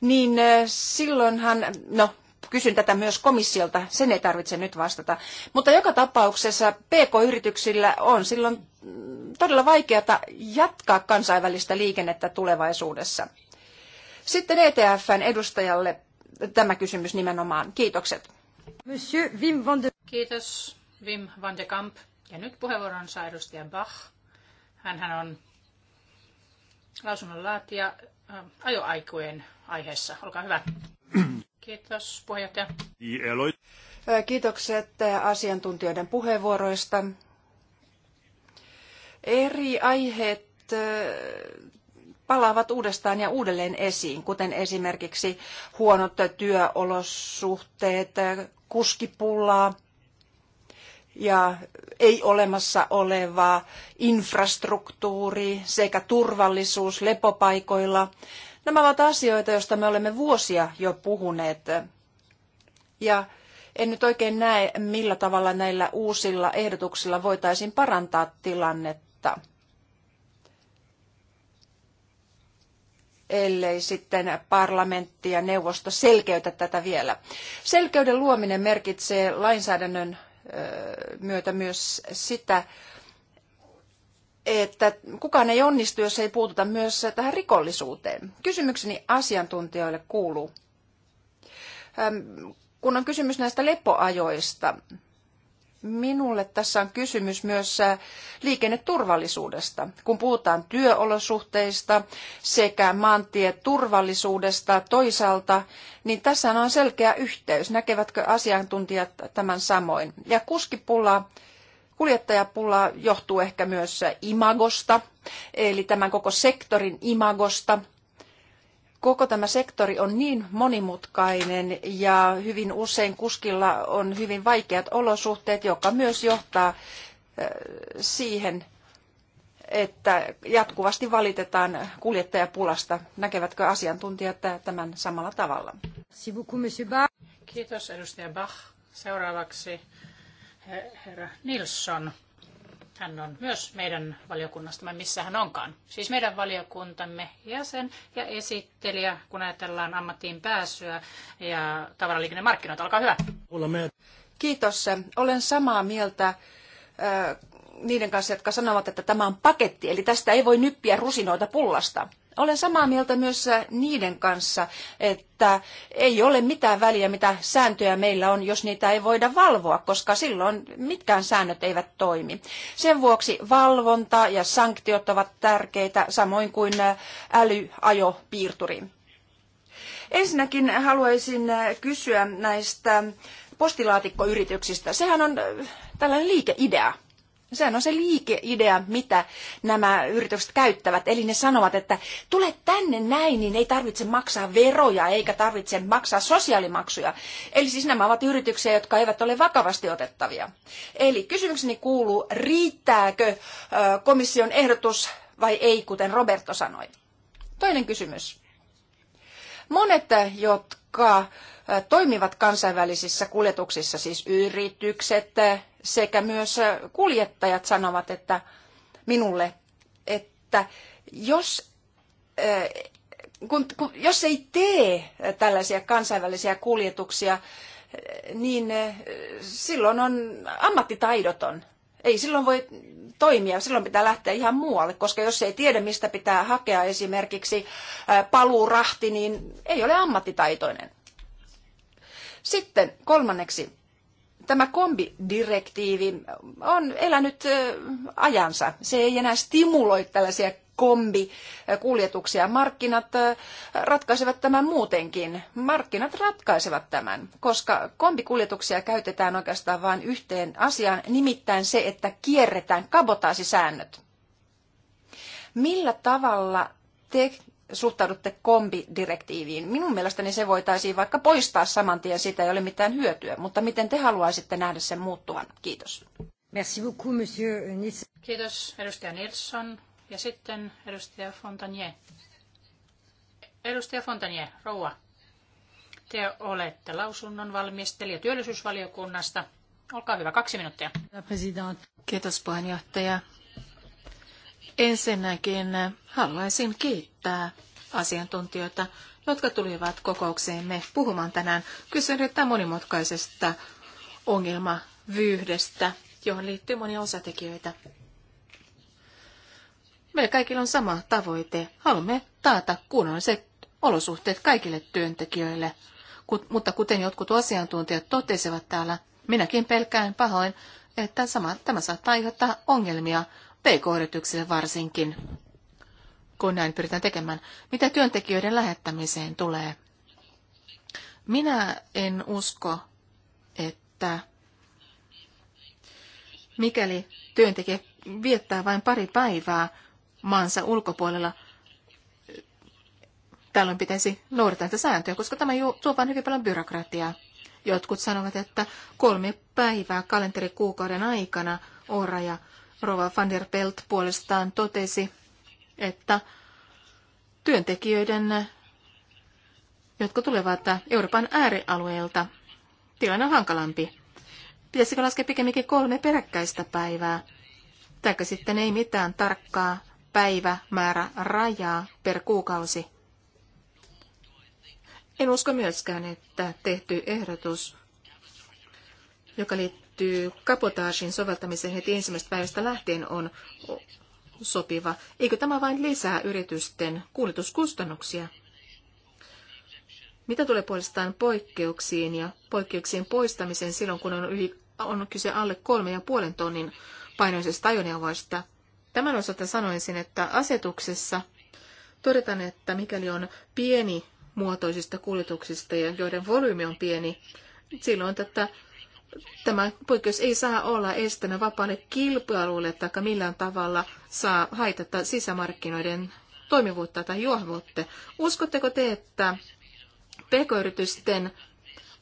niin silloinhan, no kysyn tätä myös komissiolta, sen ei tarvitse nyt vastata. Mutta joka tapauksessa PK-yrityksillä on silloin mm, todella vaikeata jatkaa kansainvälistä liikennettä tulevaisuudessa. Sitten ETFn edustajalle tämä kysymys nimenomaan. Kiitokset. Monsieur Wim van de... Kiitos Wim van de Kamp. Ja nyt puheenvuoron saa edustaja Bach. Hänhän on lausunnonlaatija Äh, ajoaikojen aiheessa. Olkaa hyvä. Kiitos puheenjohtaja. Äh, kiitokset äh, asiantuntijoiden puheenvuoroista. Eri aiheet palaavat uudestaan ja uudelleen esiin, kuten esimerkiksi huonot työolosuhteet, kuskipullaa, ja ei olemassa olevaa infrastruktuuri sekä turvallisuus lepopaikoilla. Nämä ovat asioita, joista me olemme vuosia jo puhuneet. Ja en nyt oikein näe, millä tavalla näillä uusilla ehdotuksilla voitaisiin parantaa tilannetta. ellei sitten parlamentti ja neuvosto selkeytä tätä vielä. Selkeyden luominen merkitsee lainsäädännön myötä myös sitä, että kukaan ei onnistu, jos ei puututa myös tähän rikollisuuteen. Kysymykseni asiantuntijoille kuuluu, kun on kysymys näistä lepoajoista, Minulle tässä on kysymys myös äh, liikenneturvallisuudesta. Kun puhutaan työolosuhteista sekä maantieturvallisuudesta toisaalta, niin tässä on selkeä yhteys. Näkevätkö asiantuntijat tämän samoin? Ja kuskipula Kuljettajapulla johtuu ehkä myös imagosta, eli tämän koko sektorin imagosta – koko tämä sektori on niin monimutkainen ja hyvin usein kuskilla on hyvin vaikeat olosuhteet, joka myös johtaa siihen, että jatkuvasti valitetaan kuljettajapulasta. Näkevätkö asiantuntijat tämän samalla tavalla? Kiitos edustaja Bach. Seuraavaksi herra Nilsson hän on myös meidän valiokunnastamme, missä hän onkaan. Siis meidän valiokuntamme jäsen ja esittelijä, kun ajatellaan ammattiin pääsyä ja tavaraliikennemarkkinoita. Olkaa hyvä. Kiitos. Olen samaa mieltä niiden kanssa, jotka sanovat, että tämä on paketti, eli tästä ei voi nyppiä rusinoita pullasta. Olen samaa mieltä myös niiden kanssa, että ei ole mitään väliä, mitä sääntöjä meillä on, jos niitä ei voida valvoa, koska silloin mitkään säännöt eivät toimi. Sen vuoksi valvonta ja sanktiot ovat tärkeitä, samoin kuin älyajopiirturi. Ensinnäkin haluaisin kysyä näistä postilaatikkoyrityksistä. Sehän on tällainen liikeidea. Sehän on se liikeidea, mitä nämä yritykset käyttävät. Eli ne sanovat, että tule tänne näin, niin ei tarvitse maksaa veroja eikä tarvitse maksaa sosiaalimaksuja. Eli siis nämä ovat yrityksiä, jotka eivät ole vakavasti otettavia. Eli kysymykseni kuuluu, riittääkö komission ehdotus vai ei, kuten Roberto sanoi. Toinen kysymys. Monet, jotka toimivat kansainvälisissä kuljetuksissa, siis yritykset, sekä myös kuljettajat sanovat että minulle, että jos, kun, kun, jos ei tee tällaisia kansainvälisiä kuljetuksia, niin silloin on ammattitaidoton. Ei silloin voi toimia, silloin pitää lähteä ihan muualle, koska jos ei tiedä, mistä pitää hakea esimerkiksi paluurahti, niin ei ole ammattitaitoinen. Sitten kolmanneksi tämä kombidirektiivi on elänyt ajansa. Se ei enää stimuloi tällaisia kombikuljetuksia. Markkinat ratkaisevat tämän muutenkin. Markkinat ratkaisevat tämän, koska kombikuljetuksia käytetään oikeastaan vain yhteen asiaan, nimittäin se, että kierretään kabotaasisäännöt. Millä tavalla te suhtaudutte kombidirektiiviin. Minun mielestäni se voitaisiin vaikka poistaa saman tien, siitä ei ole mitään hyötyä, mutta miten te haluaisitte nähdä sen muuttuvan? Kiitos. Merci beaucoup, monsieur Kiitos, edustaja Nilsson ja sitten edustaja Fontanier. Edustaja Fontanier, rouva, te olette lausunnon valmistelija työllisyysvaliokunnasta. Olkaa hyvä, kaksi minuuttia. Kiitos puheenjohtaja. Ensinnäkin haluaisin kiittää asiantuntijoita, jotka tulivat kokoukseemme puhumaan tänään kysynnettä monimutkaisesta ongelmavyyhdestä, johon liittyy monia osatekijöitä. Meillä kaikilla on sama tavoite. Haluamme taata kunnolliset olosuhteet kaikille työntekijöille. Kut, mutta kuten jotkut asiantuntijat totesivat täällä, minäkin pelkään pahoin, että sama, tämä saattaa aiheuttaa ongelmia PK-yrityksille varsinkin, kun näin pyritään tekemään. Mitä työntekijöiden lähettämiseen tulee? Minä en usko, että mikäli työntekijä viettää vain pari päivää maansa ulkopuolella, tällöin pitäisi noudattaa näitä sääntöjä, koska tämä tuo vain hyvin paljon byrokratiaa. Jotkut sanovat, että kolme päivää kalenterikuukauden aikana on raja. Rova van der Pelt puolestaan totesi, että työntekijöiden, jotka tulevat Euroopan äärialueelta, tilanne on hankalampi. Pitäisikö laskea pikemminkin kolme peräkkäistä päivää? Taikka sitten ei mitään tarkkaa päivämäärä rajaa per kuukausi. En usko myöskään, että tehty ehdotus, joka liittyy liittyy kapotaasin soveltamiseen heti ensimmäisestä päivästä lähtien on sopiva. Eikö tämä vain lisää yritysten kuljetuskustannuksia? Mitä tulee puolestaan poikkeuksiin ja poikkeuksien poistamiseen silloin, kun on, yli, on kyse alle kolme ja puolen tonnin painoisesta ajoneuvoista? Tämän osalta sanoisin, että asetuksessa todetaan, että mikäli on pieni muotoisista kuljetuksista ja joiden volyymi on pieni, silloin tätä Tämä poikkeus ei saa olla estänä vapaalle kilpailulle tai millään tavalla saa haitata sisämarkkinoiden toimivuutta tai juohvuutta. Uskotteko te, että pk-yritysten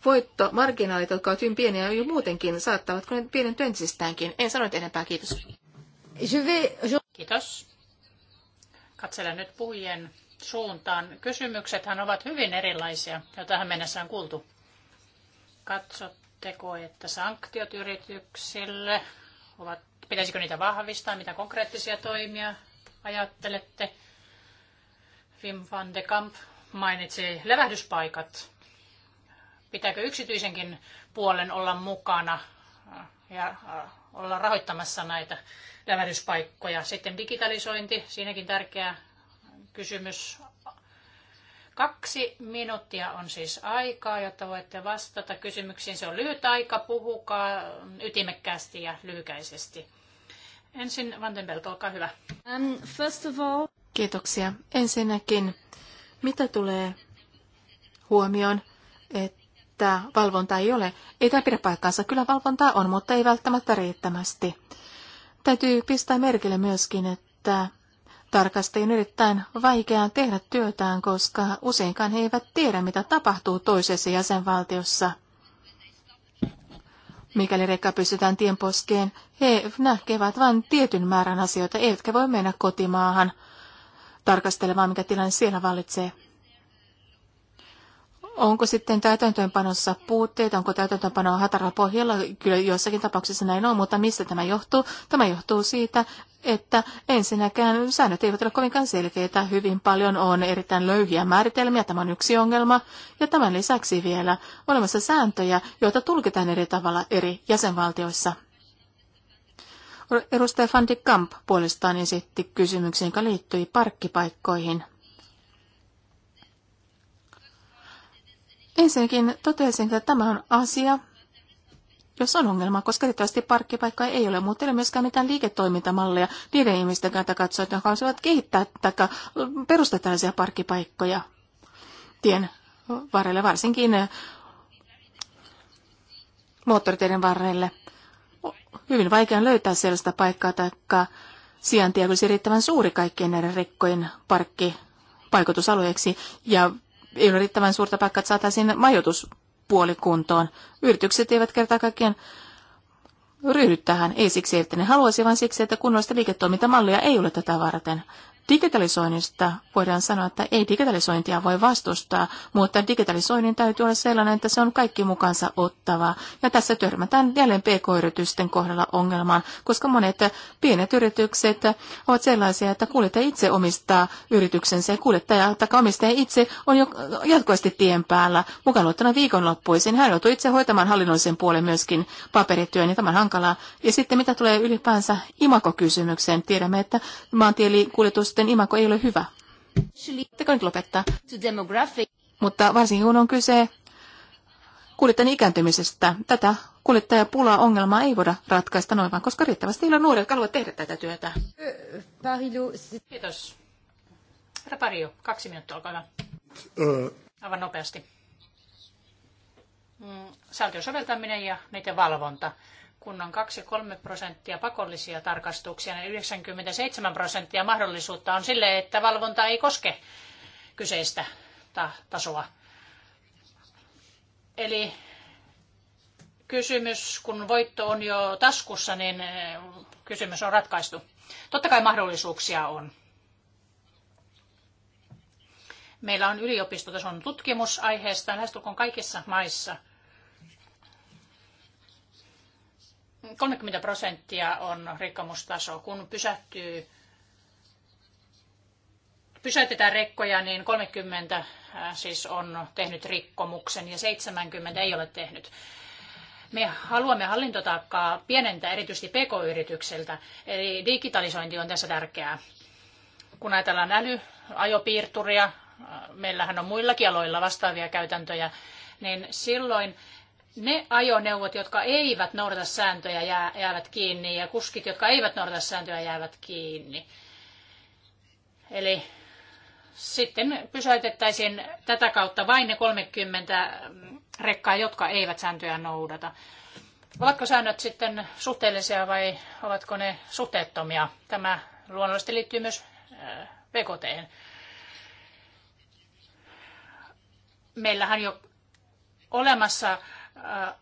voittomarginaalit, jotka ovat hyvin pieniä jo muutenkin, saattavatko ne pienen entisestäänkin? En sano enempää, kiitos. Kiitos. Katselen nyt puhujien suuntaan. Kysymyksethän ovat hyvin erilaisia, jo tähän mennessä on kuultu. Katsot, Luuletteko, että sanktiot yrityksille ovat, pitäisikö niitä vahvistaa, mitä konkreettisia toimia ajattelette? Wim van de Kamp mainitsi levähdyspaikat. Pitääkö yksityisenkin puolen olla mukana ja äh, olla rahoittamassa näitä levähdyspaikkoja? Sitten digitalisointi, siinäkin tärkeä kysymys. Kaksi minuuttia on siis aikaa, jotta voitte vastata kysymyksiin. Se on lyhyt aika, puhukaa ytimekkäästi ja lyhykäisesti. Ensin Vandenbelt, olkaa hyvä. Um, first of all... Kiitoksia. Ensinnäkin, mitä tulee huomioon, että valvonta ei ole? Ei tämä pidä paikkaansa. Kyllä valvontaa on, mutta ei välttämättä riittämästi. Täytyy pistää merkille myöskin, että tarkastajien erittäin vaikeaa tehdä työtään, koska useinkaan he eivät tiedä, mitä tapahtuu toisessa jäsenvaltiossa. Mikäli rekka pystytään tienposkeen, he näkevät vain tietyn määrän asioita, eivätkä voi mennä kotimaahan tarkastelemaan, mikä tilanne siellä vallitsee. Onko sitten täytäntöönpanossa puutteita, onko täytäntöönpanoa hatara pohjalla? Kyllä joissakin tapauksissa näin on, mutta mistä tämä johtuu? Tämä johtuu siitä, että ensinnäkään säännöt eivät ole kovinkaan selkeitä. Hyvin paljon on erittäin löyhiä määritelmiä, tämä on yksi ongelma. Ja tämän lisäksi vielä olemassa sääntöjä, joita tulkitaan eri tavalla eri jäsenvaltioissa. Edustaja Fandi Kamp puolestaan esitti kysymyksen, joka liittyi parkkipaikkoihin – Ensinnäkin totesin, että tämä on asia, jos on ongelma, koska tietysti parkkipaikkaa ei ole, mutta ei ole myöskään mitään liiketoimintamalleja niiden ihmisten kannalta katsoa, että haluaisivat kehittää tai perustaa tällaisia parkkipaikkoja tien varrelle, varsinkin eh, moottoriteiden varrelle. Hyvin vaikea löytää sellaista paikkaa tai sijaintia, olisi riittävän suuri kaikkien näiden rekkojen parkki ja ei ole riittävän suurta paikkaa, että saataisiin majoituspuolikuntoon. Yritykset eivät kerta kaikkien ryhdy tähän, ei siksi, että ne haluaisi, vaan siksi, että kunnollista liiketoimintamallia ei ole tätä varten. Digitalisoinnista voidaan sanoa, että ei digitalisointia voi vastustaa, mutta digitalisoinnin täytyy olla sellainen, että se on kaikki mukansa ottava. Ja tässä törmätään jälleen pk-yritysten kohdalla ongelmaan, koska monet pienet yritykset ovat sellaisia, että kuljettaja itse omistaa yrityksensä ja kuljettaja tai omistaja itse on jo jatkuvasti tien päällä. Mukaan luottuna viikonloppuisin hän joutuu itse hoitamaan hallinnollisen puolen myöskin paperityön ja tämä on hankalaa. Ja sitten mitä tulee ylipäänsä imakokysymykseen, tiedämme, että maantielikuljetus Yritysten imako ei ole hyvä. Te nyt lopettaa? Mutta varsinkin kun on kyse kuljettajan ikääntymisestä, tätä kuljettajapulaa ongelmaa ei voida ratkaista noin vaan, koska riittävästi ei ole nuoria, jotka haluavat tehdä tätä työtä. Kiitos. Herra Pario, kaksi minuuttia, olkaa hyvä. Aivan nopeasti. Mm, Sääntöjen soveltaminen ja niiden valvonta kun on 2-3 prosenttia pakollisia tarkastuksia, niin 97 prosenttia mahdollisuutta on sille, että valvonta ei koske kyseistä ta- tasoa. Eli kysymys, kun voitto on jo taskussa, niin eh, kysymys on ratkaistu. Totta kai mahdollisuuksia on. Meillä on yliopistotason tutkimus aiheesta lähestulkoon kaikissa maissa – 30 prosenttia on rikkomustaso. Kun pysähtyy, pysäytetään rekkoja, niin 30 äh, siis on tehnyt rikkomuksen ja 70 ei ole tehnyt. Me haluamme hallintotaakkaa pienentää erityisesti pk-yritykseltä, eli digitalisointi on tässä tärkeää. Kun ajatellaan älyajopiirturia, äh, meillähän on muillakin aloilla vastaavia käytäntöjä, niin silloin ne ajoneuvot, jotka eivät noudata sääntöjä, jäävät kiinni ja kuskit, jotka eivät noudata sääntöjä, jäävät kiinni. Eli sitten pysäytettäisiin tätä kautta vain ne 30 rekkaa, jotka eivät sääntöjä noudata. Ovatko säännöt sitten suhteellisia vai ovatko ne suhteettomia? Tämä luonnollisesti liittyy myös BKT. Äh, Meillähän jo olemassa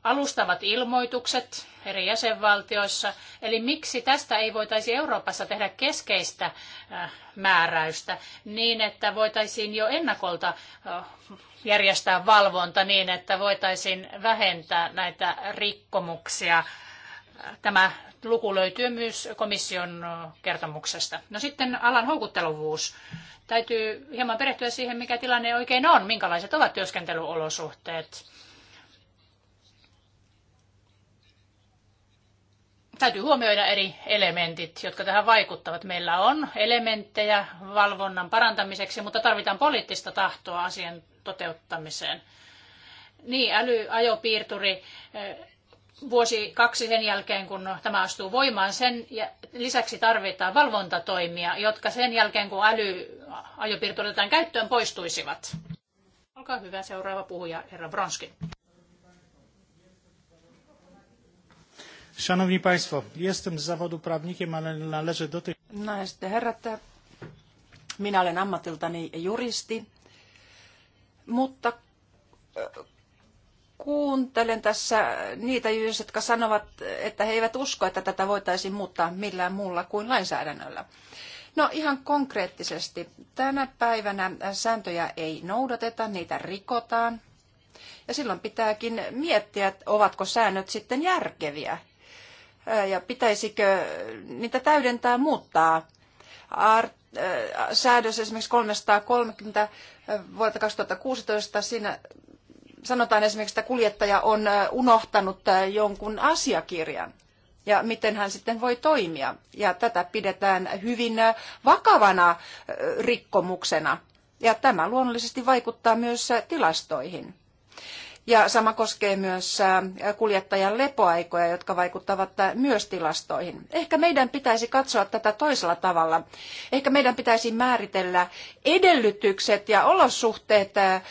alustavat ilmoitukset eri jäsenvaltioissa. Eli miksi tästä ei voitaisi Euroopassa tehdä keskeistä määräystä niin, että voitaisiin jo ennakolta järjestää valvonta niin, että voitaisiin vähentää näitä rikkomuksia. Tämä luku löytyy myös komission kertomuksesta. No sitten alan houkuttelevuus. Täytyy hieman perehtyä siihen, mikä tilanne oikein on, minkälaiset ovat työskentelyolosuhteet täytyy huomioida eri elementit, jotka tähän vaikuttavat. Meillä on elementtejä valvonnan parantamiseksi, mutta tarvitaan poliittista tahtoa asian toteuttamiseen. Niin, älyajopiirturi eh, vuosi kaksi sen jälkeen, kun tämä astuu voimaan, sen lisäksi tarvitaan valvontatoimia, jotka sen jälkeen, kun älyajopiirturi otetaan käyttöön, poistuisivat. Olkaa hyvä, seuraava puhuja, herra Bronski. Szanowni Państwo, jestem z zawodu prawnikiem, ale należę do tych... No, ja herrat, minä olen ammatiltani juristi, mutta e, kuuntelen tässä niitä ihmisiä, jotka sanovat, että he eivät usko, että tätä voitaisiin muuttaa millään muulla kuin lainsäädännöllä. No ihan konkreettisesti, tänä päivänä sääntöjä ei noudateta, niitä rikotaan. Ja silloin pitääkin miettiä, ovatko säännöt sitten järkeviä ja pitäisikö niitä täydentää muuttaa. Art, äh, säädös esimerkiksi 330 vuodelta 2016, siinä sanotaan esimerkiksi, että kuljettaja on unohtanut jonkun asiakirjan ja miten hän sitten voi toimia. Ja tätä pidetään hyvin vakavana rikkomuksena. Ja tämä luonnollisesti vaikuttaa myös tilastoihin. Ja sama koskee myös äh, kuljettajan lepoaikoja, jotka vaikuttavat äh, myös tilastoihin. Ehkä meidän pitäisi katsoa tätä toisella tavalla. Ehkä meidän pitäisi määritellä edellytykset ja olosuhteet äh,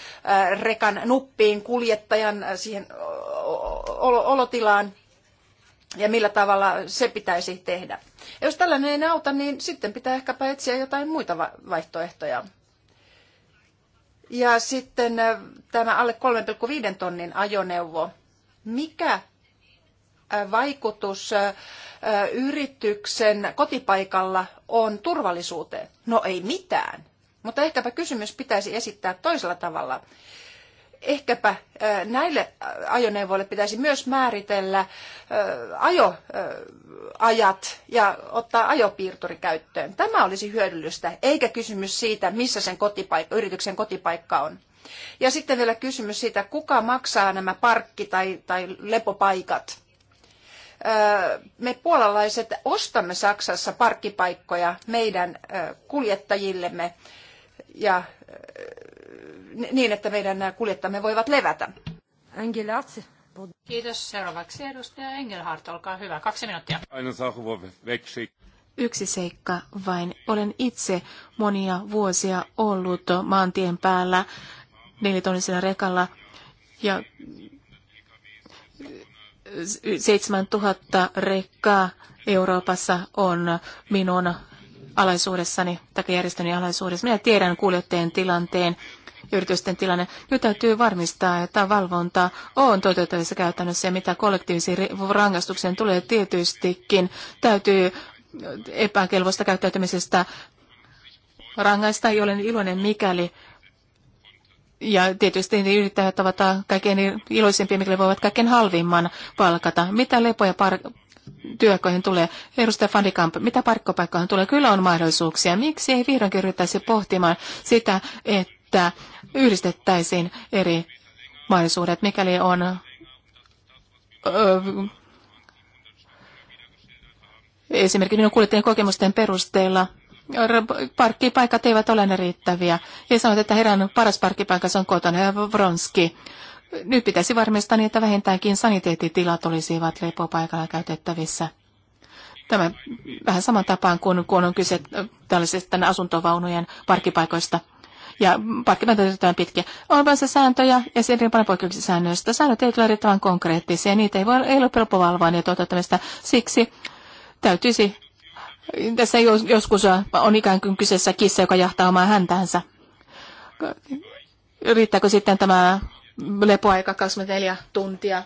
rekan nuppiin, kuljettajan siihen olotilaan ja millä tavalla se pitäisi tehdä. Jos tällainen ei auta, niin sitten pitää ehkäpä etsiä jotain muita vaihtoehtoja. Ja sitten äh, tämä alle 3,5 tonnin ajoneuvo. Mikä äh, vaikutus äh, yrityksen kotipaikalla on turvallisuuteen? No ei mitään. Mutta ehkäpä kysymys pitäisi esittää toisella tavalla ehkäpä äh, näille ajoneuvoille pitäisi myös määritellä äh, ajoajat äh, ja ottaa ajopiirturi käyttöön. Tämä olisi hyödyllistä, eikä kysymys siitä, missä sen kotipaikka, yrityksen kotipaikka on. Ja sitten vielä kysymys siitä, kuka maksaa nämä parkki- tai, tai lepopaikat. Me puolalaiset ostamme Saksassa parkkipaikkoja meidän kuljettajillemme ja niin, että meidän kuljettamme voivat levätä. Engelhardt. Kiitos. Seuraavaksi edustaja Engelhardt, olkaa hyvä. Kaksi minuuttia. Yksi seikka vain. Olen itse monia vuosia ollut maantien päällä nelitonnisella rekalla ja 7000 rekkaa Euroopassa on minun alaisuudessani tai järjestöni alaisuudessa. Minä tiedän kuljettajien tilanteen yritysten tilanne. Nyt täytyy varmistaa, että valvonta on toteutettavissa käytännössä ja mitä kollektiivisiin rangaistukseen tulee tietystikin. Täytyy epäkelvosta käyttäytymisestä rangaista, ei ole niin iloinen mikäli ja tietysti niin yrittäjät ovat kaikkein iloisimpia, mikäli voivat kaikkein halvimman palkata. Mitä lepoja par- työkoihin tulee? Edustaja Fandikamp, mitä parkkopaikkoihin tulee? Kyllä on mahdollisuuksia. Miksi ei vihdoinkin ryhtäisi pohtimaan sitä, että että yhdistettäisiin eri mahdollisuudet, mikäli on öö, esimerkiksi minun kuljettajien kokemusten perusteella parkkipaikat eivät ole ne riittäviä. Ja sanoit, että heidän paras parkkipaikka on kotona ja Vronski. Nyt pitäisi varmistaa niin, että vähintäänkin saniteettitilat olisivat lepopaikalla käytettävissä. Tämä vähän saman tapaan kuin kun on kyse tällaisista asuntovaunujen parkkipaikoista ja patkintotetaan pitkiä. On olemassa sääntöjä ja sen riippuen poikkeuksia säännöistä. Säännöt eivät ole riittävän konkreettisia, niitä ei, voi, ei ole helppo valvoa ja toteuttamista. Siksi täytyisi, tässä joskus on ikään kuin kyseessä kissa, joka jahtaa omaa häntänsä. Riittääkö sitten tämä lepoaika 24 tuntia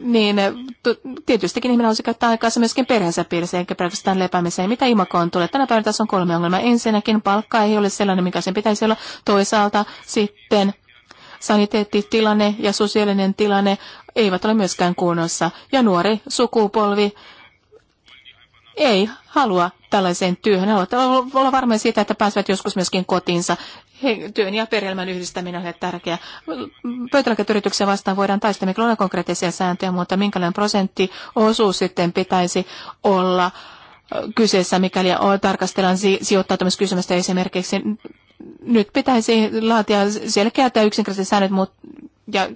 niin eh, tietystikin ihminen olisi käyttää aikaa myöskin perheensä piirissä, eikä pelkästään lepäämiseen. Mitä imakoon tulee? Tänä päivänä tässä on kolme ongelmaa. Ensinnäkin palkka ei ole sellainen, mikä sen pitäisi olla. Toisaalta sitten saniteettitilanne ja sosiaalinen tilanne eivät ole myöskään kunnossa. Ja nuori sukupolvi ei halua tällaiseen työhön. Haluat olla varma siitä, että pääsevät joskus myöskin kotiinsa työn ja perhelmän yhdistäminen on tärkeää. Pöytälääkäyttöyrityksiä vastaan voidaan taistella, mikä on konkreettisia sääntöjä, mutta minkälainen prosenttiosuus sitten pitäisi olla äh, kyseessä, mikäli tarkastellaan sijoittautumiskysymystä esimerkiksi. Nyt pitäisi laatia selkeät ja yksinkertaiset säännöt, mutta ja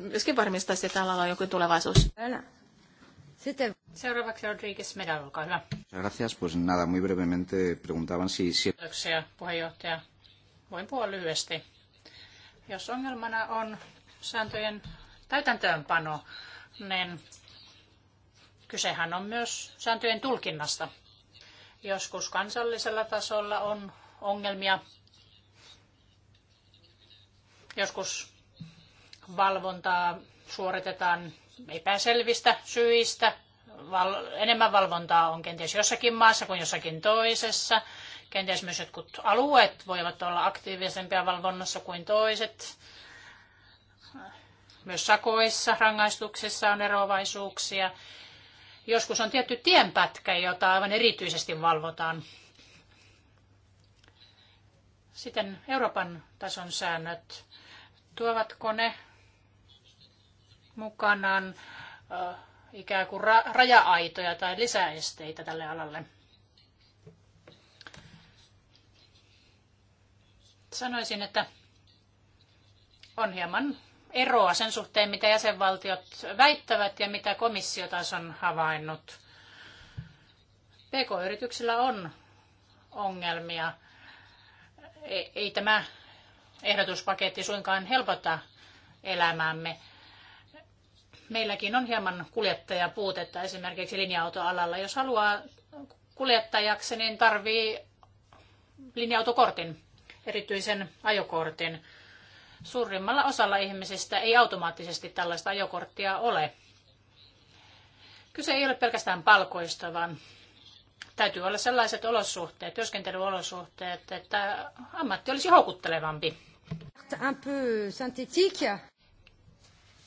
myöskin varmistaa, että alalla on joku tulevaisuus. Sitten seuraavaksi Rodriguez Medal, olkaa hyvä. Gracias, pues nada, muy brevemente preguntaban si... Kiitoksia puheenjohtaja Voin puhua lyhyesti. Jos ongelmana on sääntöjen täytäntöönpano, niin kysehän on myös sääntöjen tulkinnasta. Joskus kansallisella tasolla on ongelmia. Joskus valvontaa suoritetaan epäselvistä syistä. Val- enemmän valvontaa on kenties jossakin maassa kuin jossakin toisessa. Kenties myös jotkut alueet voivat olla aktiivisempia valvonnassa kuin toiset. Myös sakoissa, rangaistuksissa on eroavaisuuksia. Joskus on tietty tienpätkä, jota aivan erityisesti valvotaan. Sitten Euroopan tason säännöt. Tuovatko ne mukanaan ikään kuin raja-aitoja tai lisäesteitä tälle alalle? Sanoisin, että on hieman eroa sen suhteen, mitä jäsenvaltiot väittävät ja mitä komissio taas on havainnut. PK-yrityksillä on ongelmia. E- ei tämä ehdotuspaketti suinkaan helpota elämäämme. Meilläkin on hieman kuljettajapuutetta esimerkiksi linja-autoalalla. Jos haluaa kuljettajaksi, niin tarvii linja-autokortin erityisen ajokortin. Suurimmalla osalla ihmisistä ei automaattisesti tällaista ajokorttia ole. Kyse ei ole pelkästään palkoista, vaan täytyy olla sellaiset olosuhteet, työskentelyolosuhteet, että ammatti olisi houkuttelevampi. Un peu synthétique.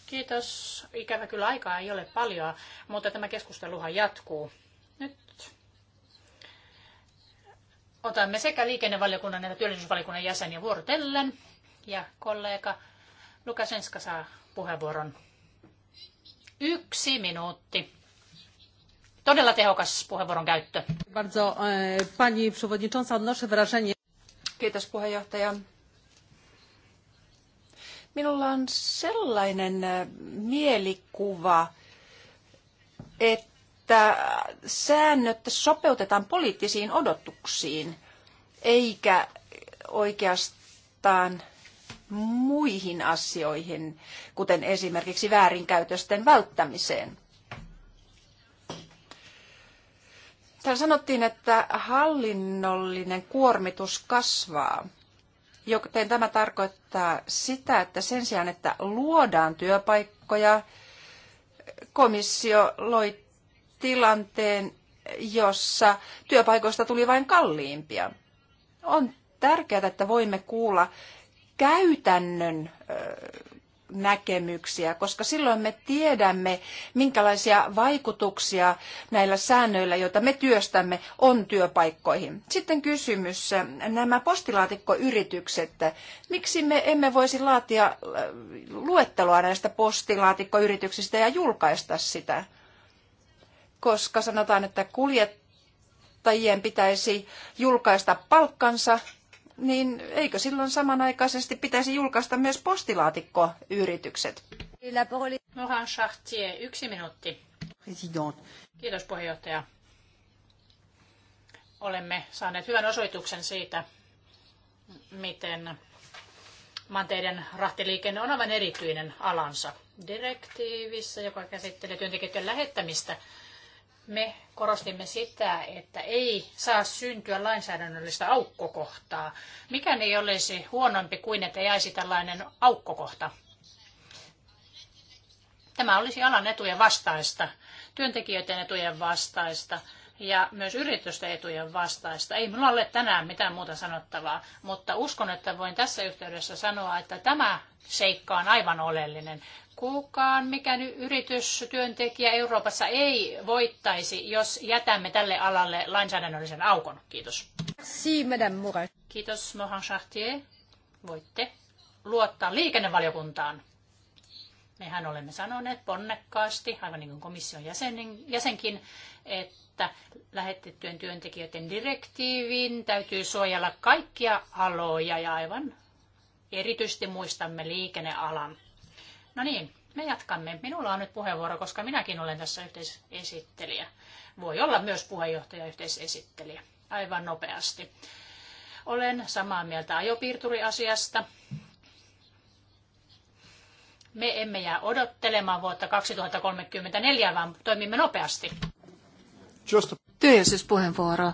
Kiitos. Ikävä kyllä aikaa ei ole paljon, mutta tämä keskusteluhan jatkuu. otamme sekä liikennevaliokunnan että työllisyysvaliokunnan jäseniä vuorotellen. Ja kollega Lukasenska saa puheenvuoron. Yksi minuutti. Todella tehokas puheenvuoron käyttö. E, Kiitos puheenjohtaja. Minulla on sellainen e, mielikuva, että että säännöt sopeutetaan poliittisiin odotuksiin, eikä oikeastaan muihin asioihin, kuten esimerkiksi väärinkäytösten välttämiseen. Täällä sanottiin, että hallinnollinen kuormitus kasvaa, joten tämä tarkoittaa sitä, että sen sijaan, että luodaan työpaikkoja, komissio loi tilanteen, jossa työpaikoista tuli vain kalliimpia. On tärkeää, että voimme kuulla käytännön näkemyksiä, koska silloin me tiedämme, minkälaisia vaikutuksia näillä säännöillä, joita me työstämme, on työpaikkoihin. Sitten kysymys, nämä postilaatikkoyritykset. Miksi me emme voisi laatia luetteloa näistä postilaatikkoyrityksistä ja julkaista sitä? koska sanotaan, että kuljettajien pitäisi julkaista palkkansa, niin eikö silloin samanaikaisesti pitäisi julkaista myös postilaatikkoyritykset? Mohan Chartier, yksi minuutti. President. Kiitos puheenjohtaja. Olemme saaneet hyvän osoituksen siitä, miten maanteiden rahtiliikenne on aivan erityinen alansa. Direktiivissä, joka käsittelee työntekijöiden lähettämistä, me korostimme sitä, että ei saa syntyä lainsäädännöllistä aukkokohtaa. Mikään ei olisi huonompi kuin, että jäisi tällainen aukkokohta. Tämä olisi alan etujen vastaista, työntekijöiden etujen vastaista ja myös yritysten etujen vastaista. Ei minulla ole tänään mitään muuta sanottavaa, mutta uskon, että voin tässä yhteydessä sanoa, että tämä seikka on aivan oleellinen kukaan, mikään yritys, työntekijä Euroopassa ei voittaisi, jos jätämme tälle alalle lainsäädännöllisen aukon. Kiitos. Kiitos, Mohan Chartier. Voitte luottaa liikennevaliokuntaan. Mehän olemme sanoneet ponnekkaasti, aivan niin kuin komission jäsenin, jäsenkin, että lähetettyjen työntekijöiden direktiivin täytyy suojella kaikkia aloja ja aivan erityisesti muistamme liikennealan. No niin, me jatkamme. Minulla on nyt puheenvuoro, koska minäkin olen tässä yhteisesittelijä. Voi olla myös puheenjohtaja yhteisesittelijä. Aivan nopeasti. Olen samaa mieltä ajopiirturiasiasta. Me emme jää odottelemaan vuotta 2034, vaan toimimme nopeasti. Just... Työllisyyspuheenvuoro.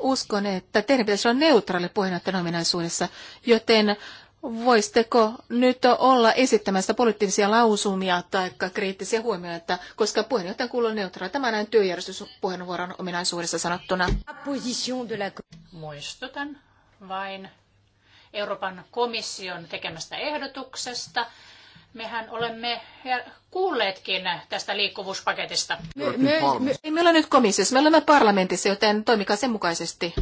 Uskon, että terveys on neutraali puheenjohtajan ominaisuudessa, joten Voisitteko nyt olla esittämässä poliittisia lausumia tai kriittisiä huomioita, koska puheenjohtajan kuuluu neutraa Tämä näin työjärjestyspuheenvuoron ominaisuudessa sanottuna. Muistutan vain Euroopan komission tekemästä ehdotuksesta. Mehän olemme kuulleetkin tästä liikkuvuuspaketista. Me, me, me, me ollaan nyt komissiossa, me olemme parlamentissa, joten toimikaa sen mukaisesti.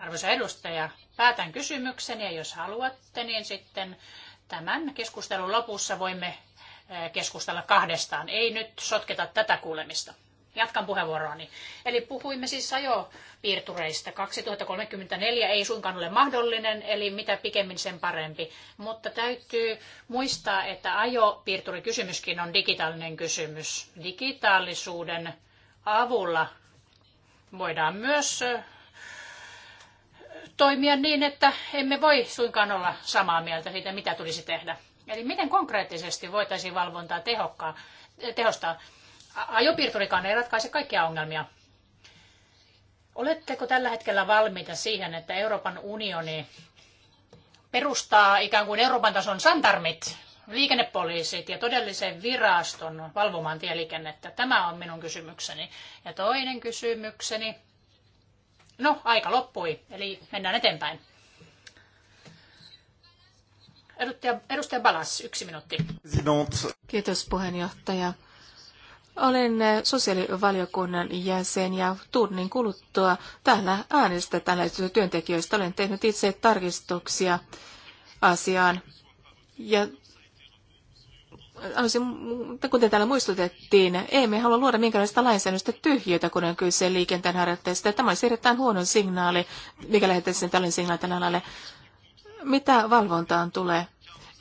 Arvoisa edustaja, päätän kysymyksen ja jos haluatte, niin sitten tämän keskustelun lopussa voimme eh, keskustella kahdestaan. Ei nyt sotketa tätä kuulemista. Jatkan puheenvuoroani. Eli puhuimme siis ajopiirtureista. 2034 ei suinkaan ole mahdollinen, eli mitä pikemmin sen parempi. Mutta täytyy muistaa, että ajopiirturikysymyskin on digitaalinen kysymys. Digitaalisuuden avulla voidaan myös eh, toimia niin, että emme voi suinkaan olla samaa mieltä siitä, mitä tulisi tehdä. Eli miten konkreettisesti voitaisiin valvontaa tehokkaa, tehostaa? Ajopiirturikaan ei ratkaise kaikkia ongelmia. Oletteko tällä hetkellä valmiita siihen, että Euroopan unioni perustaa ikään kuin Euroopan tason santarmit, liikennepoliisit ja todellisen viraston valvomaan tieliikennettä? Tämä on minun kysymykseni. Ja toinen kysymykseni No, aika loppui, eli mennään eteenpäin. Edustaja, edustaja Balas, yksi minuutti. Kiitos puheenjohtaja. Olen eh, sosiaalivaliokunnan jäsen ja tunnin kuluttua täällä äänestetään työntekijöistä. Olen tehnyt itse tarkistuksia asiaan ja haluaisin, kuten täällä muistutettiin, emme halua luoda minkälaista lainsäädännöstä tyhjiötä, kun on kyse liikenteen harjoittajista. Tämä olisi erittäin huono signaali, mikä lähettäisiin tällainen signaali tällä alalle. Mitä valvontaan tulee?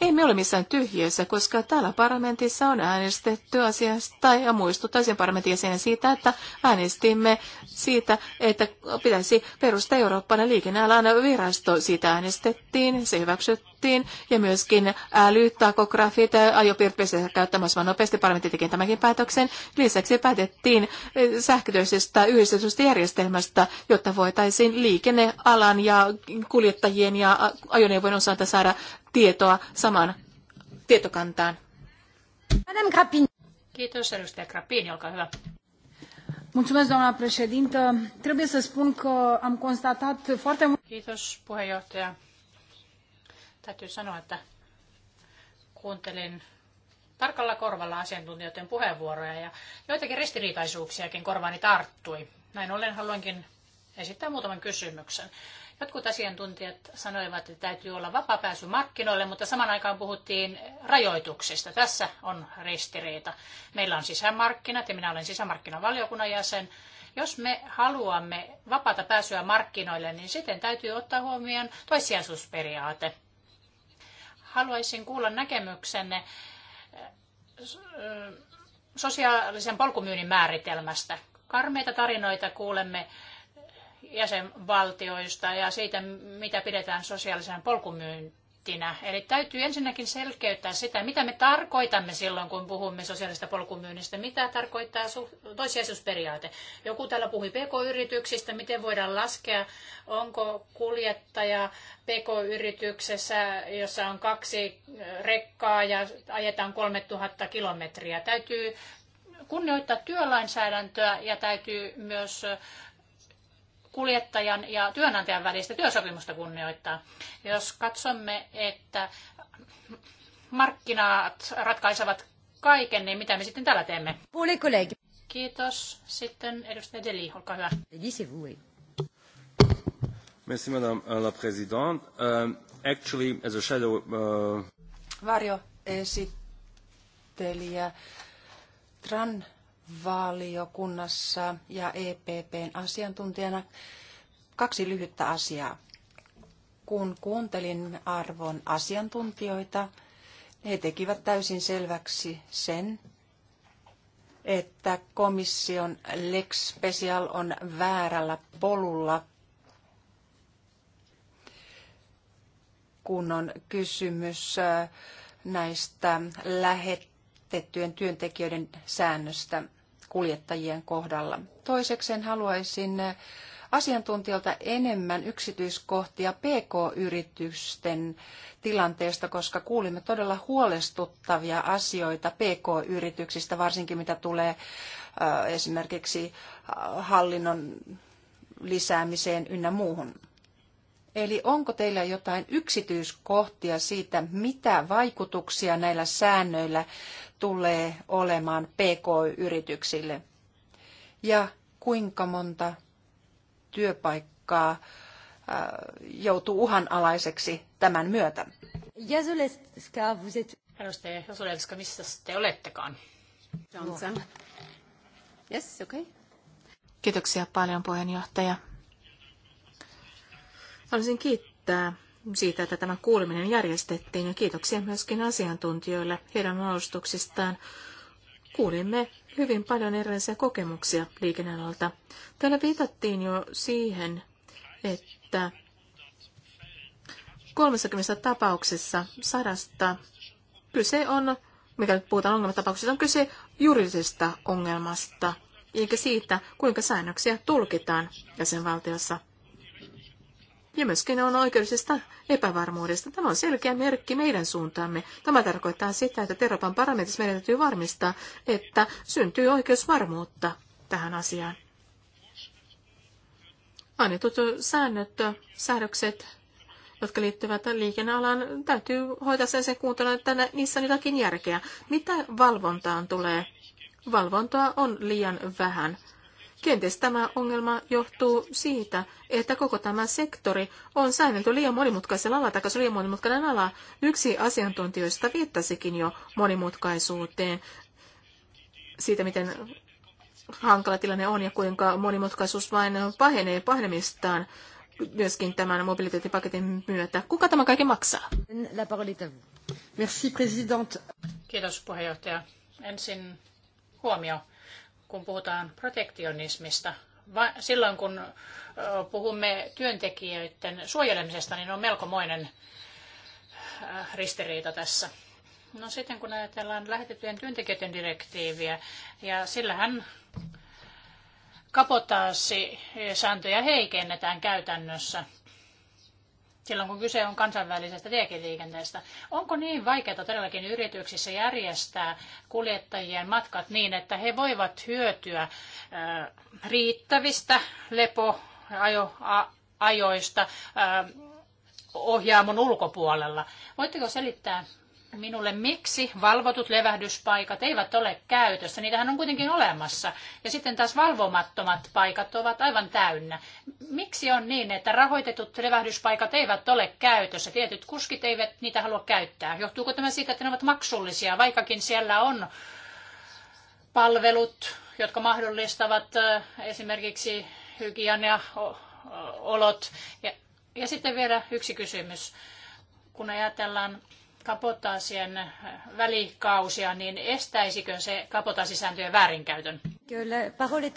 Ei me ole missään tyhjiössä, koska täällä parlamentissa on äänestetty asiasta ja muistuttaisin parlamentin jäsenen siitä, että äänestimme siitä, että pitäisi perustaa Eurooppana liikennealan virasto. Siitä äänestettiin, se hyväksyttiin puhuttiin, ja myöskin älytakografit, ajopiirteisiä käyttämässä vaan nopeasti parlamentti teki tämänkin päätöksen. Lisäksi päätettiin sähköisestä yhdistetystä järjestelmästä, jotta voitaisiin liikennealan ja kuljettajien ja ajoneuvojen osalta saada tietoa saman tietokantaan. Madame Grappini. Kiitos, edustaja Grappini, olkaa hyvä. Mulțumesc, doamna președintă. Trebuie să spun că am constatat foarte mult... Kiitos, puheenjohtaja. Täytyy sanoa, että kuuntelin tarkalla korvalla asiantuntijoiden puheenvuoroja ja joitakin ristiriitaisuuksiakin korvaani tarttui. Näin ollen haluankin esittää muutaman kysymyksen. Jotkut asiantuntijat sanoivat, että täytyy olla vapaa pääsy markkinoille, mutta saman aikaan puhuttiin rajoituksista. Tässä on ristiriita. Meillä on sisämarkkinat ja minä olen sisämarkkinavaliokunnan jäsen. Jos me haluamme vapaata pääsyä markkinoille, niin sitten täytyy ottaa huomioon toissijaisuusperiaate haluaisin kuulla näkemyksenne äh, äh, sosiaalisen polkumyynnin määritelmästä. Karmeita tarinoita kuulemme jäsenvaltioista ja siitä, mitä pidetään sosiaalisen polkumyynnin pakettina. Eli täytyy ensinnäkin selkeyttää sitä, mitä me tarkoitamme silloin, kun puhumme sosiaalista polkumyynnistä. Mitä tarkoittaa toissijaisuusperiaate? Joku täällä puhui pk-yrityksistä, miten voidaan laskea, onko kuljettaja pk-yrityksessä, jossa on kaksi rekkaa ja ajetaan 3000 kilometriä. Täytyy kunnioittaa työlainsäädäntöä ja täytyy myös kuljettajan ja työnantajan välistä työsopimusta kunnioittaa. Jos katsomme, että markkinat ratkaisevat kaiken, niin mitä me sitten täällä teemme? Kiitos. Sitten edustaja Deli, olkaa hyvä. Merci madame la présidente. Uh, actually, as a shadow... Uh... Varjo esittelijä Tran valiokunnassa ja EPPn asiantuntijana kaksi lyhyttä asiaa. Kun kuuntelin arvon asiantuntijoita, he tekivät täysin selväksi sen, että komission Lex Special on väärällä polulla, kun on kysymys äh, näistä lähetettyjen työntekijöiden säännöstä kuljettajien kohdalla. Toisekseen haluaisin asiantuntijalta enemmän yksityiskohtia PK-yritysten tilanteesta, koska kuulimme todella huolestuttavia asioita PK-yrityksistä, varsinkin mitä tulee esimerkiksi hallinnon lisäämiseen ynnä muuhun. Eli onko teillä jotain yksityiskohtia siitä, mitä vaikutuksia näillä säännöillä tulee olemaan PK-yrityksille ja kuinka monta työpaikkaa joutuu uhanalaiseksi tämän myötä. Jasoleska, vous êtes... Edustaja Jasoleska, missä te olettekaan? Johnson. Yes, okay. Kiitoksia paljon puheenjohtaja. Haluaisin kiittää siitä, että tämä kuuleminen järjestettiin ja kiitoksia myöskin asiantuntijoille heidän alustuksistaan. Kuulimme hyvin paljon erilaisia kokemuksia liikennealalta. Täällä viitattiin jo siihen, että 30 tapauksessa sadasta kyse on, mikä nyt puhutaan ongelmatapauksista, on kyse juridisesta ongelmasta, eikä siitä, kuinka säännöksiä tulkitaan jäsenvaltiossa ja myöskin on oikeudellisesta epävarmuudesta. Tämä on selkeä merkki meidän suuntaamme. Tämä tarkoittaa sitä, että Euroopan parlamentissa meidän täytyy varmistaa, että syntyy oikeusvarmuutta tähän asiaan. Annetut säännöt, säädökset, jotka liittyvät liikennealaan, täytyy hoitaa sen sen kuuntelun, että niissä on jotakin järkeä. Mitä valvontaan tulee? Valvontaa on liian vähän. Kenties tämä ongelma johtuu siitä, että koko tämä sektori on säännelty liian monimutkaisella alalla, tai se liian monimutkainen ala. Yksi asiantuntijoista viittasikin jo monimutkaisuuteen siitä, miten hankala tilanne on ja kuinka monimutkaisuus vain pahenee pahenemistaan myöskin tämän mobiliteettipaketin myötä. Kuka tämä kaikki maksaa? La Merci, Kiitos puheenjohtaja. Ensin huomio kun puhutaan protektionismista, silloin kun puhumme työntekijöiden suojelemisesta, niin on melkomoinen ristiriita tässä. No sitten kun ajatellaan lähetettyjen työntekijöiden direktiiviä, ja sillähän kapotaasi sääntöjä heikennetään käytännössä – silloin kun kyse on kansainvälisestä tieliikenteestä. Onko niin vaikeaa todellakin yrityksissä järjestää kuljettajien matkat niin, että he voivat hyötyä riittävistä lepoajoista ajo, ohjaamon ulkopuolella? Voitteko selittää minulle, miksi valvotut levähdyspaikat eivät ole käytössä. Niitähän on kuitenkin olemassa. Ja sitten taas valvomattomat paikat ovat aivan täynnä. Miksi on niin, että rahoitetut levähdyspaikat eivät ole käytössä? Tietyt kuskit eivät niitä halua käyttää. Johtuuko tämä siitä, että ne ovat maksullisia, vaikkakin siellä on palvelut, jotka mahdollistavat esimerkiksi hygienia-olot. Ja, ja sitten vielä yksi kysymys. Kun ajatellaan kapotaasien välikausia, niin estäisikö se kapotaasisääntöjen väärinkäytön? Kyllä, parole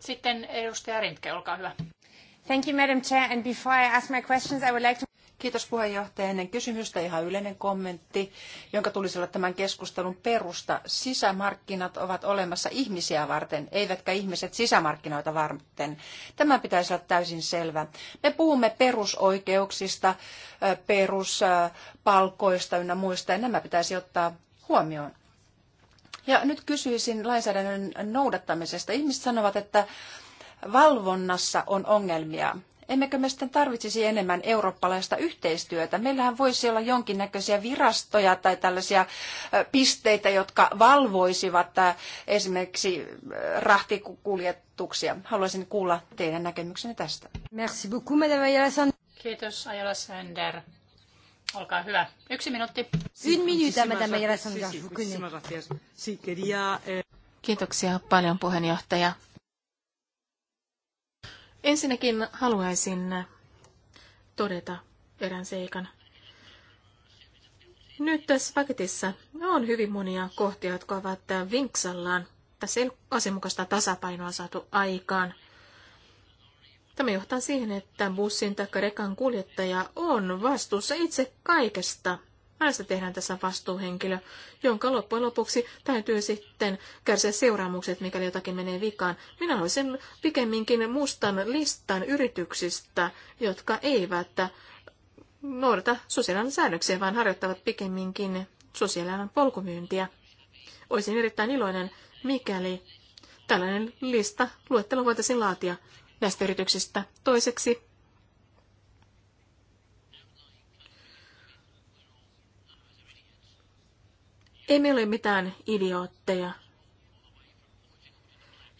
Sitten edustaja Rintke, olkaa hyvä. Thank you, Madam Chair. And before I ask my questions, I would like to... Kiitos puheenjohtaja. Ennen kysymystä ihan yleinen kommentti, jonka tulisi olla tämän keskustelun perusta. Sisämarkkinat ovat olemassa ihmisiä varten, eivätkä ihmiset sisämarkkinoita varten. Tämä pitäisi olla täysin selvä. Me puhumme perusoikeuksista, peruspalkoista ynnä muista, ja nämä pitäisi ottaa huomioon. Ja nyt kysyisin lainsäädännön noudattamisesta. Ihmiset sanovat, että valvonnassa on ongelmia. Emmekö me sitten tarvitsisi enemmän eurooppalaista yhteistyötä? Meillähän voisi olla jonkinnäköisiä virastoja tai tällaisia pisteitä, jotka valvoisivat esimerkiksi rahtikuljetuksia. Haluaisin kuulla teidän näkemyksenne tästä. Merci beaucoup, Madame Ayala Kiitos, Ayala Sander. Olkaa hyvä. Yksi minuutti. Une minute, Madame Ayala Sander. Eh, Kiitoksia paljon, puheenjohtaja. Ensinnäkin haluaisin todeta erään seikan. Nyt tässä paketissa on hyvin monia kohtia, jotka ovat vinksallaan. Tässä ei asianmukaista tasapainoa saatu aikaan. Tämä johtaa siihen, että bussin tai rekan kuljettaja on vastuussa itse kaikesta hänestä tehdään tässä vastuuhenkilö, jonka loppujen lopuksi täytyy sitten kärsiä seuraamukset, mikäli jotakin menee vikaan. Minä olisin pikemminkin mustan listan yrityksistä, jotka eivät noudata sosiaalinen säännöksiä, vaan harjoittavat pikemminkin sosiaalialan polkumyyntiä. Olisin erittäin iloinen, mikäli tällainen lista luettelo voitaisiin laatia näistä yrityksistä. Toiseksi Ei meillä ole mitään idiootteja.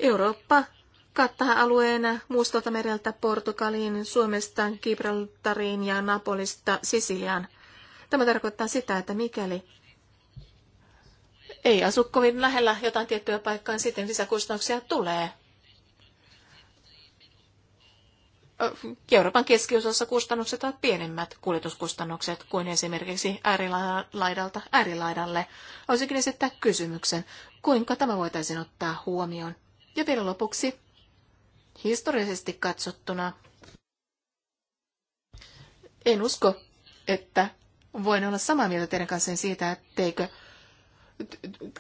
Eurooppa kattaa alueena Mustalta mereltä Portugaliin, Suomesta, Gibraltariin ja Napolista Sisiliaan. Tämä tarkoittaa sitä, että mikäli ei asu kovin lähellä jotain tiettyä paikkaa, niin sitten lisäkustannuksia tulee. Euroopan keskiosassa kustannukset ovat pienemmät kuljetuskustannukset kuin esimerkiksi äärilaidalta äärilaidalle. Olisinkin esittää kysymyksen, kuinka tämä voitaisiin ottaa huomioon. Ja vielä lopuksi, historiallisesti katsottuna, en usko, että voin olla samaa mieltä teidän kanssa siitä, etteikö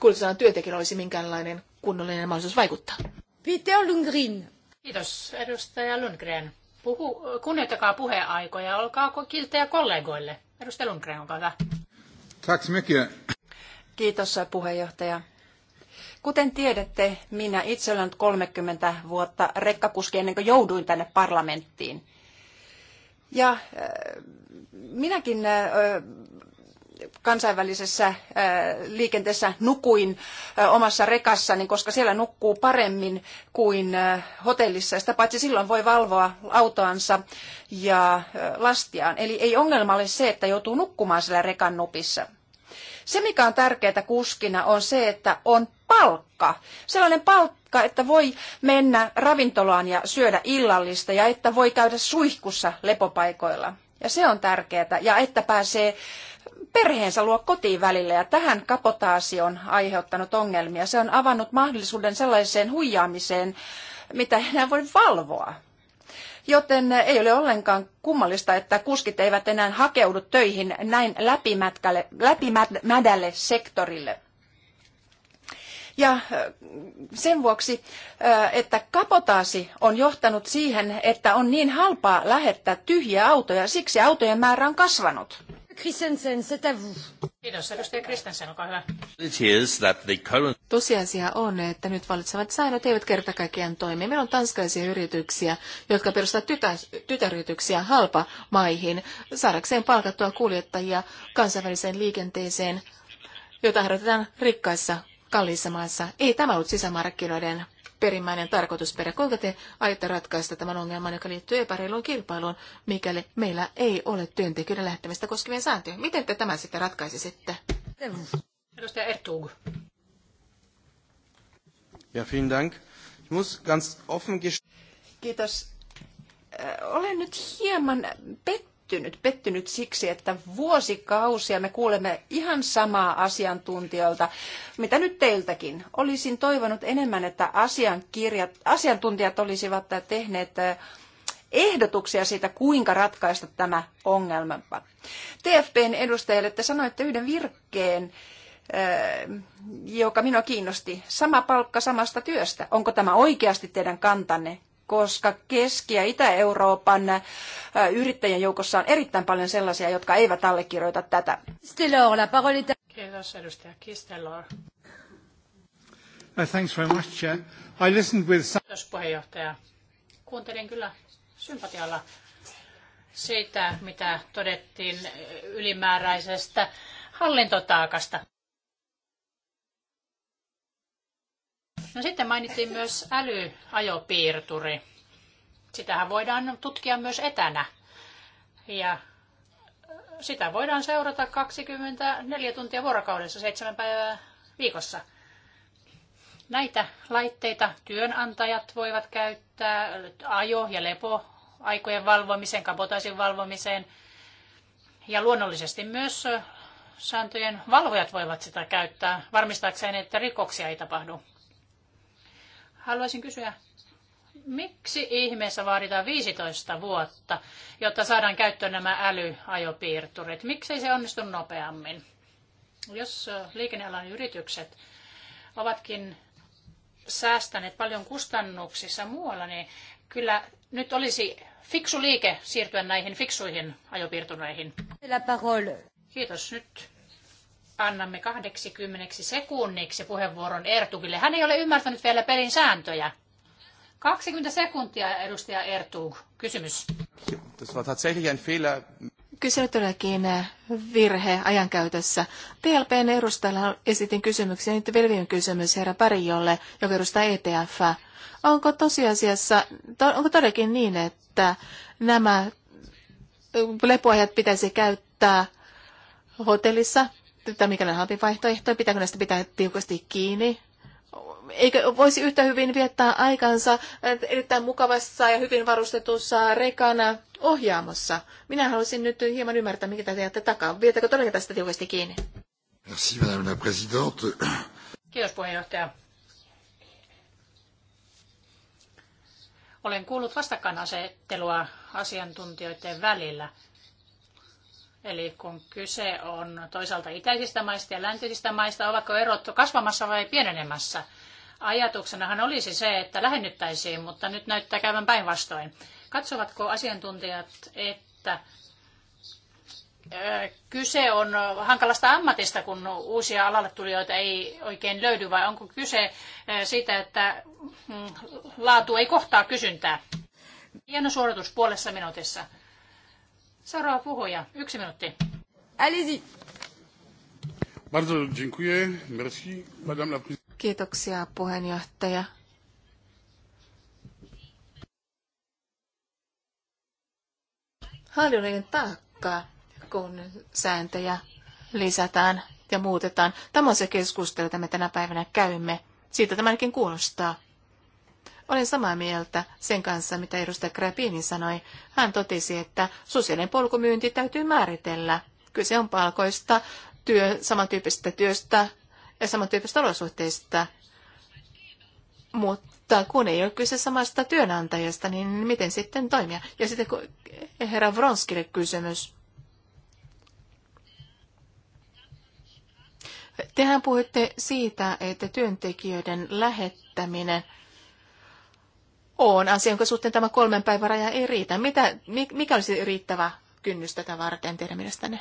kuljetusalan työntekijä olisi minkäänlainen kunnollinen mahdollisuus vaikuttaa. Peter Lundgren. Kiitos, edustaja Lundgren. Puhu, kunnioittakaa puheaikoja, olkaa kiltejä kollegoille. Edustaja Lundgren, olkaa hyvä. Tack Kiitos puheenjohtaja. Kuten tiedätte, minä itse olen 30 vuotta rekkakuski ennen kuin jouduin tänne parlamenttiin. Ja äh, minäkin äh, kansainvälisessä äh, liikenteessä nukuin äh, omassa rekassani, koska siellä nukkuu paremmin kuin äh, hotellissa. Sitä paitsi silloin voi valvoa autoansa ja lastiaan. Eli ei ongelma ole se, että joutuu nukkumaan siellä rekan nupissa. Se, mikä on tärkeää kuskina, on se, että on palkka. Sellainen palkka, että voi mennä ravintolaan ja syödä illallista ja että voi käydä suihkussa lepopaikoilla. Ja se on tärkeää. Ja että pääsee perheensä luo kotiin välillä ja tähän kapotaasi on aiheuttanut ongelmia. Se on avannut mahdollisuuden sellaiseen huijaamiseen, mitä enää voi valvoa. Joten ei ole ollenkaan kummallista, että kuskit eivät enää hakeudu töihin näin läpimätkälle, läpimädälle sektorille. Ja äh, sen vuoksi, äh, että kapotaasi on johtanut siihen, että on niin halpaa lähettää tyhjiä autoja, siksi autojen määrä on kasvanut. Christensen, c'est à vous. Kiitos, edustaja Christensen, olkaa hyvä. Current... Tosiasia on, että nyt valitsevat säännöt eivät kerta kaikkiaan toimi. Meillä on tanskaisia yrityksiä, jotka perustavat tytä, tytäryrityksiä halpa maihin saadakseen palkattua kuljettajia kansainväliseen liikenteeseen, jota harjoitetaan rikkaissa kalliissa maissa. Ei tämä ollut sisämarkkinoiden perimmäinen tarkoitusperä. Kuinka te aiotte ratkaista tämän ongelman, joka liittyy epäreiluun kilpailuun, mikäli meillä ei ole työntekijöiden lähtemistä koskevien sääntöjä? Miten te tämän sitten ratkaisisitte? Edustaja Ertug. Ja, vielen Dank. Ich muss ganz offen Kiitos. Äh, olen nyt hieman pettynyt pettynyt. Pettynyt siksi, että vuosikausia me kuulemme ihan samaa asiantuntijoilta, mitä nyt teiltäkin. Olisin toivonut enemmän, että asiantuntijat olisivat tehneet eh, ehdotuksia siitä, kuinka ratkaista tämä ongelma. TFPn edustajille te sanoitte yhden virkkeen, eh, joka minua kiinnosti. Sama palkka samasta työstä. Onko tämä oikeasti teidän kantanne? koska Keski- ja Itä-Euroopan yrittäjien joukossa on erittäin paljon sellaisia, jotka eivät allekirjoita tätä. Stelor, la parole est... Kiitos, edustaja Kistelor. Uh, thanks very much, Chair. I listened with... Kiitos, puheenjohtaja. Kuuntelin kyllä sympatialla siitä, mitä todettiin ylimääräisestä hallintotaakasta. No sitten mainittiin myös älyajopiirturi. Sitähän voidaan tutkia myös etänä. Ja sitä voidaan seurata 24 tuntia vuorokaudessa, seitsemän päivää viikossa. Näitä laitteita työnantajat voivat käyttää ajo- ja lepoaikojen valvomiseen, kabotaasin valvomiseen. Ja luonnollisesti myös sääntöjen valvojat voivat sitä käyttää varmistaakseen, että rikoksia ei tapahdu. Haluaisin kysyä, miksi ihmeessä vaaditaan 15 vuotta, jotta saadaan käyttöön nämä älyajopiirturit? Miksei se onnistu nopeammin? Jos liikennealan yritykset ovatkin säästäneet paljon kustannuksissa muualla, niin kyllä nyt olisi fiksu liike siirtyä näihin fiksuihin ajopiirtureihin. Kiitos. Nyt annamme 80 sekunniksi puheenvuoron Ertugille. Hän ei ole ymmärtänyt vielä pelin sääntöjä. 20 sekuntia, edustaja Ertug. Kysymys. Das war tatsächlich ein Fehler. Kyse oli todellakin virhe ajankäytössä. TLPn edustajalla esitin kysymyksiä, nyt Velvion kysymys herra Parijolle, joka edustaa ETF. Onko tosiasiassa, to, onko todellakin niin, että nämä lepoajat pitäisi käyttää hotellissa tai mikä on halvin vaihtoehto, pitääkö näistä pitää tiukasti kiinni, eikö voisi yhtä hyvin viettää aikansa äh, erittäin mukavassa ja hyvin varustetussa rekana äh, ohjaamossa. Minä haluaisin nyt hieman ymmärtää, mikä te ajatte takaa. Vietäkö todella tästä tiukasti kiinni? Merci, madame la présidente. Kiitos puheenjohtaja. Olen kuullut vastakkainasettelua asiantuntijoiden välillä – Eli kun kyse on toisaalta itäisistä maista ja läntisistä maista, ovatko erot kasvamassa vai pienenemässä? Ajatuksenahan olisi se, että lähennyttäisiin, mutta nyt näyttää käyvän päinvastoin. Katsovatko asiantuntijat, että kyse on hankalasta ammatista, kun uusia alalle tulijoita ei oikein löydy, vai onko kyse siitä, että mm, laatu ei kohtaa kysyntää? Hieno suoritus puolessa minuutissa. Seuraava puhuja, yksi minuutti. Allez-y. Kiitoksia puheenjohtaja. Hallinnollinen taakka, kun sääntöjä lisätään ja muutetaan. Tämä on se keskustelu, jota me tänä päivänä käymme. Siitä tämäkin kuulostaa. Olen samaa mieltä sen kanssa, mitä edustaja Krapini sanoi. Hän totesi, että sosiaalinen polkumyynti täytyy määritellä. Kyse on palkoista, työ, samantyyppisestä työstä ja samantyyppisestä olosuhteista. Mutta kun ei ole kyse samasta työnantajasta, niin miten sitten toimia? Ja sitten herra Vronskille kysymys. Tehän puhutte siitä, että työntekijöiden lähettäminen – on asia, jonka suhteen tämä kolmen päivän raja ei riitä. Mitä, mikä olisi riittävä kynnys tätä varten teidän mielestänne?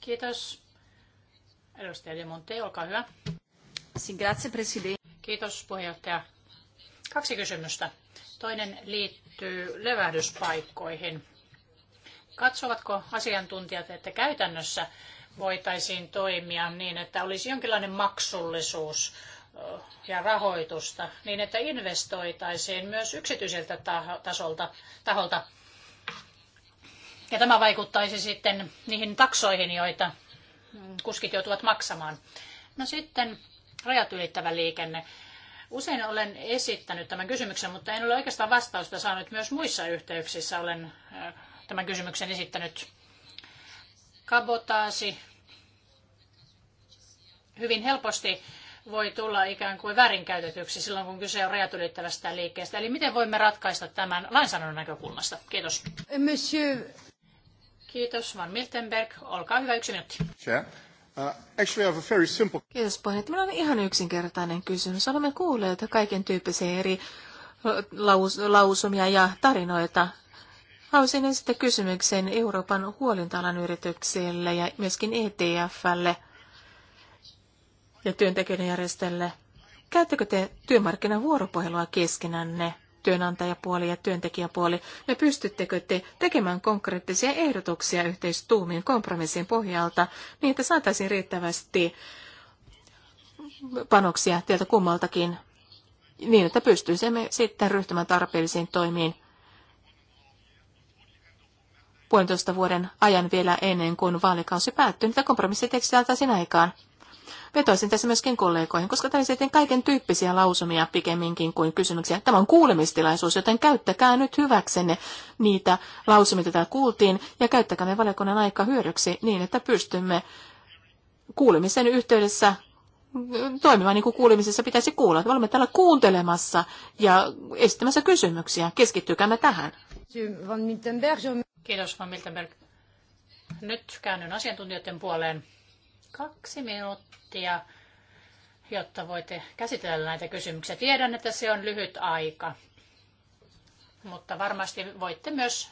Kiitos. Edustaja De Monte, olkaa hyvä. Kiitos puheenjohtaja. Kaksi kysymystä. Toinen liittyy levähdyspaikkoihin. Katsovatko asiantuntijat, että käytännössä voitaisiin toimia niin, että olisi jonkinlainen maksullisuus ja rahoitusta niin, että investoitaisiin myös yksityiseltä tasolta, taholta. Ja tämä vaikuttaisi sitten niihin taksoihin, joita kuskit joutuvat maksamaan. No sitten rajat ylittävä liikenne. Usein olen esittänyt tämän kysymyksen, mutta en ole oikeastaan vastausta saanut. Myös muissa yhteyksissä olen tämän kysymyksen esittänyt. Kabotaasi hyvin helposti voi tulla ikään kuin väärinkäytetyksi silloin, kun kyse on rajat ylittävästä liikkeestä. Eli miten voimme ratkaista tämän lainsäädännön näkökulmasta? Kiitos. Monsieur. Kiitos. Van Miltenberg, olkaa hyvä, yksi minuutti. Sure. Uh, actually, I have a very simple... Kiitos puhemies. Minulla on ihan yksinkertainen kysymys. Olemme kuulleet kaiken tyyppisiä eri laus, lausumia ja tarinoita Haluaisin esittää kysymyksen Euroopan huolintalan yrityksille ja myöskin ETFlle – ja työntekijöiden järjestölle. Käyttekö te työmarkkinavuoropuhelua keskenänne, työnantajapuoli ja työntekijäpuoli, ja pystyttekö te tekemään konkreettisia ehdotuksia yhteistuumin kompromissin pohjalta, niin että saataisiin riittävästi panoksia teiltä kummaltakin, niin että pystyisimme sitten ryhtymään tarpeellisiin toimiin puolentoista vuoden ajan vielä ennen kuin vaalikausi päättyy, että kompromissitekstejä saataisiin aikaan. Vetoisin tässä myöskin kollegoihin, koska täällä sitten kaiken tyyppisiä lausumia pikemminkin kuin kysymyksiä. Tämä on kuulemistilaisuus, joten käyttäkää nyt hyväksenne niitä lausumia, joita kuultiin, ja käyttäkää ne valiokunnan aika hyödyksi niin, että pystymme kuulemisen yhteydessä mm, toimimaan niin kuin kuulemisessa pitäisi kuulla. me olemme täällä kuuntelemassa ja esittämässä kysymyksiä. Keskittykäämme tähän. Kiitos, Van Miltenberg. Nyt käännyn asiantuntijoiden puoleen kaksi minuuttia, jotta voitte käsitellä näitä kysymyksiä. Tiedän, että se on lyhyt aika, mutta varmasti voitte myös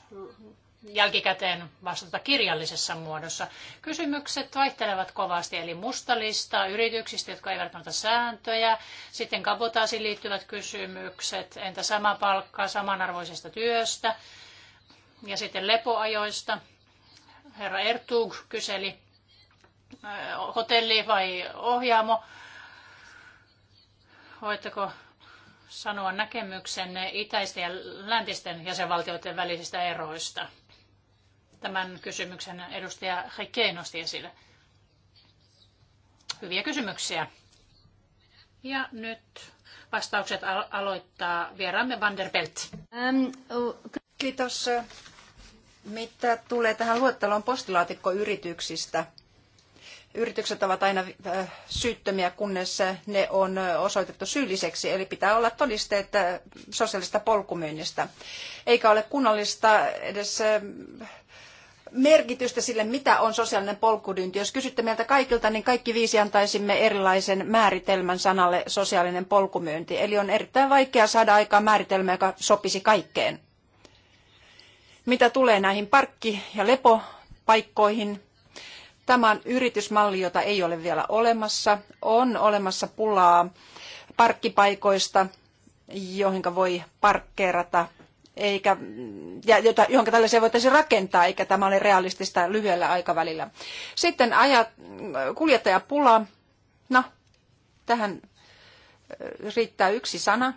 jälkikäteen vastata kirjallisessa muodossa. Kysymykset vaihtelevat kovasti, eli mustalista yrityksistä, jotka eivät noita sääntöjä, sitten kabotaasiin liittyvät kysymykset, entä sama palkka samanarvoisesta työstä, ja sitten lepoajoista. Herra Ertug kyseli hotelli vai ohjaamo? Voitteko sanoa näkemyksenne itäisten ja läntisten jäsenvaltioiden välisistä eroista? Tämän kysymyksen edustaja Hekke nosti esille. Hyviä kysymyksiä. Ja nyt vastaukset aloittaa vieraamme Van der Belt. Ähm, oh, kiitos. Mitä tulee tähän luetteloon postilaatikkoyrityksistä, yritykset ovat aina äh, syyttömiä, kunnes ne on osoitettu syylliseksi, eli pitää olla todisteet äh, sosiaalista polkumyynnistä. Eikä ole kunnollista edes äh, merkitystä sille, mitä on sosiaalinen polkumyynti. Jos kysytte meiltä kaikilta, niin kaikki viisi antaisimme erilaisen määritelmän sanalle sosiaalinen polkumyynti. Eli on erittäin vaikea saada aikaan määritelmä, joka sopisi kaikkeen. Mitä tulee näihin parkki- ja lepopaikkoihin, Tämä on yritysmalli, jota ei ole vielä olemassa. On olemassa pulaa parkkipaikoista, joihin voi parkkeerata eikä, ja jota, johon tällaisia voitaisiin rakentaa, eikä tämä ole realistista lyhyellä aikavälillä. Sitten ajat, kuljettajapula. No, tähän äh, riittää yksi sana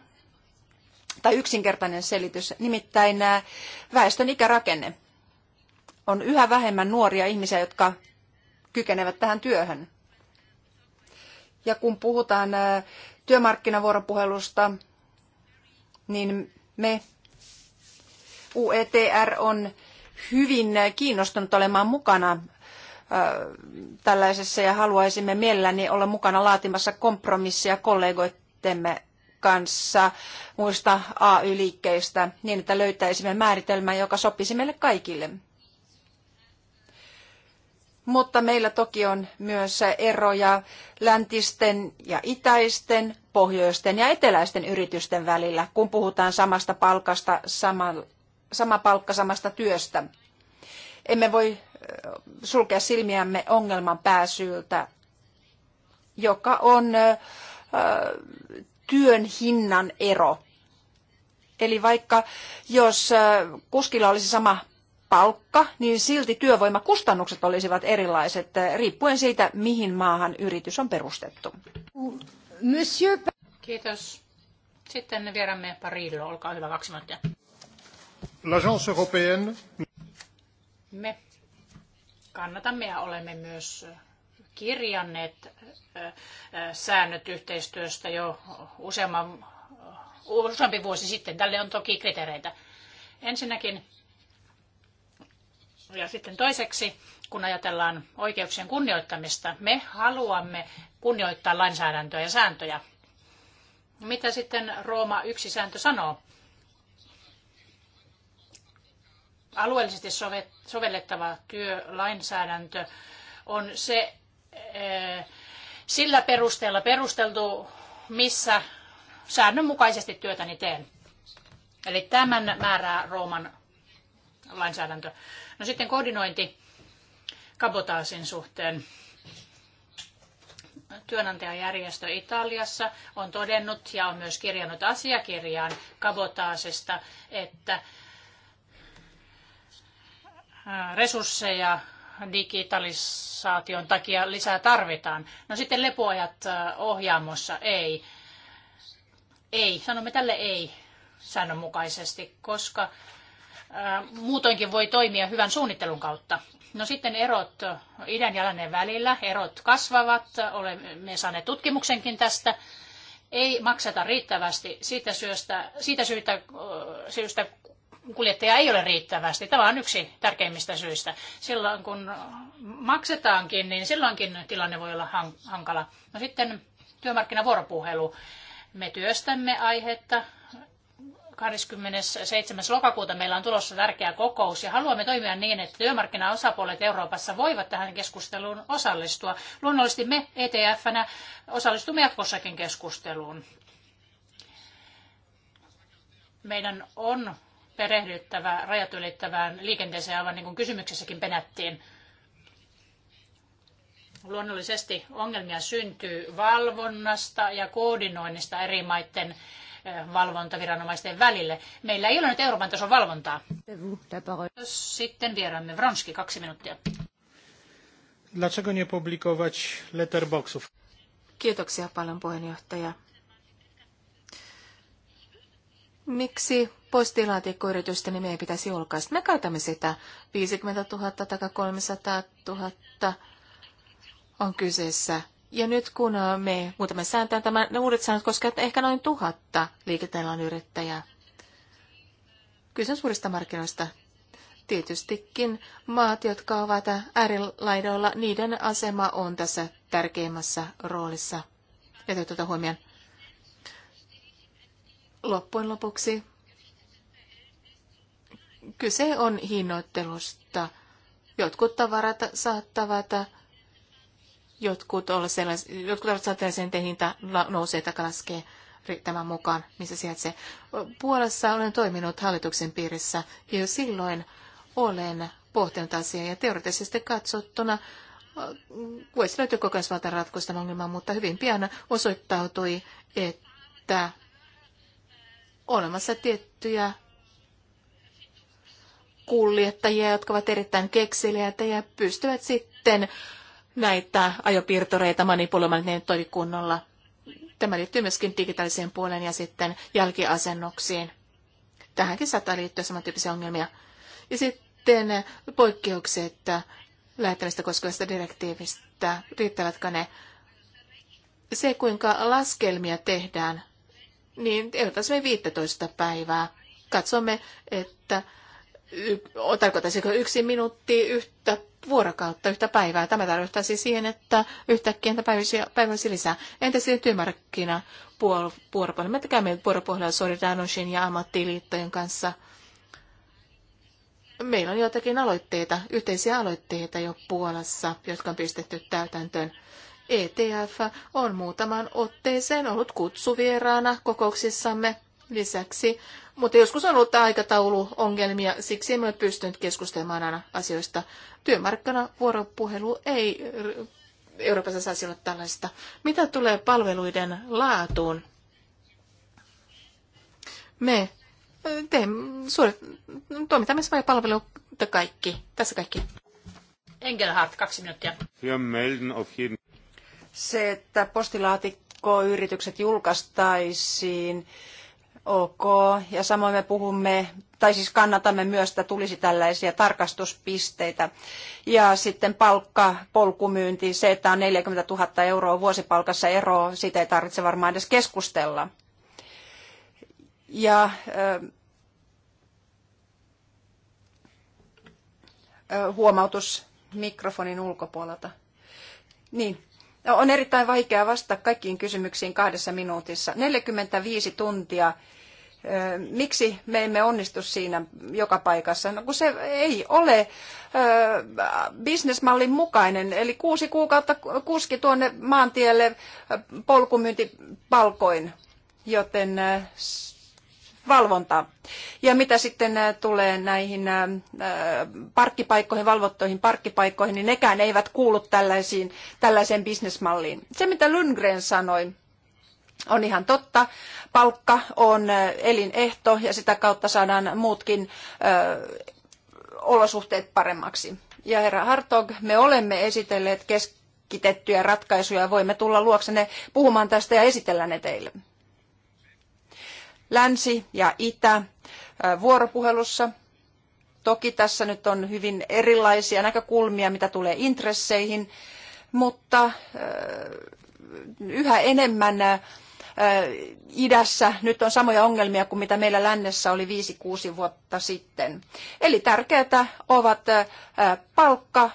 tai yksinkertainen selitys, nimittäin äh, väestön ikärakenne. On yhä vähemmän nuoria ihmisiä, jotka kykenevät tähän työhön. Ja kun puhutaan äh, työmarkkinavuoropuhelusta, niin me UETR on hyvin kiinnostunut olemaan mukana äh, tällaisessa ja haluaisimme mielelläni olla mukana laatimassa kompromissia kollegoittemme kanssa muista AY-liikkeistä niin, että löytäisimme määritelmän, joka sopisi meille kaikille mutta meillä toki on myös eroja läntisten ja itäisten, pohjoisten ja eteläisten yritysten välillä, kun puhutaan samasta palkasta, sama, sama palkka samasta työstä. Emme voi sulkea silmiämme ongelman pääsyltä, joka on työn hinnan ero. Eli vaikka jos kuskilla olisi sama palkka, niin silti työvoimakustannukset olisivat erilaiset eh, riippuen siitä, mihin maahan yritys on perustettu. Monsieur... Kiitos. Sitten vieraamme Parillo. Olkaa hyvä, kaksi minuuttia. L'agence européenne... Me kannatamme ja olemme myös eh, kirjanneet eh, säännöt yhteistyöstä jo useamman, useampi vuosi sitten. Tälle on toki kriteereitä. Ensinnäkin ja sitten toiseksi, kun ajatellaan oikeuksien kunnioittamista, me haluamme kunnioittaa lainsäädäntöä ja sääntöjä. Mitä sitten Rooma yksi sääntö sanoo? Alueellisesti sovellettava työlainsäädäntö on se eh, sillä perusteella perusteltu, missä säännönmukaisesti työtäni teen. Eli tämän määrää Rooman lainsäädäntö. No sitten koordinointi kabotaasin suhteen. Työnantajajärjestö Italiassa on todennut ja on myös kirjannut asiakirjaan kabotaasista, että resursseja digitalisaation takia lisää tarvitaan. No sitten lepoajat ohjaamossa ei. Ei, sanomme tälle ei säännönmukaisesti, koska muutoinkin voi toimia hyvän suunnittelun kautta. No sitten erot idän ja lännen välillä, erot kasvavat, olemme saaneet tutkimuksenkin tästä. Ei makseta riittävästi siitä, syystä, siitä syystä, syystä kuljettaja ei ole riittävästi. Tämä on yksi tärkeimmistä syistä. Silloin kun maksetaankin, niin silloinkin tilanne voi olla hankala. No sitten työmarkkinavuoropuhelu. Me työstämme aihetta 27. lokakuuta meillä on tulossa tärkeä kokous ja haluamme toimia niin, että työmarkkinaosapuolet Euroopassa voivat tähän keskusteluun osallistua. Luonnollisesti me ETFnä osallistumme jatkossakin keskusteluun. Meidän on perehdyttävä rajat ylittävään liikenteeseen, aivan niin kuin kysymyksessäkin penättiin. Luonnollisesti ongelmia syntyy valvonnasta ja koordinoinnista eri maiden valvontaviranomaisten välille. Meillä ei ole nyt Euroopan tason valvontaa. Sitten vieraamme Vronski, kaksi minuuttia. Dlaczego nie publikować letterboxów? Kiitoksia paljon puheenjohtaja. Miksi postilaatikkoyritysten nimeä ei pitäisi julkaista? Me käytämme sitä 50 000 tai 300 000 on kyseessä. Ja nyt kun äh, me muutamme sääntää tämä, ne uudet säännöt koskevat ehkä noin tuhatta liiketaalan yrittäjää. Kyse on suurista markkinoista. Tietystikin maat, jotka ovat äärilaidoilla, niiden asema on tässä tärkeimmässä roolissa. Ja tuota huomioon. Loppujen lopuksi kyse on hinnoittelusta. Jotkut tavarat saattavat jotkut, olla jotkut ovat että hinta nousee tai laskee tämän mukaan, missä sijaitsee. Puolassa olen toiminut hallituksen piirissä ja jo silloin olen pohtinut asiaa ja teoreettisesti katsottuna äh, voisi löytyä kokonaisvaltainen ratkaisu tämän mutta hyvin pian osoittautui, että olemassa tiettyjä kuljettajia, jotka ovat erittäin kekseliäitä ja pystyvät sitten näitä ajopiirtoreita manipuloimaan, että ne nyt niin toimi kunnolla. Tämä liittyy myöskin digitaaliseen puoleen ja sitten jälkiasennuksiin. Tähänkin saattaa liittyä samantyyppisiä ongelmia. Ja sitten poikkeukset lähettämistä koskevasta direktiivistä, riittävätkö ne? Se, kuinka laskelmia tehdään, niin me 15 päivää. Katsomme, että tarkoittaisiko yksi minuutti yhtä vuorokautta yhtä päivää. Tämä siis siihen, että yhtäkkiä entä päiväisiä, päiväisiä lisää. Entä sitten työmarkkina vuoropuhelu? Me tekemme vuoropuhelua Solidanoshin ja ammattiliittojen kanssa. Meillä on joitakin aloitteita, yhteisiä aloitteita jo Puolassa, jotka on pistetty täytäntöön. ETF on muutaman otteeseen ollut kutsuvieraana kokouksissamme. Lisäksi mutta joskus on ollut aikatauluongelmia, siksi emme ole pystynyt keskustelemaan aina asioista. vuoropuhelu ei äh, Euroopassa saisi olla tällaista. Mitä tulee palveluiden laatuun? Me äh, teemme suuret, toimitamme vain palveluita kaikki. Tässä kaikki. Engelhardt, kaksi minuuttia. Se, että postilaatikkoyritykset julkaistaisiin ok. Ja samoin me puhumme, tai siis kannatamme myös, että tulisi tällaisia tarkastuspisteitä. Ja sitten palkka, polkumyynti, se, että on 40 000 euroa vuosipalkassa ero, siitä ei tarvitse varmaan edes keskustella. Ja äh, huomautus mikrofonin ulkopuolelta. Niin, on erittäin vaikea vastata kaikkiin kysymyksiin kahdessa minuutissa. 45 tuntia. Miksi me emme onnistu siinä joka paikassa? No kun se ei ole bisnesmallin mukainen, eli kuusi kuukautta kuski tuonne maantielle polkumyyntipalkoin, joten valvontaa. Ja mitä sitten äh, tulee näihin äh, parkkipaikkoihin, valvottoihin parkkipaikkoihin, niin nekään eivät kuulu tällaisiin, tällaiseen bisnesmalliin. Se, mitä Lundgren sanoi, on ihan totta. Palkka on äh, elinehto ja sitä kautta saadaan muutkin olosuhteet paremmaksi. Ja herra Hartog, me olemme esitelleet keskitettyjä ratkaisuja ja voimme tulla luoksenne puhumaan tästä ja esitellä ne teille länsi ja itä vuoropuhelussa. Toki tässä nyt on hyvin erilaisia näkökulmia, mitä tulee intresseihin, mutta yhä enemmän idässä nyt on samoja ongelmia kuin mitä meillä lännessä oli viisi kuusi vuotta sitten. Eli tärkeätä ovat palkka,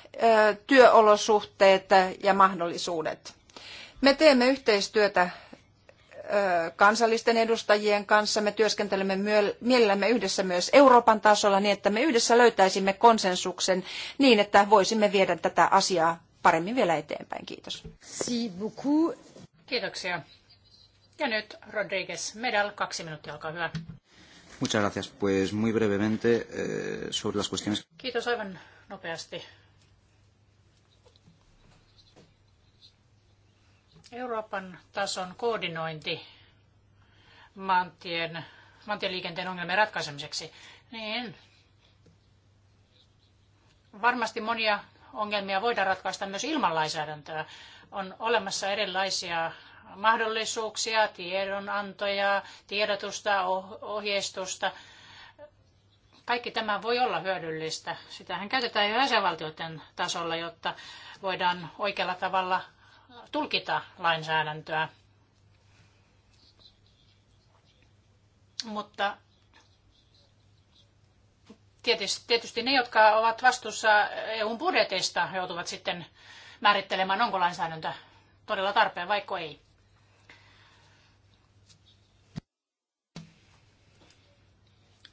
työolosuhteet ja mahdollisuudet. Me teemme yhteistyötä kansallisten edustajien kanssa. Me työskentelemme mielellämme yhdessä myös Euroopan tasolla niin, että me yhdessä löytäisimme konsensuksen niin, että voisimme viedä tätä asiaa paremmin vielä eteenpäin. Kiitos. Kiitoksia. Ja nyt Rodriguez Medal, kaksi minuuttia, olkaa hyvä. Muchas gracias. Pues muy brevemente eh, sobre las cuestiones. Kiitos aivan nopeasti Euroopan tason koordinointi maantien, maantieliikenteen ongelmien ratkaisemiseksi, niin varmasti monia ongelmia voidaan ratkaista myös ilman lainsäädäntöä. On olemassa erilaisia mahdollisuuksia, tiedonantoja, tiedotusta, oh-, ohjeistusta. Kaikki tämä voi olla hyödyllistä. Sitähän käytetään jo jäsenvaltioiden tasolla, jotta voidaan oikealla tavalla tulkita lainsäädäntöä. Mutta tietysti, tietysti ne, jotka ovat vastuussa EUn budjetista, joutuvat sitten määrittelemään, onko lainsäädäntö todella tarpeen vaikka ei.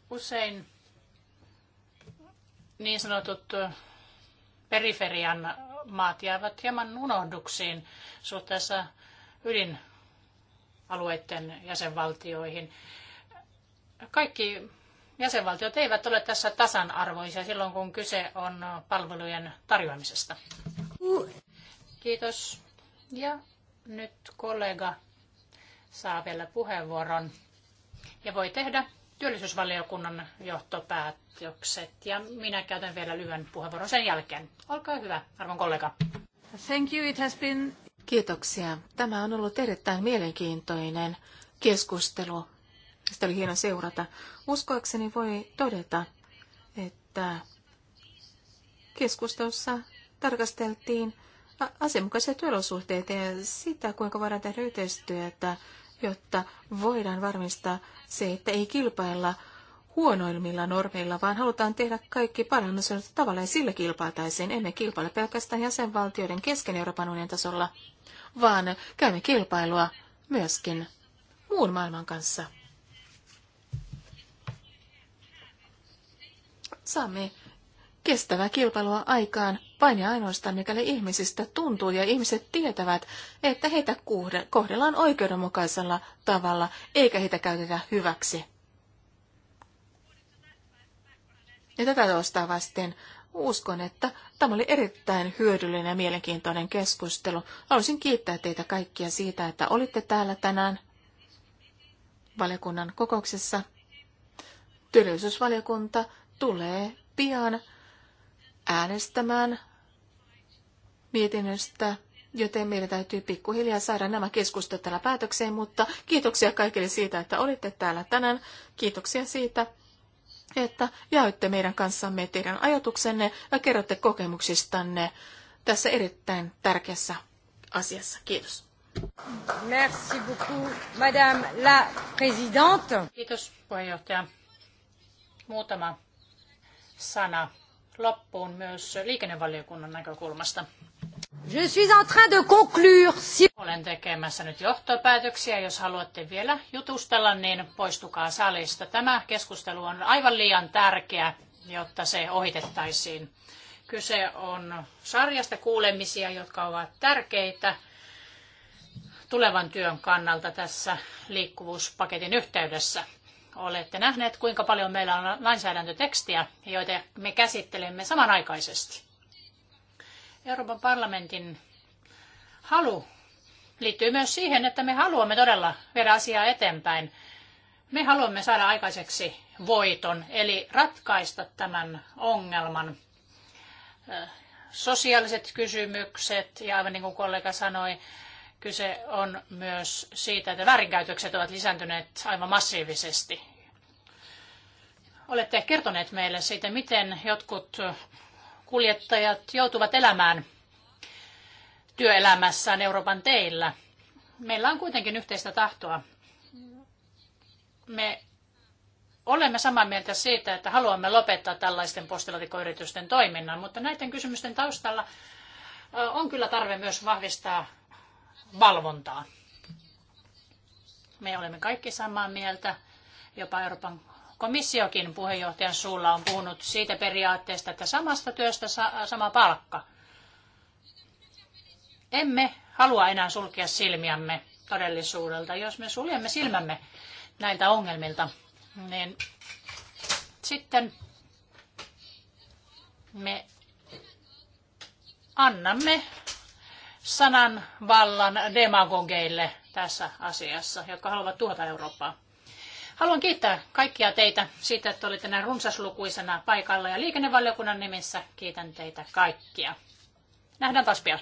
Usein niin sanotut periferian maat jäävät hieman unohduksiin suhteessa ydinalueiden jäsenvaltioihin. Kaikki jäsenvaltiot eivät ole tässä tasanarvoisia silloin, kun kyse on palvelujen tarjoamisesta. Kiitos. Ja nyt kollega saa vielä puheenvuoron ja voi tehdä työllisyysvaliokunnan johtopäätökset. Ja minä käytän vielä lyhyen puheenvuoron sen jälkeen. Olkaa hyvä, arvon kollega. Thank you, it has been... Kiitoksia. Tämä on ollut erittäin mielenkiintoinen keskustelu. Sitä oli hieno seurata. Uskoakseni voi todeta, että keskustelussa tarkasteltiin asianmukaisia työolosuhteita ja sitä, kuinka voidaan tehdä yhteistyötä jotta voidaan varmistaa se, että ei kilpailla huonoimmilla normeilla, vaan halutaan tehdä kaikki parannukset tavalla ja sillä kilpailtaisiin. Emme kilpaile pelkästään jäsenvaltioiden kesken Euroopan unionin tasolla, vaan käymme kilpailua myöskin muun maailman kanssa. Saamme kestävää kilpailua aikaan vain ja ainoastaan, mikäli ihmisistä tuntuu ja ihmiset tietävät, että heitä kohdellaan oikeudenmukaisella tavalla eikä heitä käytetä hyväksi. Ja tätä taustaa vasten uskon, että tämä oli erittäin hyödyllinen ja mielenkiintoinen keskustelu. Haluaisin kiittää teitä kaikkia siitä, että olitte täällä tänään valiokunnan kokouksessa. Työllisyysvaliokunta tulee pian äänestämään mietinnöstä, joten meidän täytyy pikkuhiljaa saada nämä keskustelut tällä päätökseen, mutta kiitoksia kaikille siitä, että olitte täällä tänään. Kiitoksia siitä, että jaoitte meidän kanssamme teidän ajatuksenne ja kerrotte kokemuksistanne tässä erittäin tärkeässä asiassa. Kiitos. Merci beaucoup, Madame la Présidente. Kiitos, puheenjohtaja. Muutama sana loppuun myös liikennevaliokunnan näkökulmasta. Je suis en train de conclure. Si... Olen tekemässä nyt johtopäätöksiä. Jos haluatte vielä jutustella, niin poistukaa salista. Tämä keskustelu on aivan liian tärkeä, jotta se ohitettaisiin. Kyse on sarjasta kuulemisia, jotka ovat tärkeitä tulevan työn kannalta tässä liikkuvuuspaketin yhteydessä. Olette nähneet, kuinka paljon meillä on lainsäädäntötekstiä, joita me käsittelemme samanaikaisesti. Euroopan parlamentin halu liittyy myös siihen, että me haluamme todella viedä asiaa eteenpäin. Me haluamme saada aikaiseksi voiton, eli ratkaista tämän ongelman. Sosiaaliset kysymykset ja aivan niin kuin kollega sanoi, Kyse on myös siitä, että väärinkäytökset ovat lisääntyneet aivan massiivisesti. Olette kertoneet meille siitä, miten jotkut kuljettajat joutuvat elämään työelämässään Euroopan teillä. Meillä on kuitenkin yhteistä tahtoa. Me olemme samaa mieltä siitä, että haluamme lopettaa tällaisten postilatikoyritysten toiminnan, mutta näiden kysymysten taustalla on kyllä tarve myös vahvistaa valvontaa. Me olemme kaikki samaa mieltä, jopa Euroopan komissiokin puheenjohtajan suulla on puhunut siitä periaatteesta, että samasta työstä sama palkka. Emme halua enää sulkea silmiämme todellisuudelta. Jos me suljemme silmämme näiltä ongelmilta, niin sitten me annamme sanan vallan demagogeille tässä asiassa, jotka haluavat tuhota Eurooppaa. Haluan kiittää kaikkia teitä siitä, että olitte näin runsaslukuisena paikalla ja liikennevaliokunnan nimissä kiitän teitä kaikkia. Nähdään taas pian.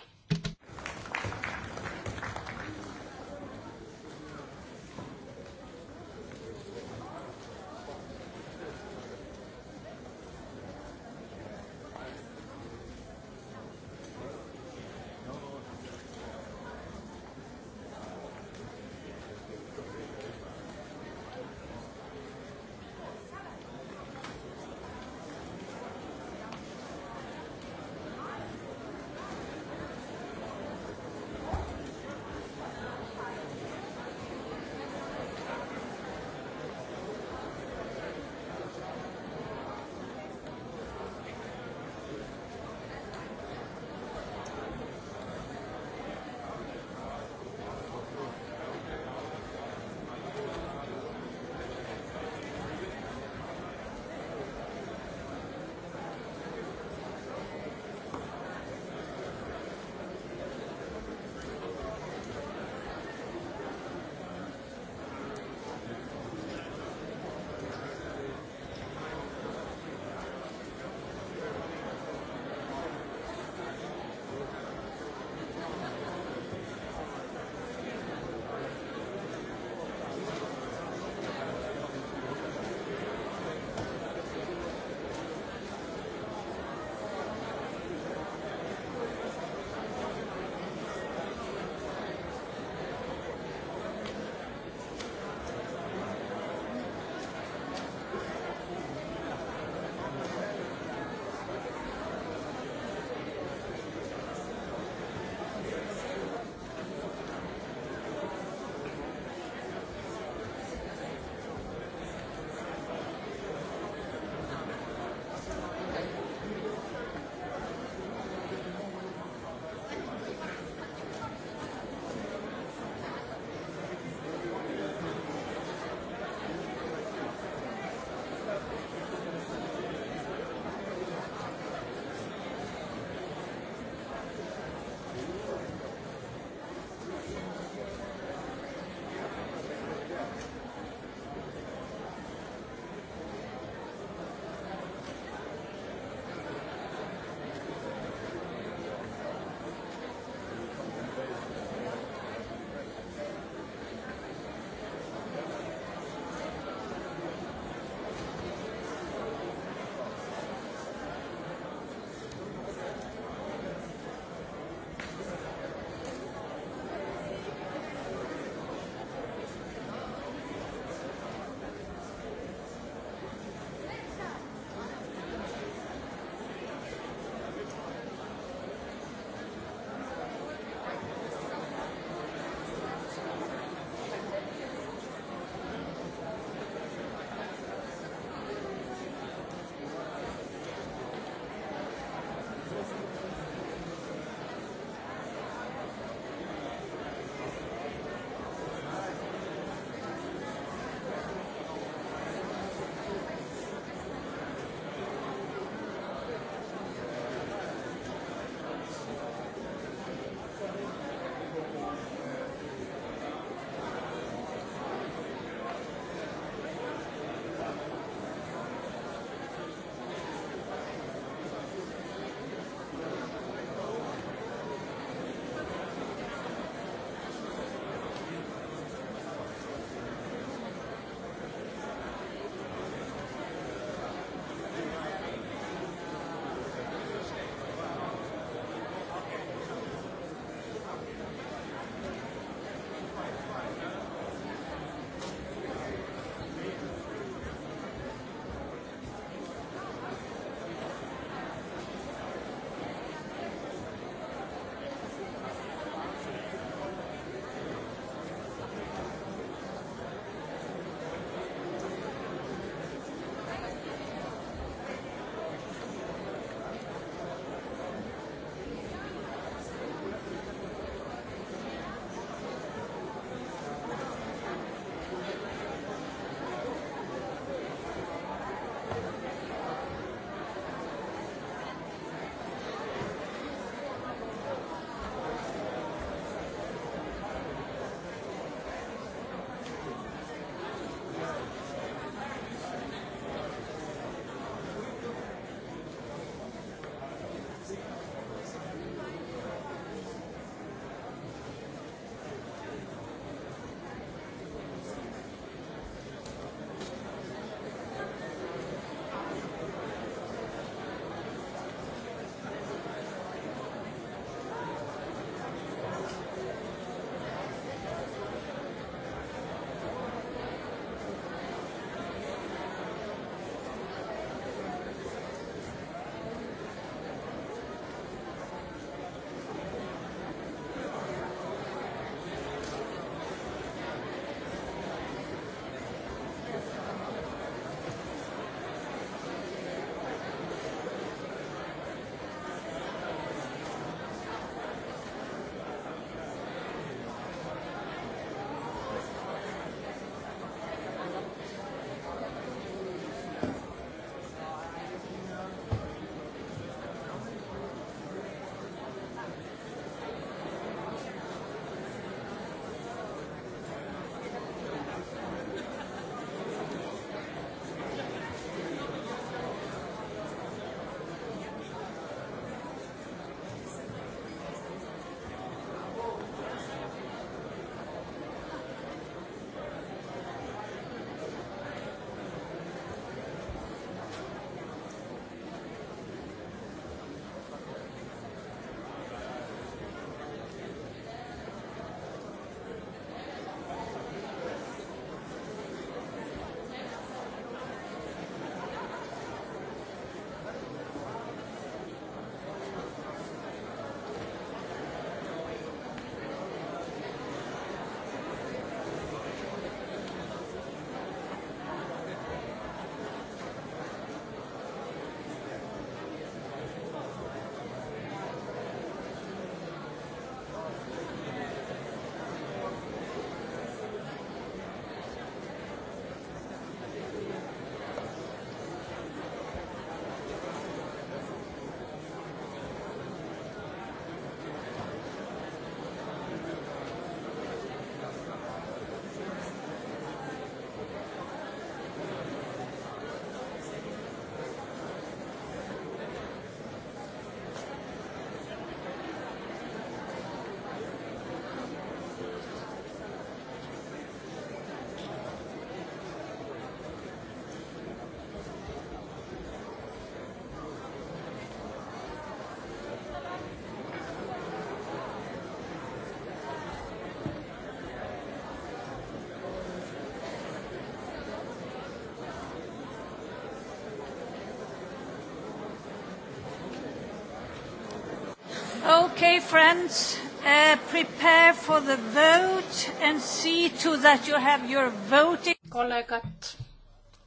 Okay, friends, uh, prepare for the vote and see to that you have your voting. Kollegat,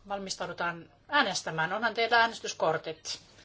valmistaudutaan äänestämään. Onhan teillä äänestyskortit.